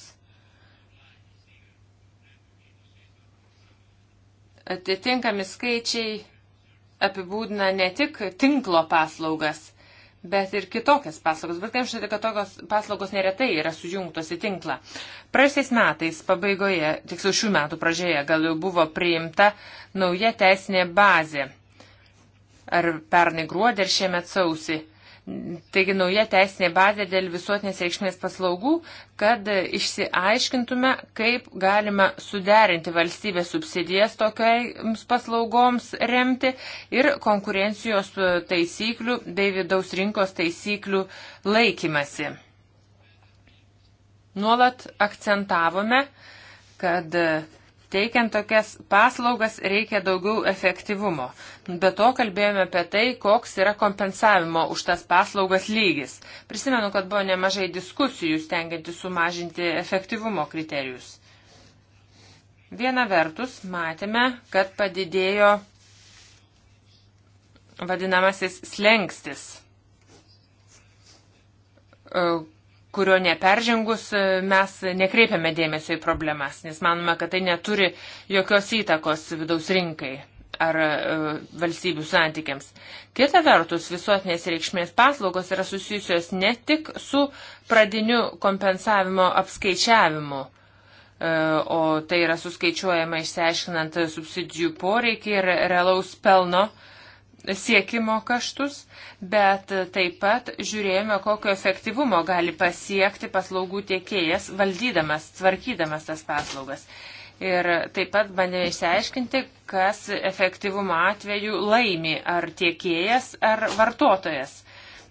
Atitinkami skaičiai apibūdina ne tik tinklo paslaugas, bet ir kitokias paslaugas. Bet kaip žinote, kad tokios paslaugos neretai yra sujungtos į tinklą. Praėjusiais metais pabaigoje, tiksliau šių metų pradžioje, gal jau buvo priimta nauja teisinė bazė. Ar pernai gruodį, ar šiemet sausi. Taigi nauja teisinė bazė dėl visuotinės reikšmės paslaugų, kad išsiaiškintume, kaip galima suderinti valstybės subsidijas tokiams paslaugoms remti ir konkurencijos taisyklių bei vidaus rinkos taisyklių laikymasi. Nuolat akcentavome, kad Teikiant tokias paslaugas reikia daugiau efektyvumo. Be to kalbėjome apie tai, koks yra kompensavimo už tas paslaugas lygis. Prisimenu, kad buvo nemažai diskusijų stengianti sumažinti efektyvumo kriterijus. Viena vertus, matėme, kad padidėjo vadinamasis slengstis kurio neperžengus e, mes nekreipiame dėmesio į problemas, nes manome, kad tai neturi jokios įtakos vidaus rinkai ar e, valstybių santykiams. Kita vertus, visuotinės reikšmės paslaugos yra susijusios ne tik su pradiniu kompensavimo apskaičiavimu, e, o tai yra suskaičiuojama išsiaiškinant subsidijų poreikį ir realaus pelno uh, siekimo kaštus, bet taip pat žiūrėjome, kokio efektyvumo gali pasiekti paslaugų tiekėjas, valdydamas, tvarkydamas tas paslaugas. Ir taip pat bandėme išsiaiškinti, kas efektyvumo atveju laimi, ar tiekėjas, ar vartotojas.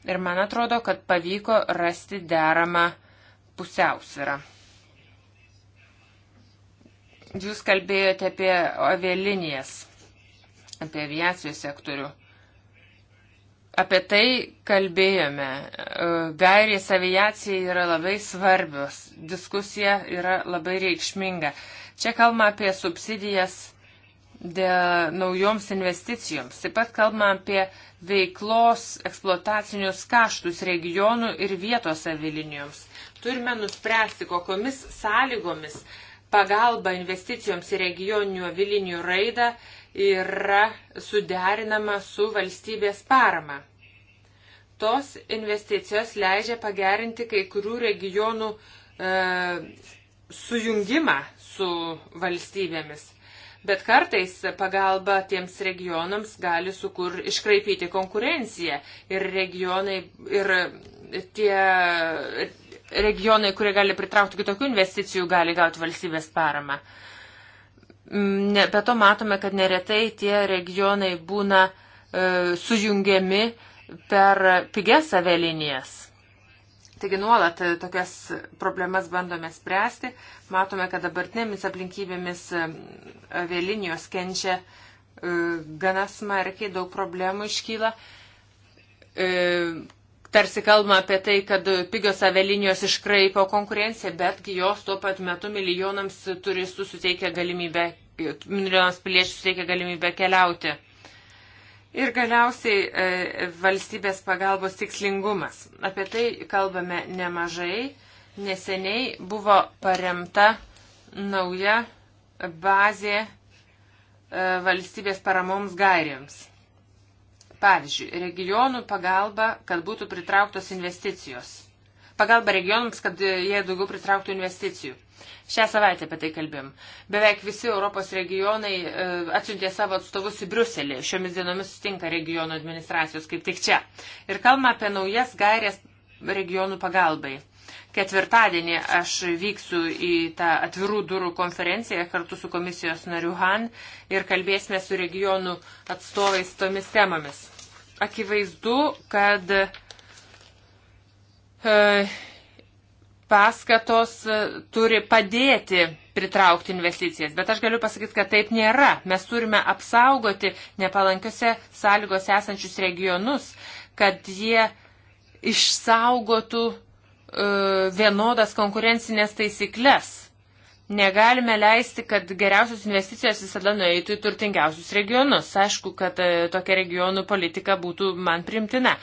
Ir man atrodo, kad pavyko rasti deramą pusiausvyrą. Jūs kalbėjote apie avialinijas apie aviacijos sektorių. Apie tai kalbėjome. E, gairės aviacijai yra labai svarbios. Diskusija yra labai reikšminga. Čia kalbama apie subsidijas dėl naujoms investicijoms. Taip pat kalbama apie veiklos eksploatacinius kaštus regionų ir vietos avilinijoms. Turime nuspręsti, kokiomis sąlygomis pagalba investicijoms į regioninių avilinių raidą yra suderinama su valstybės parama. Tos investicijos leidžia pagerinti kai kurių regionų e, sujungimą su valstybėmis. Bet kartais pagalba tiems regionams gali sukur iškraipyti konkurenciją ir regionai, ir tie regionai, kurie gali pritraukti kitokių investicijų, gali gauti valstybės paramą. Uh, Mm, ne, be to matome, kad neretai tie regionai būna e, sujungiami per pigias avelinijas. Taigi nuolat e, tokias problemas bandome spręsti. Matome, kad dabartinėmis aplinkybėmis e, avelinijos kenčia e, gana smarkiai, daug problemų iškyla. E, tarsi kalba apie tai, kad pigios avelinijos iškraipo konkurenciją, betgi jos tuo pat metu milijonams turistų suteikia galimybę, milijonams piliečių suteikia galimybę keliauti. Ir galiausiai e, valstybės pagalbos tikslingumas. Apie tai kalbame nemažai. Neseniai buvo paremta nauja bazė e, valstybės paramoms gairiams. Pavyzdžiui, regionų pagalba, kad būtų pritrauktos investicijos. Pagalba regionams, kad e, jie daugiau pritrauktų investicijų. Šią savaitę apie tai kalbėjom. Beveik visi Europos regionai e, atsiuntė savo atstovus į Bruselį. Šiomis dienomis sutinka regionų administracijos kaip tik čia. Ir kalbama apie naujas gairias regionų pagalbai. Ketvirtadienį aš vyksiu į tą atvirų durų konferenciją kartu su komisijos nariu Han ir kalbėsime su regionų atstovais tomis temomis. Akivaizdu, kad e, paskatos e, turi padėti pritraukti investicijas. Bet aš galiu pasakyti, kad taip nėra. Mes turime apsaugoti nepalankiose sąlygose esančius regionus, kad jie išsaugotų E, vienodas konkurencinės taisyklės. Negalime leisti, kad geriausios investicijos visada nueitų į turtingiausius regionus. Aišku, kad e, tokia regionų politika būtų man primtina.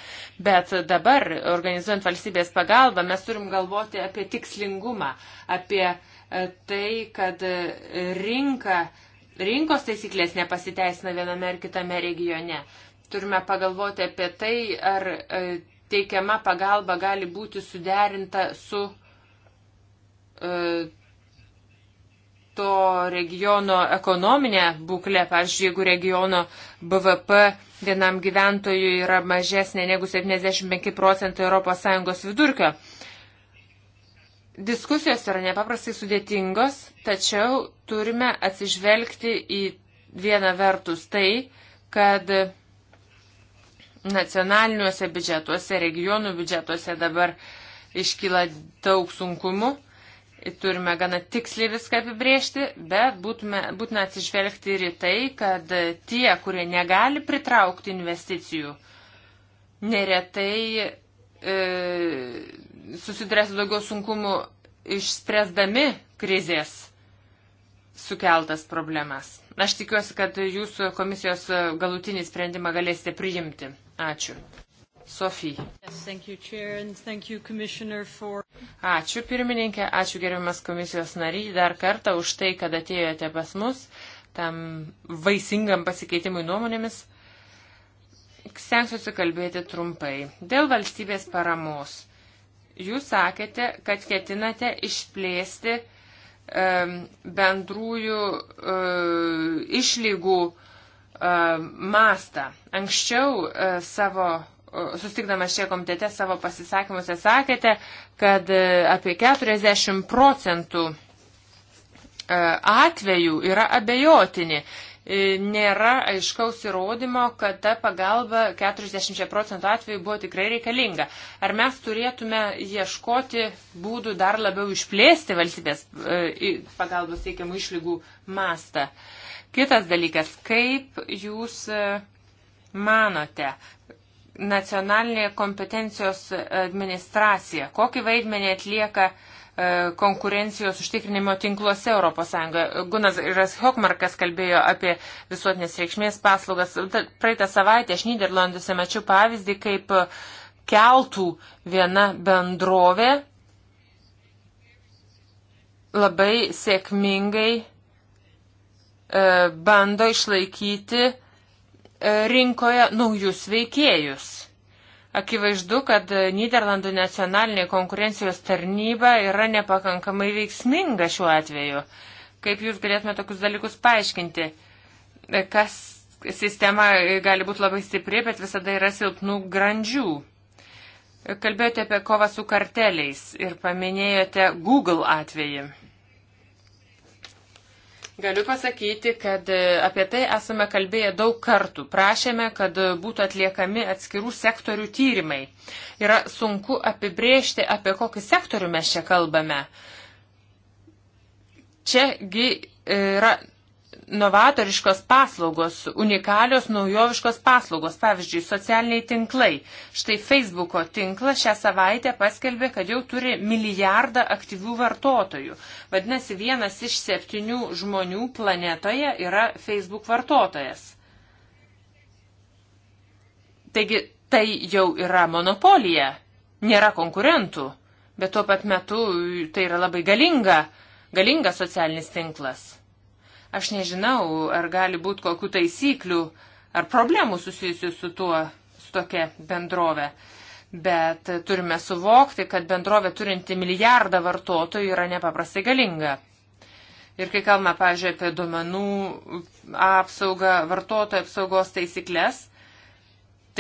Bet dabar, organizuojant valstybės pagalbą, mes turim galvoti apie tikslingumą, apie e, tai, kad rinka, rinkos taisyklės nepasiteisina viename ar kitame regione. Turime pagalvoti apie tai, ar teikiama pagalba gali būti suderinta su e, to regiono ekonominė būklė. Pavyzdžiui, jeigu regiono BVP vienam gyventojui yra mažesnė negu 75 procentai ES vidurkio. Diskusijos yra nepaprastai sudėtingos, tačiau turime atsižvelgti į vieną vertus tai, kad nacionaliniuose biudžetuose, regionų biudžetuose dabar iškyla daug sunkumų. Turime gana tiksliai viską apibriežti, bet būtume, būtina atsižvelgti ir į tai, kad tie, kurie negali pritraukti investicijų, neretai e, susiduria su daugiau sunkumų išspręsdami krizės sukeltas problemas. Aš tikiuosi, kad jūsų komisijos galutinį sprendimą galėsite priimti. Ačiū. Sofija. Ačiū pirmininkė, ačiū gerbiamas komisijos nariai dar kartą už tai, kad atėjote pas mus tam vaisingam pasikeitimui nuomonėmis. Stengsiuosi kalbėti trumpai. Dėl valstybės paramos. Jūs sakėte, kad ketinate išplėsti bendrųjų e, išlygų e, mastą. Anksčiau e, savo, sustikdamas čia komitete savo pasisakymuose sakėte, kad apie 40 procentų atvejų yra abejotini E, nėra aiškaus įrodymo, kad ta pagalba 40 procentų atveju buvo tikrai reikalinga. Ar mes turėtume ieškoti būdų dar labiau išplėsti valstybės e, pagalbos teikiamų išlygų mastą? Kitas dalykas, kaip jūs e, manote, nacionalinė kompetencijos administracija, kokį vaidmenį atlieka uh, E, konkurencijos užtikrinimo tinkluose ES. Gunas Ras Hokmarkas kalbėjo apie visuotinės reikšmės paslaugas. Praeitą savaitę aš Niderlanduose mačiau pavyzdį, kaip keltų viena bendrovė labai sėkmingai e, bando išlaikyti e, rinkoje naujus veikėjus. Akivaizdu, kad Niderlandų nacionalinė konkurencijos tarnyba yra nepakankamai veiksminga šiuo atveju. Kaip jūs galėtume tokius dalykus paaiškinti? Kas sistema gali būti labai stipri, bet visada yra silpnų grandžių. Kalbėjote apie kovą su karteliais ir paminėjote Google atvejį. Galiu pasakyti, kad e, apie tai esame kalbėję daug kartų. Prašėme, kad e, būtų atliekami atskirų sektorių tyrimai. Yra sunku apibrėžti, apie kokį sektorių mes čia kalbame. Čiagi e, yra novatoriškos paslaugos, unikalios naujoviškos paslaugos, pavyzdžiui, socialiniai tinklai. Štai Facebooko tinklas šią savaitę paskelbė, kad jau turi milijardą aktyvių vartotojų. Vadinasi, vienas iš septynių žmonių planetoje yra Facebook vartotojas. Taigi tai jau yra monopolija, nėra konkurentų, bet tuo pat metu tai yra labai galinga, galingas socialinis tinklas. Aš nežinau, ar gali būti kokių taisyklių ar problemų susijusių su tuo, su tokia bendrovė. Bet turime suvokti, kad bendrovė turinti milijardą vartotojų yra nepaprastai galinga. Ir kai kalbame, pažiūrėjau, apie duomenų apsaugą, vartotojų apsaugos taisyklės,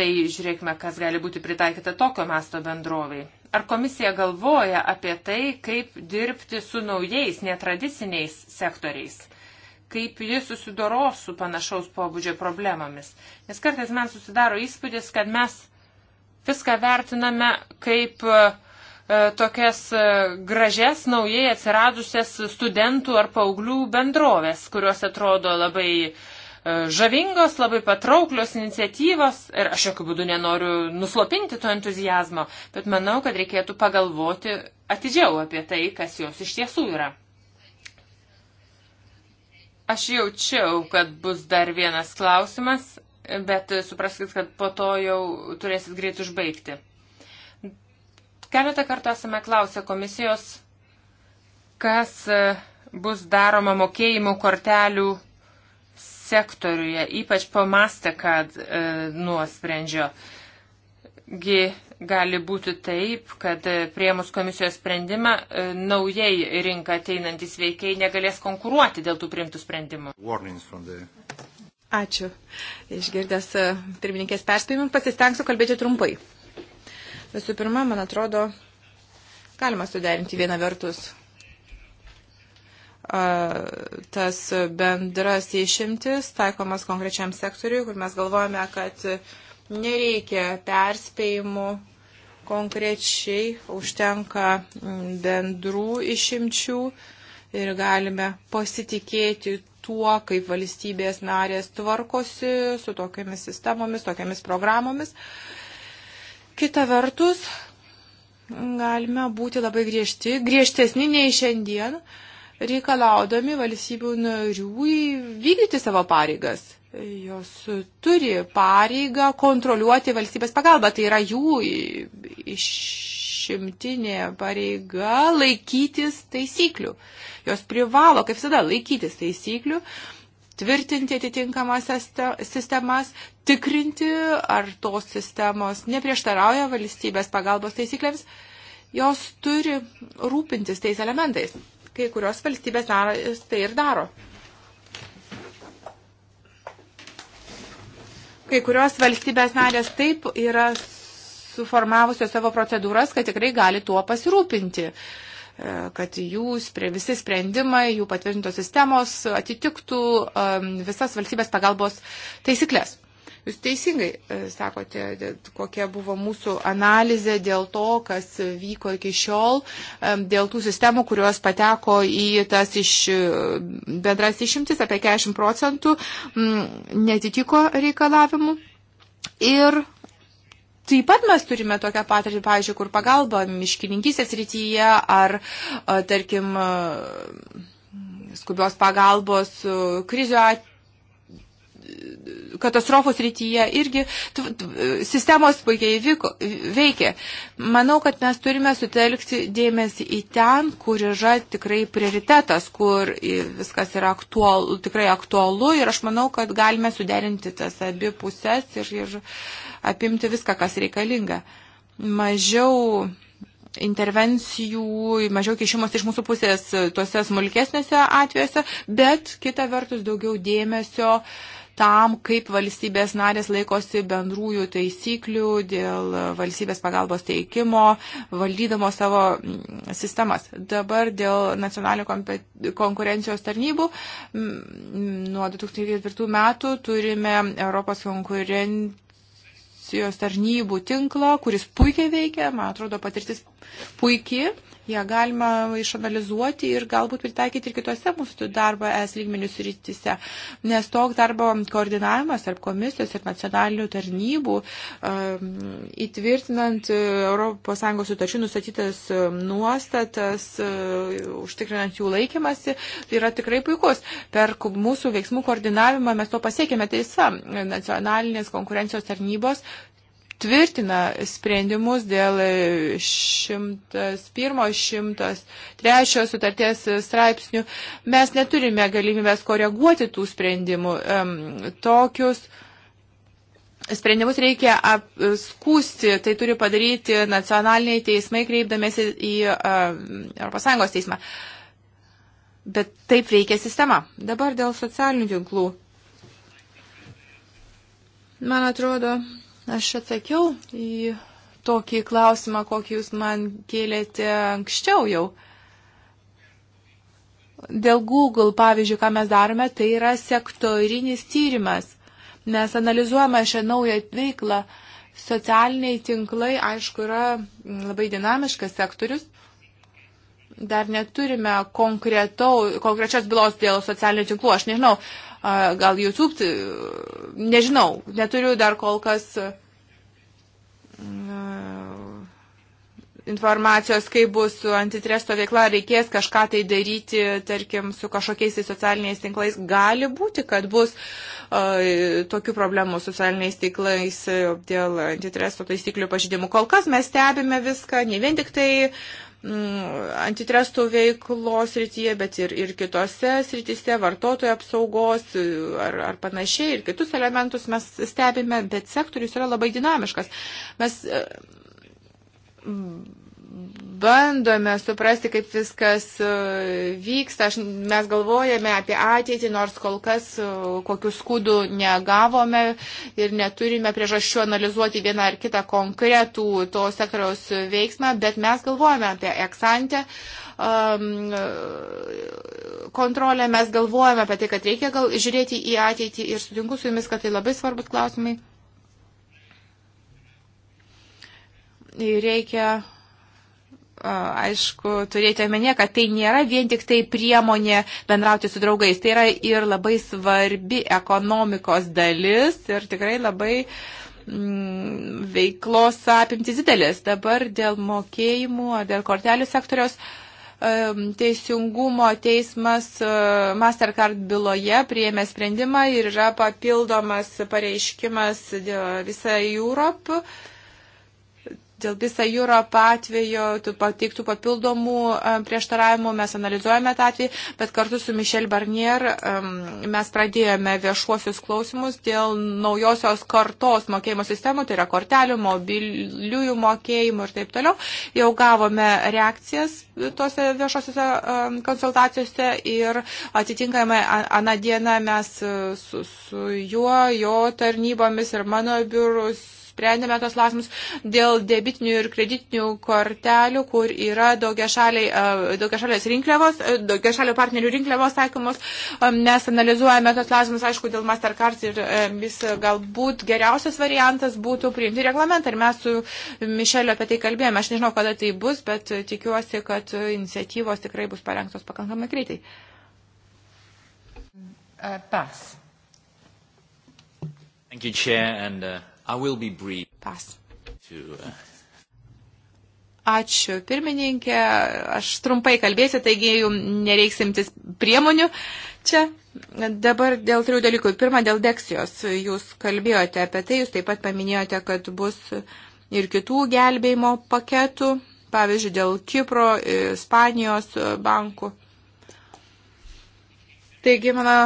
tai žiūrėkime, kas gali būti pritaikyta tokio masto bendroviai. Ar komisija galvoja apie tai, kaip dirbti su naujais, netradiciniais sektoriais? kaip jis susidoros su panašaus pobūdžio problemomis. Nes kartais man susidaro įspūdis, kad mes viską vertiname kaip e, e, tokias e, gražias, naujai atsiradusias studentų ar paauglių bendrovės, kurios atrodo labai žavingos, labai patrauklios iniciatyvos ir aš jokių būdų nenoriu nuslopinti to entuzijazmo, bet manau, kad reikėtų pagalvoti atidžiau apie tai, kas jos iš tiesų yra. Aš jaučiau, kad bus dar vienas klausimas, bet supraskit, kad po to jau turėsit greit užbaigti. Keletą kartų esame klausę komisijos, kas e, bus daroma mokėjimų kortelių sektoriuje, ypač po Mastercard e, nuosprendžio. Gi Gali būti taip, kad prie mūsų komisijos sprendimą e, naujai rinka ateinantis veikiai negalės konkuruoti dėl tų priimtų sprendimų. Ačiū. Išgirdęs e, pirmininkės perspėjimą, pasistengsiu kalbėti trumpai. Visų pirma, man atrodo, galima suderinti vieną vertus tas bendras išimtis taikomas konkrečiam sektoriui, kur mes galvojame, kad nereikia perspėjimų konkrečiai, užtenka bendrų išimčių ir galime pasitikėti tuo, kaip valstybės narės tvarkosi su tokiamis sistemomis, tokiamis programomis. Kita vertus, galime būti labai griežti, griežtesni nei šiandien, uh, reikalaudami valstybių narių vykdyti savo pareigas. Jos turi pareigą kontroliuoti valstybės pagalbą, tai yra jų išimtinė pareiga laikytis taisyklių. Jos privalo, kaip visada, laikytis taisyklių, tvirtinti atitinkamas sistemas, tikrinti, ar tos sistemos neprieštarauja valstybės pagalbos taisyklėms. Jos turi rūpintis tais elementais. Kai kurios valstybės narės tai ir daro. Kai kurios valstybės narės taip yra suformavusios savo procedūras, kad tikrai gali tuo pasirūpinti e, kad jūs prie visi sprendimai, jų patvirtintos sistemos atitiktų visas valstybės pagalbos taisyklės. Jūs teisingai e, sakote, kokia buvo mūsų analizė dėl to, kas vyko iki šiol, e, dėl tų sistemų, kurios pateko į tas iš e, bendras išimtis, apie 40 procentų netitiko reikalavimų. Ir Taip pat mes turime tokią patirtį, pavyzdžiui, kur pagalba miškininkysės rytyje ar, tarkim, skubios pagalbos krizių atveju katastrofos rytyje irgi sistemos puikiai vyko, veikia. Manau, kad mes turime sutelkti dėmesį į ten, kur yra tikrai prioritetas, kur viskas yra aktual, tikrai aktualu ir aš manau, kad galime suderinti tas abi pusės ir, ir apimti viską, kas reikalinga. Mažiau intervencijų, mažiau kišimas iš mūsų pusės tuose smulkesniuose atvejuose, bet kita vertus daugiau dėmesio uh, tam, kaip valstybės narės laikosi bendrųjų taisyklių dėl valstybės pagalbos teikimo, valdydamo savo mm, sistemas. Dabar dėl nacionalinio konkurencijos tarnybų mm, nuo 2004 metų turime Europos konkurencijos policijos tarnybų tinklą, kuris puikiai veikia, man atrodo, patirtis puikiai, ją galima išanalizuoti ir galbūt pritaikyti ir kitose mūsų darbo es lygmenių srityse, nes toks darbo koordinavimas tarp komisijos ir nacionalinių tarnybų um, įtvirtinant uh, ES sutarčių nustatytas um, nuostatas, uh, užtikrinant jų laikymasi, tai yra tikrai puikus. Per mūsų veiksmų koordinavimą mes to pasiekėme teisą. Tai nacionalinės konkurencijos tarnybos tvirtina sprendimus dėl 101-103 sutarties straipsnių, mes neturime galimybės koreguoti tų sprendimų. Tokius sprendimus reikia apskūsti, tai turi padaryti nacionaliniai teismai, kreipdamėsi į ES teismą. Bet taip veikia sistema. Dabar dėl socialinių tinklų. Man atrodo, Aš atsakiau į tokį klausimą, kokį jūs man kėlėte anksčiau jau. Dėl Google, pavyzdžiui, ką mes darome, tai yra sektorinis tyrimas. Mes analizuojame šią naują veiklą. Socialiniai tinklai, aišku, yra labai dinamiškas sektorius. Dar neturime konkrečios bylos dėl socialinių tinklų. Aš nežinau, gal YouTube, tai, nežinau, neturiu dar kol kas e, informacijos, kaip bus su antitresto veikla, reikės kažką tai daryti, tarkim, su kažkokiais tai socialiniais tinklais. Gali būti, kad bus uh, tokių problemų socialiniais tinklais e, dėl antitresto taisyklių pažydimų. Kol kas mes stebime viską, ne vien tik tai uh, Mm, antitrestų veiklos srityje, bet ir, ir kitose srityse, vartotojų apsaugos ar, ar panašiai, ir kitus elementus mes stebime, bet sektorius yra labai dinamiškas. Mes e, bandome suprasti, kaip viskas e, vyksta. Aš, mes galvojame apie ateitį, nors kol kas e, kokių skudų negavome ir neturime priežasčių analizuoti vieną ar kitą konkretų to sektoriaus veiksmą, bet mes galvojame apie eksantę um, kontrolę, mes galvojame apie tai, kad reikia gal žiūrėti į ateitį ir sutinku su jumis, kad tai labai svarbus klausimai. Ir reikia aišku, turėti omenyje, kad tai nėra vien tik tai priemonė bendrauti su draugais. Tai yra ir labai svarbi ekonomikos dalis ir tikrai labai mm, veiklos apimtis didelis. Dabar dėl mokėjimų ar dėl kortelių sektoriaus teisingumo teismas Mastercard byloje prieėmė sprendimą ir yra papildomas pareiškimas visai Europą Dėl visą Europą atveju pateiktų papildomų e, prieštaravimų mes analizuojame tą atvejį, bet kartu su Mišel Barnier mes pradėjome viešuosius klausimus dėl naujosios kartos mokėjimo sistemų, tai yra kortelių, mobiliųjų mokėjimų ir taip toliau. Jau gavome reakcijas tose viešosiuose konsultacijose ir atitinkamai aną dieną mes e, su, su juo, jo tarnybomis ir mano biurus sprendėme tos lasmus dėl debitinių ir kreditinių kortelių, kur yra daugiašalės rinkliavos, daugiašalio partnerių rinkliavos taikomos. Mes analizuojame tos lasmus, aišku, dėl Mastercard ir vis galbūt geriausias variantas būtų priimti reglamentą. Ir mes su Mišeliu apie tai kalbėjome. Aš nežinau, kada tai bus, bet tikiuosi, kad iniciatyvos tikrai bus parengtos pakankamai greitai. Uh, pass. Thank you, Chair, and uh, Pas. Uh, Ačiū, pirmininkė. Aš trumpai kalbėsiu, taigi jums nereiks imtis priemonių. Čia dabar dėl trijų dalykų. Pirma, dėl deksijos. Jūs kalbėjote apie tai, jūs taip pat paminėjote, kad bus ir kitų gelbėjimo paketų, pavyzdžiui, dėl Kipro, Ispanijos bankų. Taigi, mano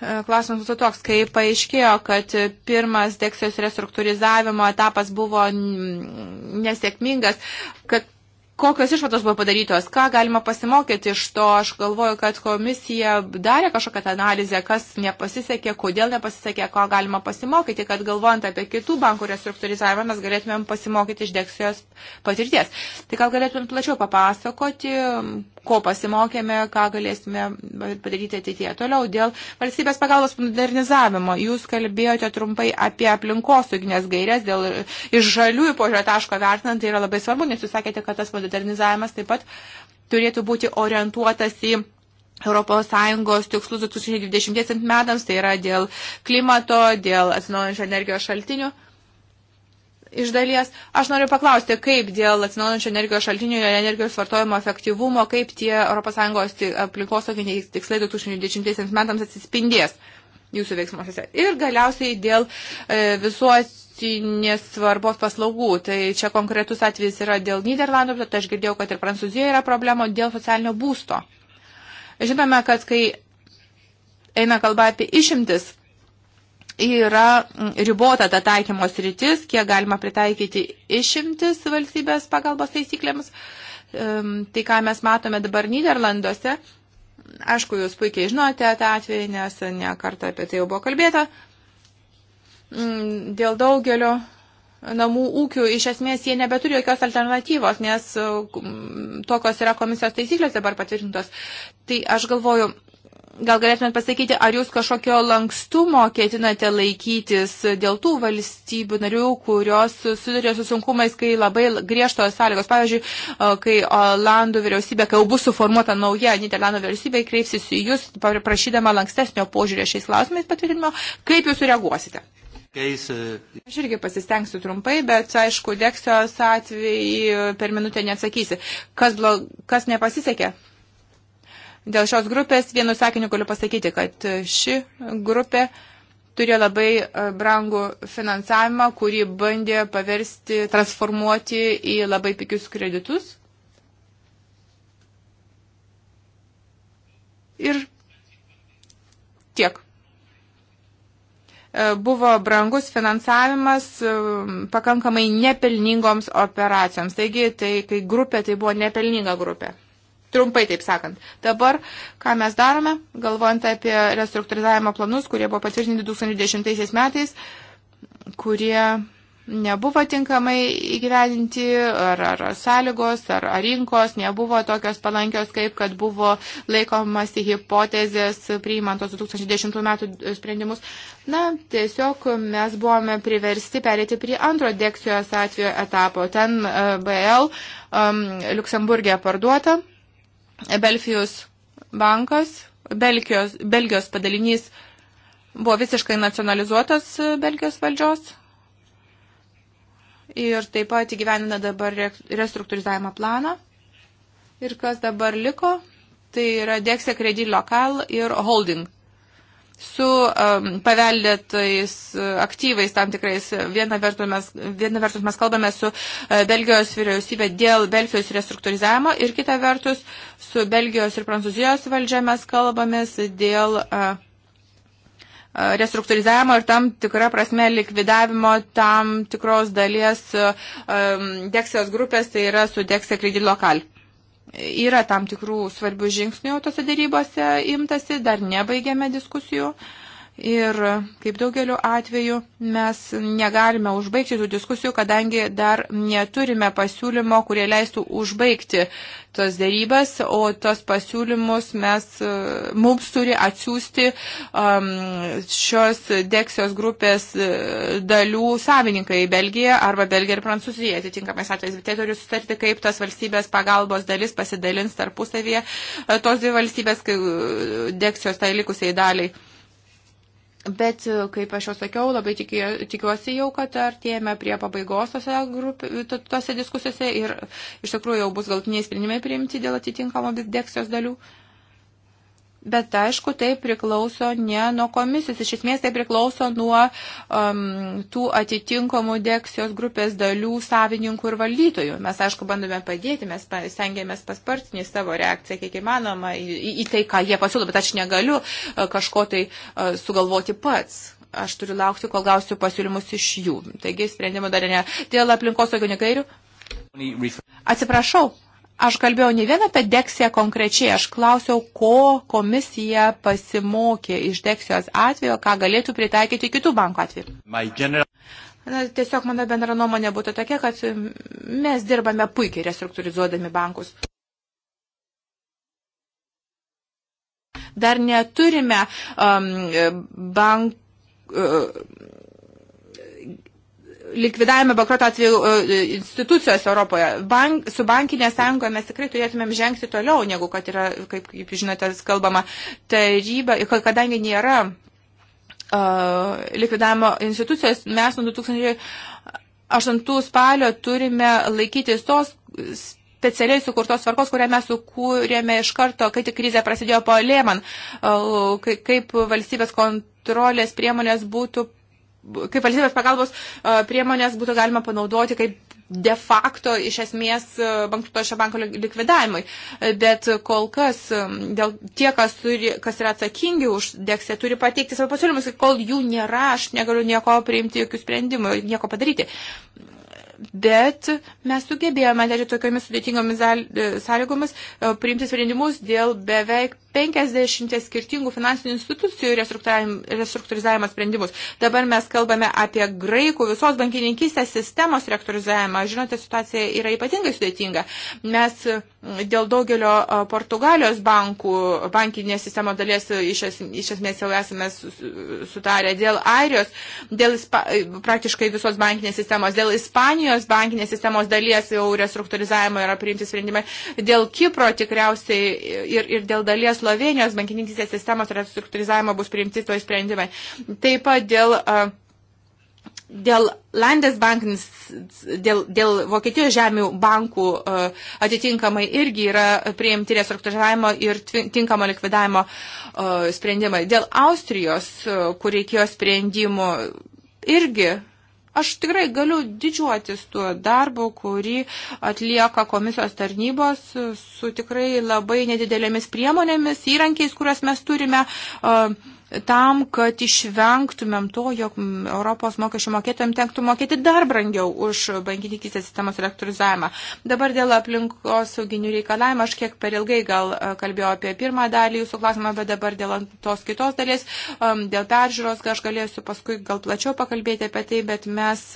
E, klausimas būtų toks, kai paaiškėjo, kad pirmas deksijos restruktūrizavimo etapas buvo nesėkmingas, kad kokios išvados buvo padarytos, ką galima pasimokyti iš to. Aš galvoju, kad komisija darė kažkokią analizę, kas nepasisekė, kodėl nepasisekė, ko galima pasimokyti, kad galvojant apie kitų bankų restruktūrizavimą mes galėtumėm pasimokyti iš deksijos patirties. Tai gal galėtumėm plačiau papasakoti, ko pasimokėme, ką galėsime padaryti ateityje. Toliau, dėl valstybės pagalbos modernizavimo. Jūs kalbėjote trumpai apie aplinkosauginės gairias, dėl iš žaliųjų požiūrio taško vertinant, tai yra labai svarbu, nes jūs sakėte, kad tas modernizavimas taip pat turėtų būti orientuotas į ES tikslus 2020 metams, tai yra dėl klimato, dėl atsinaujančio energijos šaltinių iš dalies. Aš noriu paklausti, kaip dėl atsinaujančio energijos šaltinių ir energijos vartojimo efektyvumo, kaip tie ES aplinkosauginiai tikslai 2010 metams atsispindės jūsų veiksmuose. Ir galiausiai dėl e, visuotinės svarbos paslaugų. Tai čia konkretus atvejis yra dėl Niderlandų, bet aš girdėjau, kad ir Prancūzijoje yra problema dėl socialinio būsto. Žinome, kad kai eina kalba apie išimtis, yra ribota ta taikymos rytis, kiek galima pritaikyti išimtis valstybės pagalbos taisyklėms. Tai ką mes matome dabar Niderlanduose, aišku, jūs puikiai žinote tą atvejį, nes ne kartą apie tai jau buvo kalbėta, mm, dėl daugelio namų ūkių iš esmės jie nebeturi jokios alternatyvos, nes mm, tokios yra komisijos taisyklės dabar patvirtintos. Tai aš galvoju, Gal galėtumėt pasakyti, ar jūs kažkokio lankstumo ketinate laikytis dėl tų valstybių narių, kurios sudarė su sunkumais, kai labai griežtos sąlygos. Pavyzdžiui, kai Olandų vyriausybė, kai jau bus suformuota nauja Niderlandų vyriausybė, kreipsis į jūs, prašydama lankstesnio požiūrė šiais klausimais patvirtinimo, kaip jūs reaguosite? Uh, Aš irgi pasistengsiu trumpai, bet aišku, Deksijos atvejį per minutę neatsakysi. Kas, blog... kas nepasisekė? Dėl šios grupės vienu sakiniu galiu pasakyti, kad ši grupė turėjo labai e, brangų finansavimą, kurį bandė paversti, transformuoti į labai pigius kreditus. Ir tiek e, buvo brangus finansavimas e, pakankamai nepelningoms operacijoms. Taigi, tai, kai grupė, tai buvo nepelninga grupė. Trumpai taip sakant. Dabar, ką mes darome, galvojant apie restruktūrizavimo planus, kurie buvo patvirtinti 2010 metais, kurie nebuvo tinkamai įgyveninti, ar, ar sąlygos, ar, ar rinkos nebuvo tokios palankios, kaip kad buvo laikomasi hipotezės priimant tos 2010 metų e, sprendimus. Na, tiesiog mes buvome priversti perėti prie antro dekcijos atveju etapo. Ten e, BL um, Luksemburgė parduota Belfijos bankas, Belgijos, Belgijos padalinys buvo visiškai nacionalizuotas Belgijos valdžios ir taip pat įgyvenina dabar restruktūrizavimo planą. Ir kas dabar liko, tai yra Dexia Credit Local ir Holding su um, paveldėtais uh, aktyvais tam tikrais. Viena vertus, mes, viena vertus mes kalbame su uh, Belgijos vyriausybė dėl Belgijos restruktūrizavimo ir kita vertus su Belgijos ir Prancūzijos valdžia mes kalbamės dėl. Uh, uh restruktūrizavimo ir tam tikra prasme likvidavimo tam tikros dalies uh, um, Deksijos grupės, tai yra su Deksija Kredit Lokal. Uh, Yra tam tikrų svarbių žingsnių tose darybose imtasi, dar nebaigėme diskusijų. Uh, Ir kaip daugeliu atveju mes negalime užbaigti tų diskusijų, kadangi dar neturime pasiūlymo, kurie leistų užbaigti tos dėrybas, o tos pasiūlymus mes, mums turi atsiųsti um, šios deksijos grupės e, dalių savininkai Belgija arba Belgija ir Prancūzija atitinkamais atvejais. Tai turi sutarti, kaip tas valstybės pagalbos dalis pasidalins tarpusavėje e, tos dvi valstybės e, deksijos tai likusiai daliai. Bet, e, kaip aš jau sakiau, labai tikiuosi jau, kad artėjame prie pabaigos tose, grupė, tose diskusijose ir iš tikrųjų jau bus galtiniai sprendimai priimti dėl atitinkamo deksijos dalių. Uh, Bet aišku, tai priklauso ne nuo komisijos, iš esmės tai priklauso nuo um, tų atitinkamų deksijos grupės dalių savininkų ir valdytojų. Mes aišku bandome padėti, mes stengiamės paspartinį savo reakciją kiek įmanoma į, į, į tai, ką jie pasiūlo, bet aš negaliu uh, kažko tai uh, sugalvoti pats aš turiu laukti, kol gausiu pasiūlymus iš jų. Taigi sprendimų dar ne. Dėl aplinkosauginių gairių. Atsiprašau, Aš kalbėjau ne vien apie deksiją konkrečiai, aš klausiau, ko komisija pasimokė iš deksijos atvejo, ką galėtų pritaikyti kitų bankų atveju. Na, tiesiog mano bendra nuomonė būtų tokia, kad mes dirbame puikiai restruktūrizuodami bankus. Dar neturime um, bank, uh, likvidavime bankruoto atveju e, institucijos Europoje. Bank, su bankinė sąjungoje mes tikrai turėtumėm žengti toliau, negu kad yra, kaip, kaip žinote, kalbama taryba, kadangi nėra uh, likvidavimo institucijos, mes nuo 2008 spalio turime laikytis tos specialiai sukurtos tvarkos, kurią mes sukūrėme iš karto, kai tik krizė prasidėjo po Lehman, e, kaip valstybės kontrolės priemonės būtų kaip valstybės pagalbos e, priemonės būtų galima panaudoti kaip de facto iš esmės e, bankruto šio banko likvidavimui. E, bet kol kas dėl tie, kas, turi, kas yra atsakingi už deksę, turi pateikti savo pasiūlymus. Kol jų nėra, aš negaliu nieko priimti, jokių sprendimų, nieko padaryti bet mes sugebėjome, net ir tokiomis sudėtingomis e, sąlygomis, e, priimti sprendimus dėl beveik 50 skirtingų finansinių institucijų restruktūrizavimo sprendimus. Dabar mes kalbame apie graikų visos bankininkystės sistemos restruktūrizavimą. Žinote, situacija yra ypatingai sudėtinga. Mes e, dėl daugelio Portugalijos bankų bankinės sistemos dalies iš, es, iš esmės jau esame sutarę. Dėl Airijos, dėl ispa, praktiškai visos bankinės sistemos, dėl Ispanijos Danijos bankinės sistemos dalies jau restruktūrizavimo yra priimti sprendimai, dėl Kipro tikriausiai ir, ir dėl dalies Slovenijos bankininkistės sistemos restruktūrizavimo bus priimti to sprendimai. Taip pat dėl. Uh, Dėl Landesbankins, dėl, dėl Vokietijos žemių bankų atitinkamai irgi yra priimti restruktūrizavimo ir tinkamo likvidavimo sprendimai. Dėl Austrijos, kur reikėjo sprendimų, irgi Aš tikrai galiu didžiuotis tuo darbu, kurį atlieka komisijos tarnybos su tikrai labai nedidelėmis priemonėmis, įrankiais, kuriuos mes turime. Uh, tam, kad išvengtumėm to, jog Europos mokesčių mokėtojams tenktų mokėti dar brangiau už bankininkystės sistemos elektrizavimą. Dabar dėl aplinkos sauginių reikalavimų, aš kiek per ilgai gal e, kalbėjau apie pirmą dalį jūsų klausimą, bet dabar dėl tos kitos dalies, um, dėl peržiūros, aš galėsiu paskui gal plačiau pakalbėti apie tai, bet mes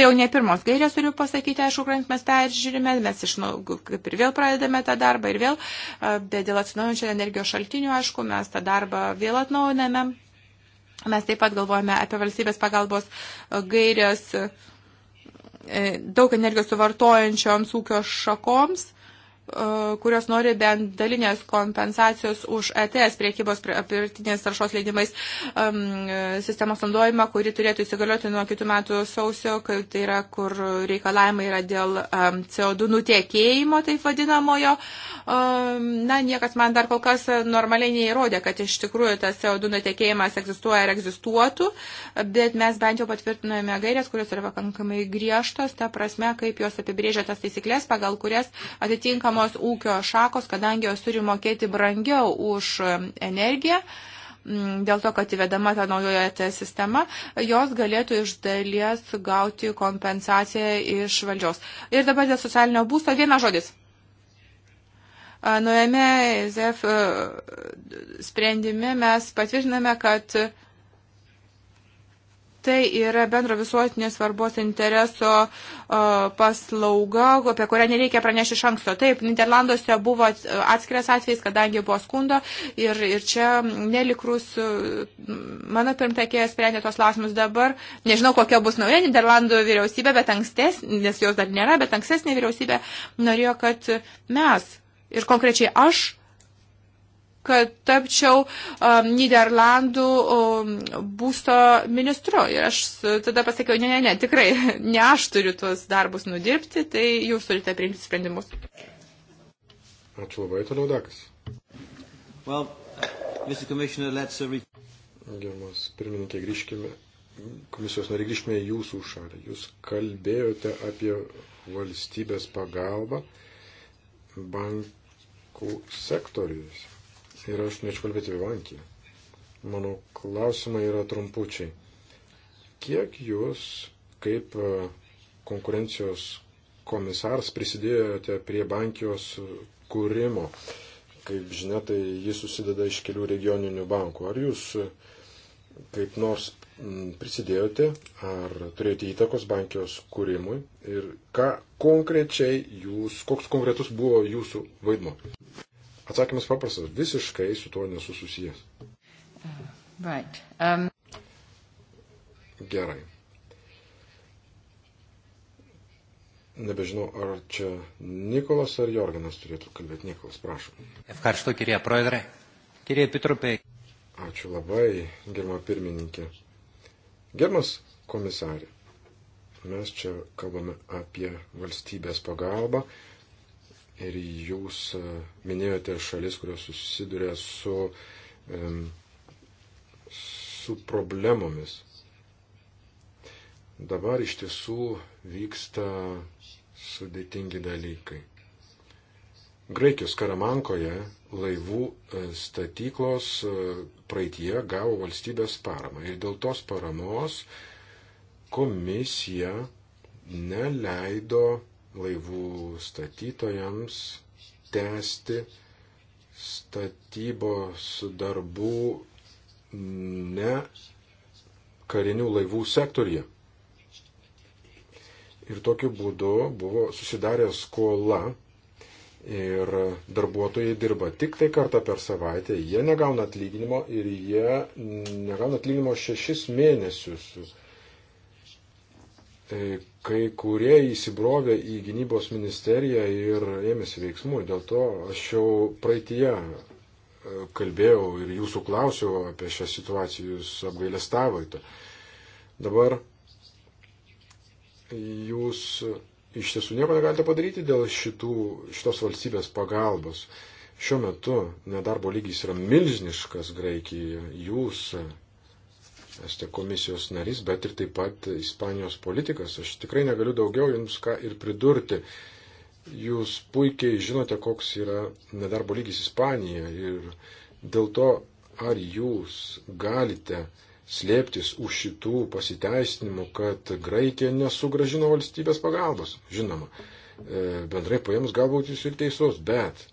Tai jau ne pirmos gairės turiu pasakyti, aišku, kuriant mes peržiūrime, mes iš, nu, kaip ir vėl pradedame tą darbą ir vėl, bet dėl atsinaujančio energijos šaltinių, aišku, mes tą darbą vėl atnaujiname. Mes taip pat galvojame apie valstybės pagalbos gairės daug energijos suvartojančioms ūkio šakoms E, kurios nori bent dalinės kompensacijos už ETS priekybos apirtinės taršos leidimais um, sistemos naudojimą, kuri turėtų įsigalioti nuo kitų metų sausio, kad tai yra, kur reikalavimai yra dėl um, CO2 nutiekėjimo, taip vadinamojo. Um, na, niekas man dar kol kas normaliai neįrodė, kad iš tikrųjų tas CO2 nutiekėjimas egzistuoja ar egzistuotų, bet mes bent jau patvirtinome gairės, kurios yra pakankamai griežtos, ta prasme, kaip jos apibrėžia tas taisyklės, pagal kurias atitinkamo atitinkamos ūkio šakos, kadangi jos turi mokėti brangiau už energiją, mm, dėl to, kad įvedama ta naujoje ta sistema, jos galėtų iš dalies gauti kompensaciją iš valdžios. Ir dabar dėl socialinio būsto vienas žodis. Nuėjame e ZF e, sprendimi mes patvirtiname, kad tai yra bendro visuotinės svarbos intereso paslauga, apie kurią nereikia pranešti iš anksto. Taip, Niderlanduose buvo atskiras atvejs, kadangi buvo skundo ir, ir čia nelikrus mano pirmtakė sprendė tos lausimus dabar. Nežinau, kokia bus nauja Niderlandų vyriausybė, bet ankstesnė, nes jos dar nėra, bet ankstesnė vyriausybė norėjo, kad mes ir konkrečiai aš kad tapčiau um, Niderlandų um, būsto ministru. Ir aš tada pasakiau, ne, ne, ne, tikrai, ne aš turiu tuos darbus nudirbti, tai jūs turite priimti sprendimus. Ačiū labai, toliau Dakas. Well, uh, Gerbiamas pirmininkė, grįžkime, komisijos nariai, grįžkime į jūsų šalį. Jūs kalbėjote apie valstybės pagalbą bankų sektorius ir aš norėčiau kalbėti Vivankiją. Mano klausimai yra trumpučiai. Kiek jūs kaip e, konkurencijos komisars prisidėjote prie bankijos kūrimo? Kaip žinia, tai jis susideda iš kelių regioninių bankų. Ar jūs e, kaip nors prisidėjote, ar turėjote įtakos bankijos kūrimui ir ką konkrečiai jūs, koks konkretus buvo jūsų vaidmo? Atsakymas paprastas, visiškai su tuo nesu susijęs. Uh, right. Um... Gerai. Nebežinau, ar čia Nikolas ar Jorganas turėtų kalbėti. Nikolas, prašom. Efkarštu, kirie proedrė. Kirie Pitrupė. Ačiū labai, germa pirmininkė. Germas komisarė, mes čia kalbame apie valstybės pagalbą Ir jūs e, minėjote šalis, kurios susiduria su, su problemomis. Dabar iš tiesų vyksta sudėtingi dalykai. Graikijos Karamankoje laivų e, statyklos e, praeitie gavo valstybės paramą ir dėl tos paramos komisija neleido laivų statytojams tęsti statybos darbų ne karinių laivų sektorija. Ir tokiu būdu buvo susidarę skola ir darbuotojai dirba tik tai kartą per savaitę, jie negauna atlyginimo ir jie negauna atlyginimo šešis mėnesius E, kai kurie įsibrovė į gynybos ministeriją ir ėmėsi veiksmų. Dėl to aš jau praeitie e, kalbėjau ir jūsų klausiau apie šią situaciją, jūs apgailestavote. Dabar jūs iš tiesų nieko negalite padaryti dėl šitų, šitos valstybės pagalbos. Šiuo metu nedarbo lygis yra milžiniškas Graikijoje. Jūs esate komisijos narys, bet ir taip pat Ispanijos politikas. Aš tikrai negaliu daugiau jums ką ir pridurti. Jūs puikiai žinote, koks yra nedarbo lygis Ispanijoje ir dėl to, ar jūs galite slėptis už šitų pasiteisinimų, kad Graikija nesugražino valstybės pagalbos. Žinoma, e, bendrai paėmus galbūt jūs ir teisus, bet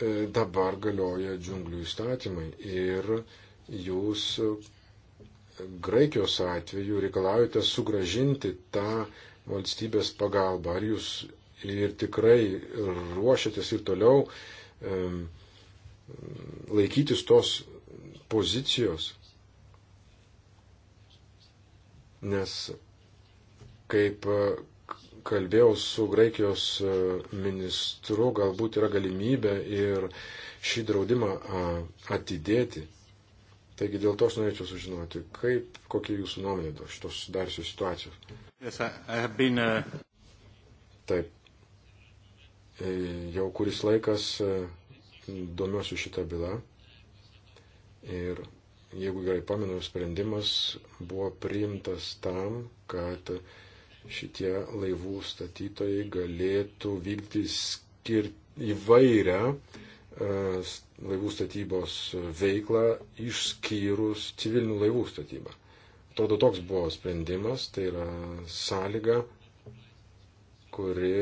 E, dabar galioja džiunglių įstatymai ir jūs Graikijos atveju reikalaujate sugražinti tą valstybės pagalbą. Ar jūs ir tikrai ruošiatės ir toliau um, laikytis tos pozicijos? Nes kaip kalbėjau su Graikijos e, ministru, galbūt yra galimybė ir šį draudimą atidėti. Taigi dėl to aš norėčiau sužinoti, kaip, kokia jūsų nuomonė dėl šitos sudariusios situacijos. Yes, been, uh... Taip. E, jau kuris laikas e, domiuosi šitą bylą. Ir jeigu gerai pamenu, sprendimas buvo priimtas tam, kad uh, šitie laivų statytojai galėtų vykdyti skir... įvairią e, laivų statybos veiklą išskyrus civilinių laivų statybą. Atrodo, toks buvo sprendimas, tai yra sąlyga, kuri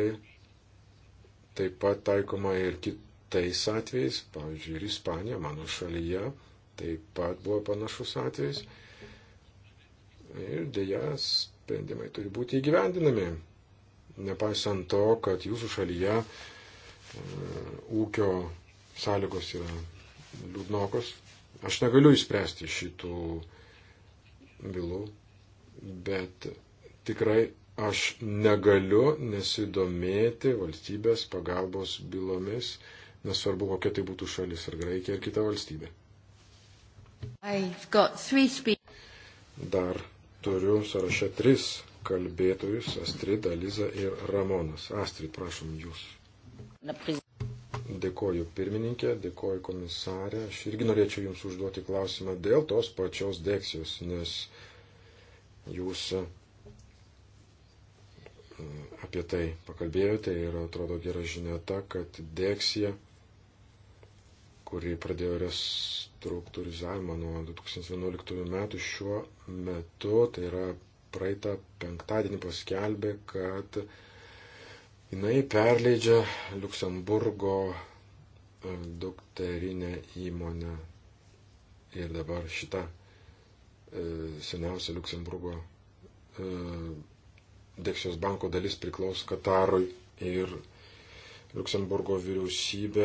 taip pat taikoma ir kitais atvejais, pavyzdžiui, ir Ispanija, mano šalyje, taip pat buvo panašus atvejais. Ir dėjas sprendimai turi būti įgyvendinami, nepaisant to, kad jūsų šalyje e, ūkio sąlygos yra liūdnokos. Aš negaliu įspręsti šitų bylų, bet tikrai aš negaliu nesidomėti valstybės pagalbos bylomis, nesvarbu, kokia tai būtų šalis, ar Graikija, ar kita valstybė. Dar turiu sąraše tris kalbėtojus - Astrida, Liza ir Ramonas. Astrid, prašom jūs. Dėkoju pirmininkė, dėkoju komisarė. Aš irgi norėčiau Jums užduoti klausimą dėl tos pačios deksijos, nes Jūs mm, apie tai pakalbėjote ir atrodo gera žinia ta, kad deksija, kuri pradėjo res, restruktūrizavimo nuo 2011 metų šiuo metu, tai yra praeitą penktadienį paskelbė, kad jinai perleidžia Luksemburgo e, dukterinę įmonę. Ir dabar šita e, seniausia Luksemburgo e, Deksijos banko dalis priklauso Katarui ir Luksemburgo vyriausybė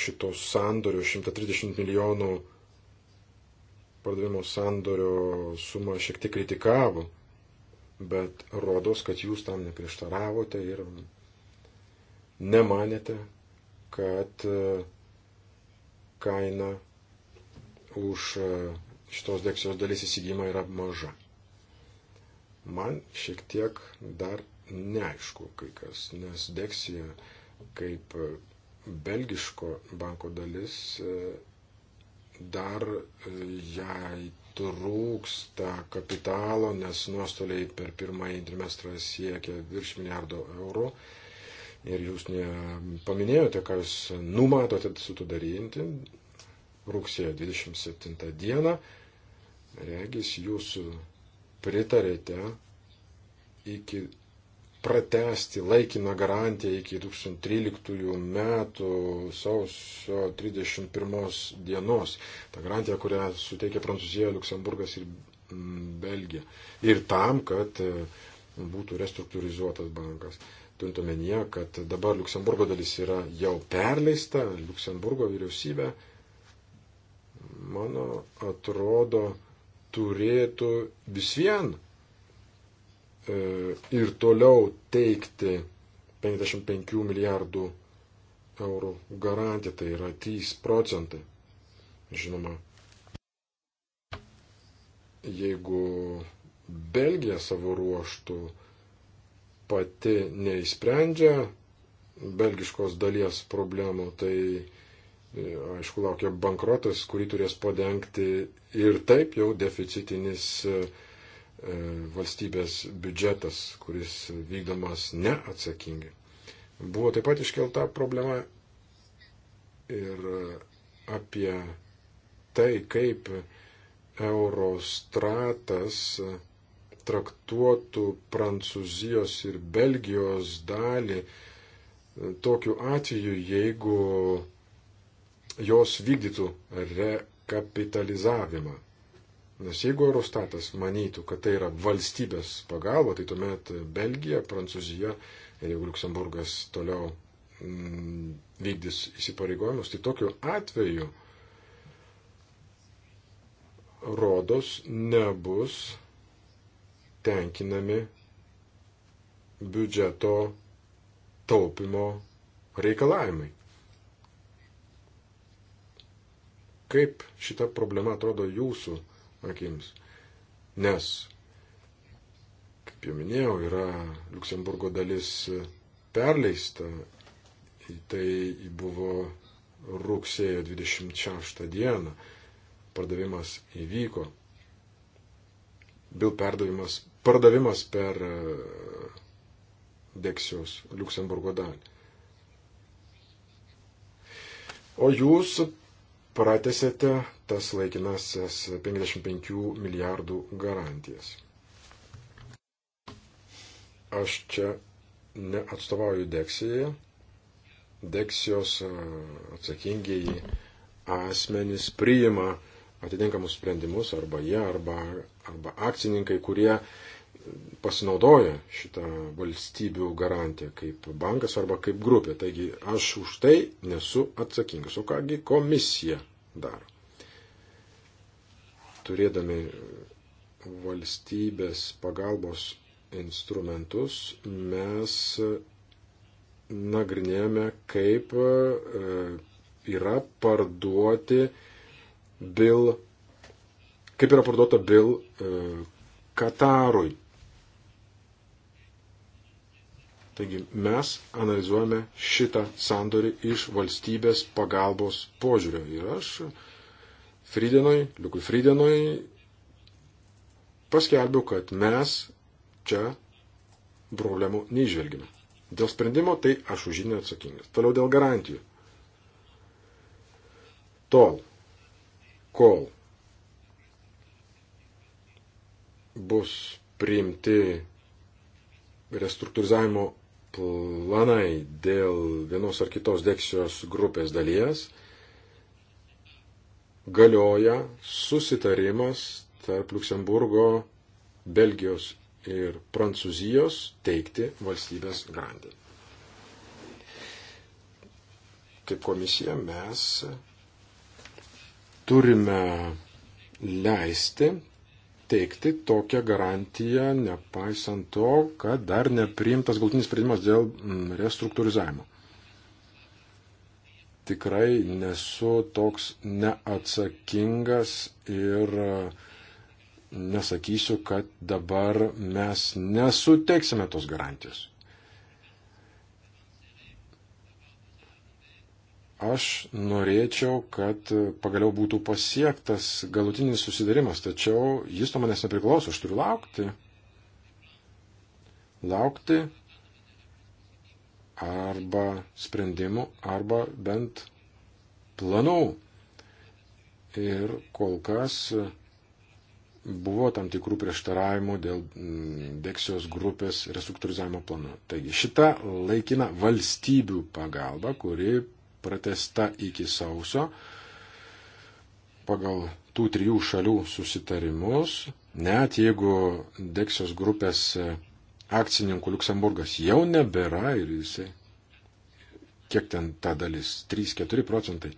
šito sandorio 130 milijonų pardavimo sandorio sumą šiek tiek kritikavo, bet rodos, kad jūs tam neprieštaravote ir nemanėte, kad e, kaina už e, šitos dekcijos dalis įsigymą yra maža. Man šiek tiek dar neaišku kai kas, nes Deksija kaip belgiško banko dalis e, dar e, jai trūksta kapitalo, nes nuostoliai per pirmąjį trimestrą siekia virš milijardo eurų. Ir jūs paminėjote, ką jūs numatote su to daryti. Rūksėjo 27 dieną, regis jūs pritarėte iki pratesti laikiną garantiją iki 2013 metų sausio 31 dienos. Ta garantija, kurią suteikė Prancūzija, Luksemburgas ir mm, Belgija. Ir tam, kad e, būtų restruktūrizuotas bankas. Turint omenyje, kad dabar Luksemburgo dalis yra jau perleista, Luksemburgo vyriausybė, mano atrodo, turėtų vis vien E, ir toliau teikti 55 milijardų eurų garantiją, tai yra 3 procentai. Žinoma, jeigu Belgija savo ruoštų pati neįsprendžia belgiškos dalies problemų, tai e, aišku laukia bankrotas, kurį turės padengti ir taip jau deficitinis uh, E, valstybės biudžetas, kuris vykdomas neatsakingai. Buvo taip pat iškelta problema ir apie tai, kaip Eurostratas traktuotų Prancūzijos ir Belgijos dalį e, tokiu atveju, jeigu jos vykdytų rekapitalizavimą. Nes jeigu Eurostatas manytų, kad tai yra valstybės pagalba, tai tuomet Belgija, Prancūzija ir jeigu Luksemburgas toliau m, mm, vykdys įsipareigojimus, tai tokiu atveju rodos nebus tenkinami biudžeto taupimo reikalavimai. Kaip šita problema atrodo jūsų akims. Nes, kaip jau minėjau, yra Luksemburgo dalis perleista, tai buvo rugsėjo 26 dieną, pardavimas įvyko, bil perdavimas, pardavimas per e, Deksijos Luksemburgo dalį. O jūs pratesėte tas laikinasias 55 milijardų garantijas. Aš čia neatstovauju Deksijoje. Deksijos atsakingiai asmenys priima atitinkamus sprendimus arba jie, arba, arba akcininkai, kurie pasinaudoja šitą valstybių garantiją kaip bankas arba kaip grupė. Taigi aš už tai nesu atsakingas. O kągi komisija daro? turėdami valstybės pagalbos instrumentus, mes nagrinėjame, kaip e, yra parduoti bil, kaip yra parduota bil e, Katarui. Taigi mes analizuojame šitą sandorį iš valstybės pagalbos požiūrio. Ir aš uh, Fridenui, Liukui Fridenui paskelbiau, kad mes čia problemų neižvelgime. Dėl sprendimo tai aš už jį neatsakingas. Toliau dėl garantijų. Tol, kol bus priimti restruktūrizavimo planai dėl vienos ar kitos deksijos grupės dalies, galioja susitarimas tarp Luksemburgo, Belgijos ir Prancūzijos teikti valstybės grandį. Kaip komisija mes turime leisti teikti tokią garantiją, nepaisant to, kad dar neprimtas galtinis sprendimas dėl mm, restruktūrizavimo tikrai nesu toks neatsakingas ir e, nesakysiu, kad dabar mes nesuteiksime tos garantijos. Aš norėčiau, kad pagaliau būtų pasiektas galutinis susidarimas, tačiau jis nuo manęs nepriklauso, aš turiu laukti. Laukti arba sprendimų, arba bent planų. Ir kol kas buvo tam tikrų prieštaravimų dėl mm, Deksijos grupės restruktūrizavimo plano. Taigi šita laikina valstybių pagalba, kuri pratesta iki sausio pagal tų trijų šalių susitarimus, net jeigu Deksijos grupės akcininkų Luksemburgas jau nebėra ir jisai, kiek ten ta dalis, 3-4 procentai.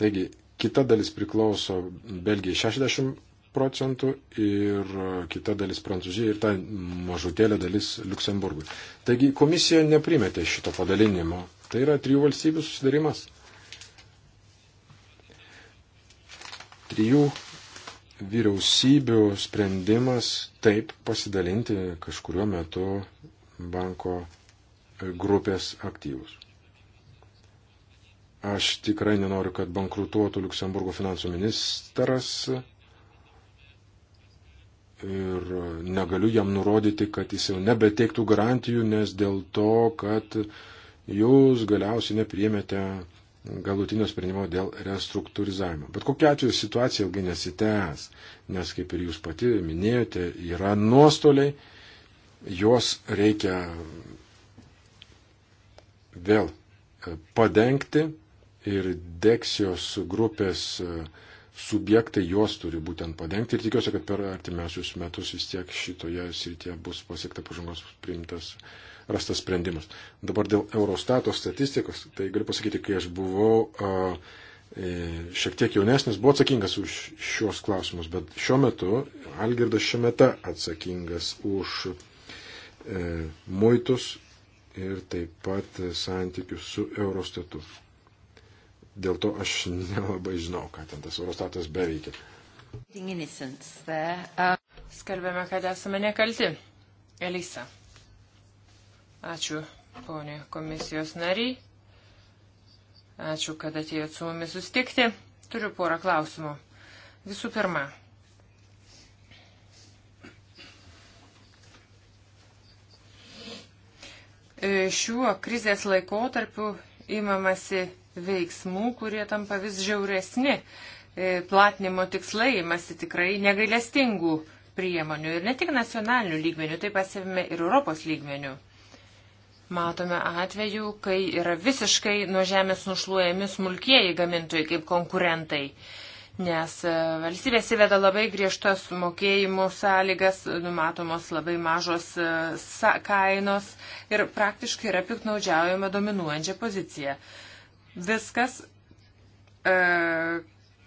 Taigi, kita dalis priklauso Belgijai 60 procentų ir kita dalis Prancūzijai ir ta mažutėlė dalis Luksemburgui. Taigi, komisija neprimetė šito padalinimo. Tai yra trijų valstybių susidarimas. Trijų vyriausybių sprendimas taip pasidalinti kažkuriuo metu banko grupės aktyvus. Aš tikrai nenoriu, kad bankrutuotų Luksemburgo finansų ministras ir negaliu jam nurodyti, kad jis jau nebeteiktų garantijų, nes dėl to, kad jūs galiausiai nepriemėte galutinio sprendimo dėl restruktūrizavimo. Bet kokia atveju situacija ilgai nesitęs, nes kaip ir jūs pati minėjote, yra nuostoliai, juos reikia vėl e, padengti ir deksijos grupės e, subjektai juos turi būtent padengti ir tikiuosi, kad per artimiausius metus vis tiek šitoje srityje bus pasiekta pažangos priimtas rastas sprendimas. Dabar dėl Eurostato statistikos, tai galiu pasakyti, kai aš buvau a, e, šiek tiek jaunesnis, buvo atsakingas už šios klausimus, bet šiuo metu Algirdas Šemeta atsakingas už e, muitus ir taip pat santykius su Eurostatu. Dėl to aš nelabai žinau, ką ten tas Eurostatas beveikia. Skelbėme, kad esame nekalti. Elisa. Ačiū, ponė komisijos nariai. Ačiū, kad atėjot su mumis sustikti. Turiu porą klausimų. Visų pirma. Šiuo krizės laikotarpiu imamasi veiksmų, kurie tampa vis žiauresni. E, platinimo tikslai imasi tikrai negailestingų priemonių ir ne tik nacionalinių lygmenių, tai pasivime ir Europos lygmenių. Matome atvejų, kai yra visiškai nuo žemės nušluojami smulkieji gamintojai kaip konkurentai, nes e, valstybės įveda labai griežtas mokėjimų sąlygas, numatomos labai mažos e, kainos ir praktiškai yra piknaudžiaujama dominuojančia pozicija. Viskas, e,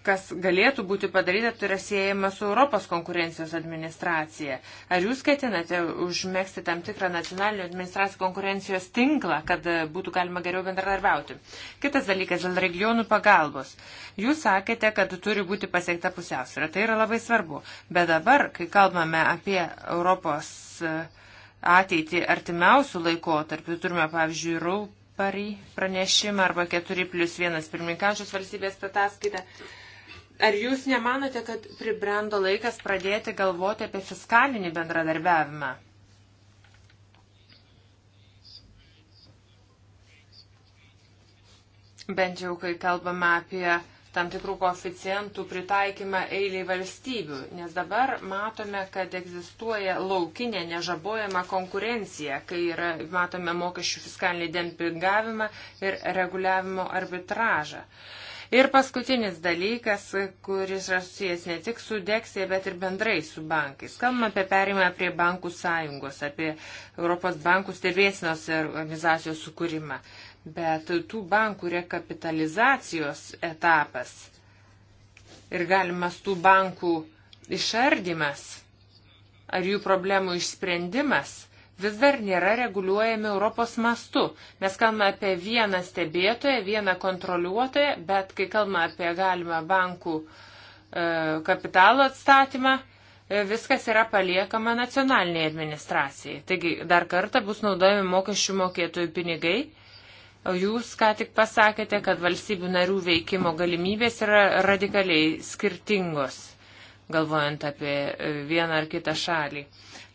kas galėtų būti padaryta, tai yra siejama su Europos konkurencijos administracija. Ar jūs ketinate užmėgsti tam tikrą nacionalinio administracijos konkurencijos tinklą, kad e, būtų galima geriau bendradarbiauti? Kitas dalykas dėl regionų pagalbos. Jūs sakėte, kad turi būti pasiekta pusiausvyrą. Tai yra labai svarbu. Bet dabar, kai kalbame apie Europos e, ateitį artimiausių laikotarpių, turime, pavyzdžiui, RUP. Parį pranešimą arba 4 plus 1 pirmininkančios valstybės ataskaitą. Ta Ar jūs nemanote, kad pribrendo laikas pradėti galvoti apie fiskalinį bendradarbiavimą? Bent jau, kai kalbame apie tam tikrų koficijantų pritaikymą eiliai valstybių, nes dabar matome, kad egzistuoja laukinė nežabojama konkurencija, kai yra, matome mokesčių fiskalinį dempingavimą ir reguliavimo arbitražą. Uh, Ir paskutinis dalykas, kuris yra susijęs ne tik su Deksija, bet ir bendrai su bankais. Kalbame apie perimą prie bankų sąjungos, apie Europos bankų stebėsinos organizacijos sukūrimą. Bet tų bankų rekapitalizacijos etapas ir galimas tų bankų išardimas ar jų problemų išsprendimas vis dar nėra reguliuojami Europos mastu. Mes kalbame apie vieną stebėtoją, vieną kontroliuotoją, bet kai kalbame apie galimą bankų e, kapitalo atstatymą, e, viskas yra paliekama nacionaliniai administracijai. Taigi dar kartą bus naudojami mokesčių mokėtojų pinigai. O jūs ką tik pasakėte, kad valstybių narių veikimo galimybės yra radikaliai skirtingos, galvojant apie e, vieną ar kitą šalį.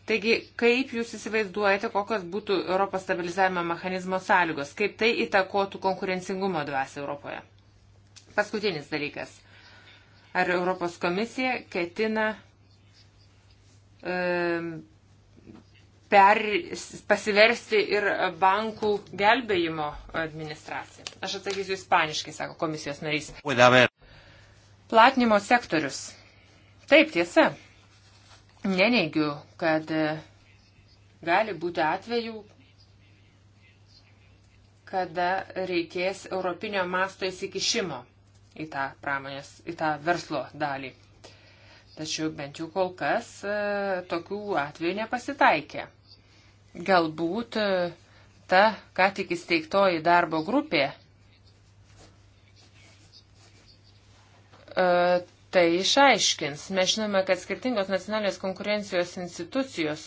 Taigi, kaip jūs įsivaizduojate, kokios būtų Europos stabilizavimo mechanizmo sąlygos, kaip tai įtakotų konkurencingumo dvasę Europoje? Paskutinis dalykas. Ar Europos komisija ketina e, per, pasiversti ir bankų gelbėjimo administraciją? Aš atsakysiu ispaniškai, sako komisijos narys. Platinimo sektorius. Taip, tiesa neneigiu, kad e, gali būti atvejų, kada reikės europinio masto įsikišimo į tą pramonės, į tą verslo dalį. Tačiau bent jau kol kas e, tokių atvejų nepasitaikė. Galbūt e, ta, ką tik įsteigtoji darbo grupė, tai išaiškins. Mes žinome, kad skirtingos nacionalinės konkurencijos institucijos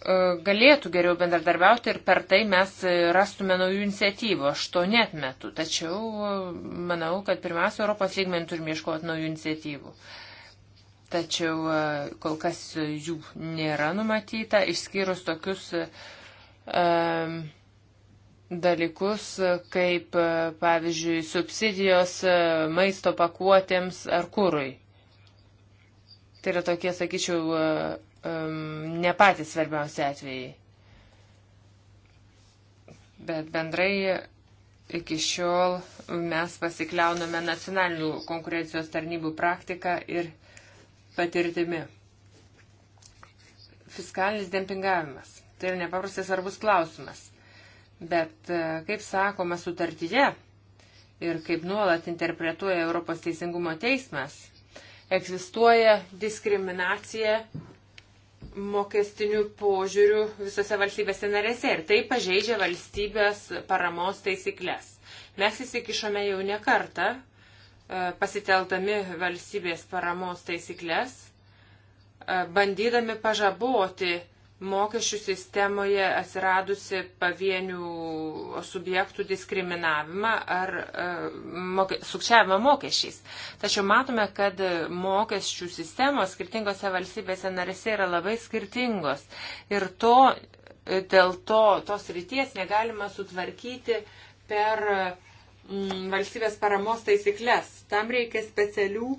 e, galėtų geriau bendradarbiauti ir per tai mes e, rastume naujų iniciatyvų. Aš to net metu. Tačiau e, manau, kad pirmiausia, Europos lygmenį turime ieškoti naujų iniciatyvų. Tačiau kol kas jų nėra numatyta, išskyrus tokius um, dalykus, kaip e, pavyzdžiui subsidijos e, maisto pakuotėms ar kūrui. Tai yra tokie, sakyčiau, e, ne patys svarbiausi atvejai. Bet bendrai iki šiol mes pasikliauname nacionalinių konkurencijos tarnybų praktiką ir patirtimi. Fiskalinis dempingavimas. Tai yra nepaprastai svarbus klausimas. Bet, e, kaip sakoma sutartyje ir kaip nuolat interpretuoja Europos teisingumo teismas, egzistuoja diskriminacija mokestinių požiūrių visose valstybėse narėse ir tai pažeidžia valstybės paramos taisyklės. Mes įsikišome jau ne kartą, e, pasiteltami valstybės paramos taisyklės, e, bandydami pažaboti mokesčių sistemoje atsiradusi pavienių subjektų diskriminavimą ar e, mokė, sukčiavimą mokesčiais. Tačiau matome, kad mokesčių sistemos skirtingose valstybėse narėse yra labai skirtingos. Ir to, e, dėl to tos ryties negalima sutvarkyti per mm, valstybės paramos taisyklės. Tam reikia specialių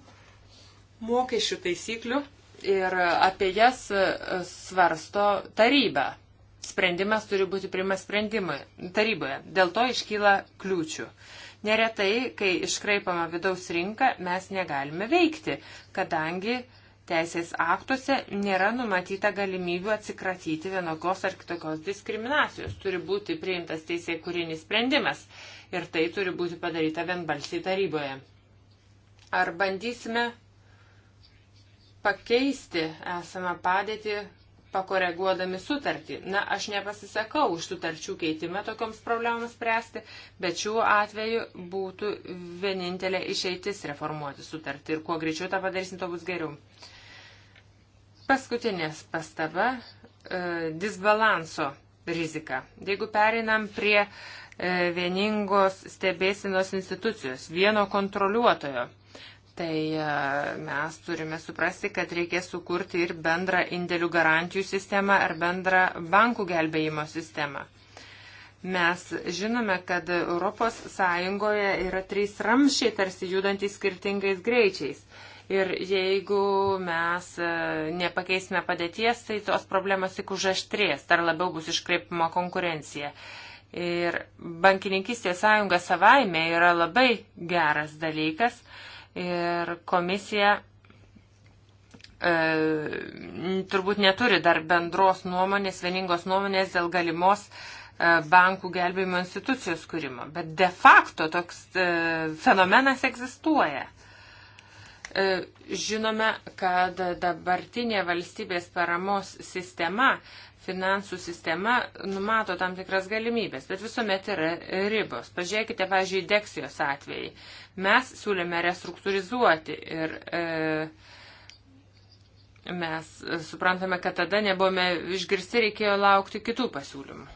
mokesčių taisyklių ir apie jas e, svarsto taryba. Sprendimas turi būti primas sprendimai taryboje. Dėl to iškyla kliūčių. Neretai, kai iškraipama vidaus rinka, mes negalime veikti, kadangi teisės aktuose nėra numatyta galimybių atsikratyti vienokios ar kitokios diskriminacijos. Turi būti priimtas teisėjų kūrinis sprendimas ir tai turi būti padaryta vienbalsiai taryboje. Ar bandysime pakeisti esamą padėtį, pakoreguodami sutartį. Na, aš nepasisakau už sutarčių keitimą tokioms problemams spręsti, bet šiuo atveju būtų vienintelė išeitis reformuoti sutartį ir kuo greičiau tą padarysim, to bus geriau. Paskutinės pastaba e, - disbalanso rizika. Jeigu pereinam prie e, vieningos stebėsinos institucijos, vieno kontroliuotojo, tai e, mes turime suprasti, kad reikės sukurti ir bendrą indėlių garantijų sistemą ar bendrą bankų gelbėjimo sistemą. Mes žinome, kad ES yra trys ramšiai tarsi judantys skirtingais greičiais. Ir jeigu mes e, nepakeisime padėties, tai tos problemos tik užaštrės, dar labiau bus iškreipimo konkurencija. Ir bankininkistės sąjunga savaime yra labai geras dalykas, Ir komisija e, turbūt neturi dar bendros nuomonės, vieningos nuomonės dėl galimos e, bankų gelbėjimo institucijos kūrimo. Bet de facto toks e, fenomenas egzistuoja. E, žinome, kad dabartinė valstybės paramos sistema e, finansų sistema numato tam tikras galimybės, bet visuomet yra ribos. Pažiūrėkite, pavyzdžiui, deksijos atvejai. Mes siūlėme restruktūrizuoti ir e, mes suprantame, kad tada nebuvome išgirsti, reikėjo laukti kitų pasiūlymų.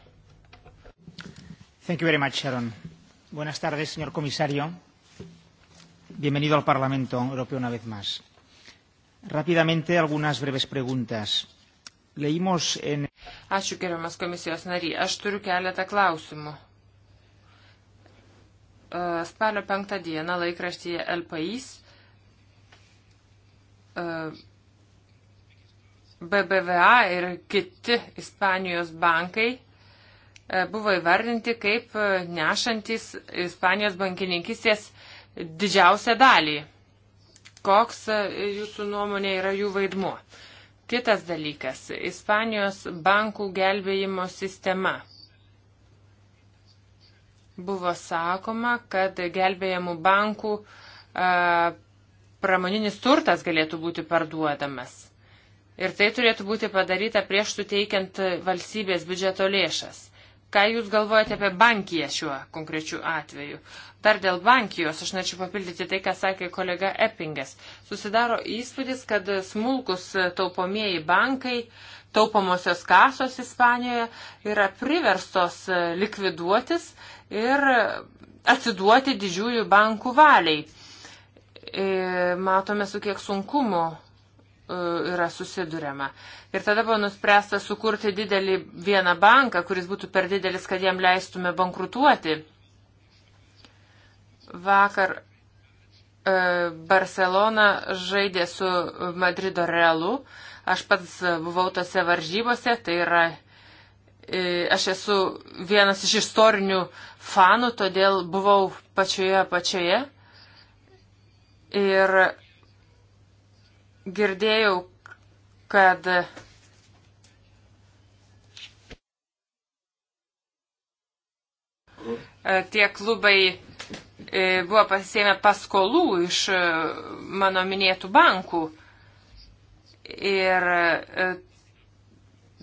Thank you very much, Sharon. Buenas tardes, señor comisario. Bienvenido al Parlamento Europeo una vez más. Rápidamente, algunas breves preguntas leímos en. Ačiū gerbiamas komisijos nary. Aš turiu keletą klausimų. E, spalio penktą dieną laikraštyje LPIS e, BBVA ir kiti Ispanijos bankai e, buvo įvardinti kaip nešantis Ispanijos bankininkistės didžiausią dalį. Koks jūsų nuomonė yra jų vaidmuo? Kitas dalykas - Ispanijos bankų gelbėjimo sistema. Buvo sakoma, kad gelbėjimų bankų a, pramoninis turtas galėtų būti parduodamas. Ir tai turėtų būti padaryta prieš suteikiant valstybės biudžeto lėšas. Ką Jūs galvojate apie bankiją šiuo konkrečiu atveju? Dar dėl bankijos aš norėčiau papildyti tai, ką sakė kolega Eppingas. Susidaro įspūdis, kad smulkus taupomieji bankai, taupomosios kasos Ispanijoje yra priverstos likviduotis ir atsiduoti didžiųjų bankų valiai. E, matome, su kiek sunkumu E, yra susidurima. Ir tada buvo nuspręsta sukurti didelį vieną banką, kuris būtų per didelis, kad jam leistume bankrutuoti. Vakar e, Barcelona žaidė su Madrido Realu. Aš pats buvau tose varžybose, tai yra e, aš esu vienas iš istorinių fanų, todėl buvau pačioje pačioje. Ir Girdėjau, kad tie klubai e, buvo pasisėmę paskolų iš e, mano minėtų bankų. Ir e,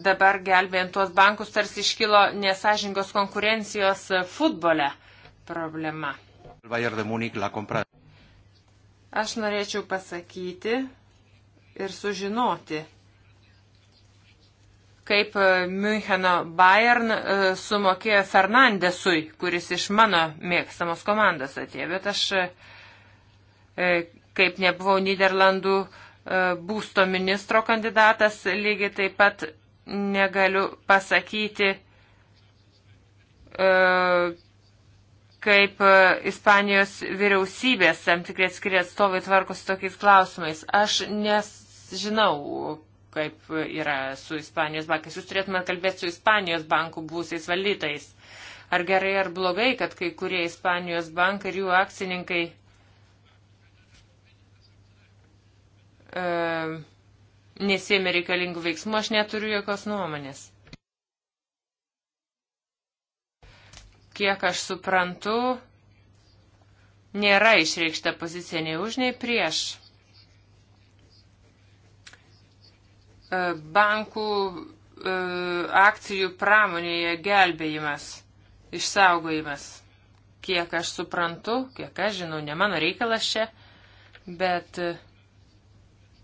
dabar gelbėjant tuos bankus tarsi iškilo nesažingos konkurencijos futbole problema. Aš norėčiau pasakyti, ir sužinoti, kaip e, Müncheno Bayern e, sumokėjo Fernandesui, kuris iš mano mėgstamos komandos atėjo, bet aš e, kaip nebuvau Niderlandų būsto ministro kandidatas, lygiai taip pat negaliu pasakyti, kaip Ispanijos vyriausybės tam tikrai atskiri atstovai tvarkosi tokiais klausimais. Aš nes žinau, kaip yra su Ispanijos bankais. Jūs turėtumėte kalbėti su Ispanijos bankų būsiais valdytais. Ar gerai ar blogai, kad kai kurie Ispanijos bankai ir jų akcininkai e, nesėmė reikalingų veiksmų, aš neturiu jokios nuomonės. Kiek aš suprantu, nėra išreikšta pozicija nei už, nei prieš E, bankų e, akcijų pramonėje gelbėjimas, išsaugojimas. Kiek aš suprantu, kiek aš žinau, ne mano reikalas čia, bet e,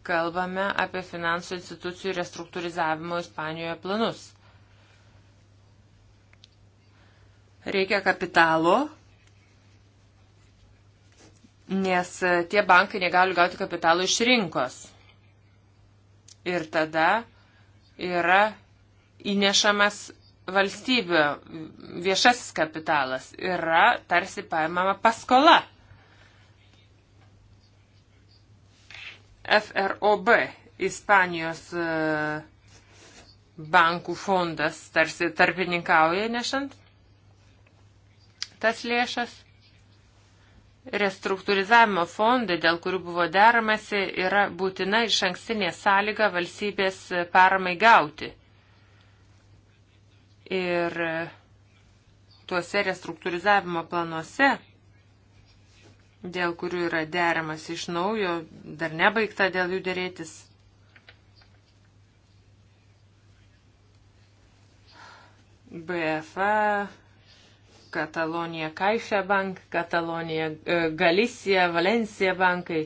kalbame apie finansų institucijų restruktūrizavimo Ispanijoje planus. Reikia kapitalo, nes tie bankai negali gauti kapitalo iš rinkos ir tada yra įnešamas valstybių viešasis kapitalas, yra tarsi paimama paskola. FROB, Ispanijos e, bankų fondas, tarsi tarpininkauja nešant tas lėšas restruktūrizavimo fondai, dėl kurių buvo deramasi, yra būtina iš ankstinė sąlyga valstybės paramai gauti. Ir tuose restruktūrizavimo planuose, dėl kurių yra deramas iš naujo, dar nebaigta dėl jų dėrėtis. BFA Katalonija Kaišė bank, Katalonija e, Galicija, Valencija bankai.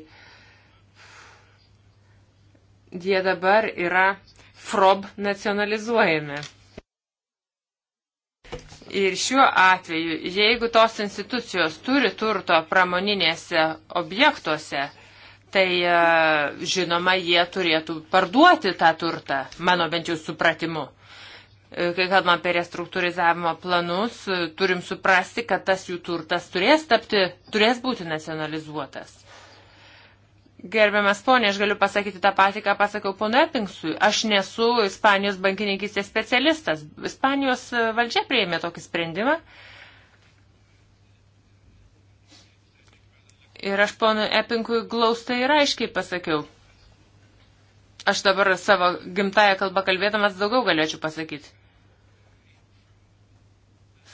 Jie dabar yra frob nacionalizuojami. Ir šiuo atveju, jeigu tos institucijos turi turto pramoninėse objektuose, tai e, žinoma, jie turėtų parduoti tą turtą, mano bent jau supratimu kai kalbam apie restruktūrizavimo planus, turim suprasti, kad tas jų turtas turės, tapti, turės būti nacionalizuotas. Gerbiamas ponė, aš galiu pasakyti tą patį, ką pasakiau ponui Epingsui. Aš nesu Ispanijos bankininkystės specialistas. Ispanijos valdžia prieėmė tokį sprendimą. Ir aš ponui Epinkui glaustai ir aiškiai pasakiau aš dabar savo gimtają kalbą kalbėdamas daugiau galėčiau pasakyti.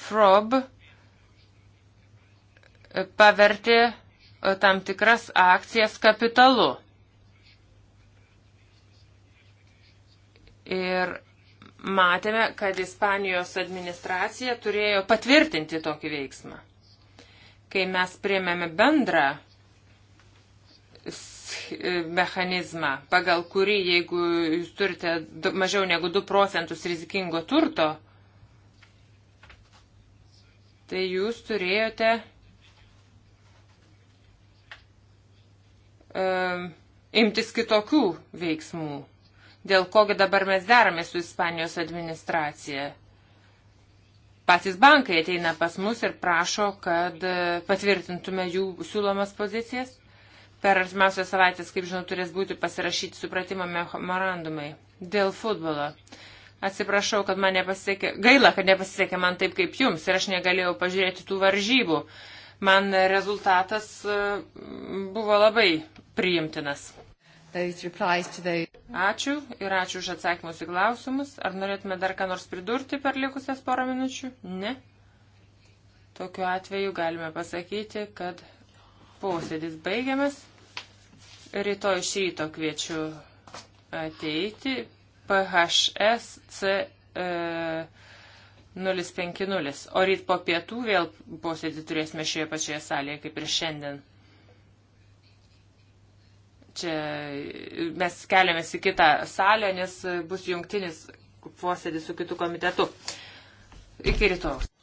FROB pavertė e, tam tikras akcijas kapitalu. Ir matėme, kad Ispanijos administracija turėjo patvirtinti tokį veiksmą. Kai mes priemėme bendrą e, mechanizmą, pagal kurį, jeigu jūs turite mažiau negu 2 procentus rizikingo turto, tai jūs turėjote um, imtis kitokių veiksmų. Dėl kogi dabar mes darome su Ispanijos administracija. Patys bankai ateina pas mus ir prašo, kad e, patvirtintume jų siūlomas pozicijas. Per artimiausias savaitės, kaip žinau, turės būti pasirašyti supratimo memorandumai dėl futbolo. Uh, Atsiprašau, kad man nepasisekė, gaila, kad nepasisekė man taip kaip jums ir aš negalėjau pažiūrėti tų varžybų. Man rezultatas e, buvo labai priimtinas. Ačiū ir ačiū už atsakymus į klausimus. Ar norėtume dar ką nors pridurti per likusias porą minučių? Ne. Tokiu atveju galime pasakyti, kad posėdis baigiamas. Rytoj iš ryto kviečiu ateiti PHSC. E, 050. O ryt po pietų vėl posėdį turėsime šioje pačioje salėje, kaip ir šiandien. Čia mes keliamės į kitą salę, nes bus jungtinis posėdis su kitu komitetu. Iki rytojus.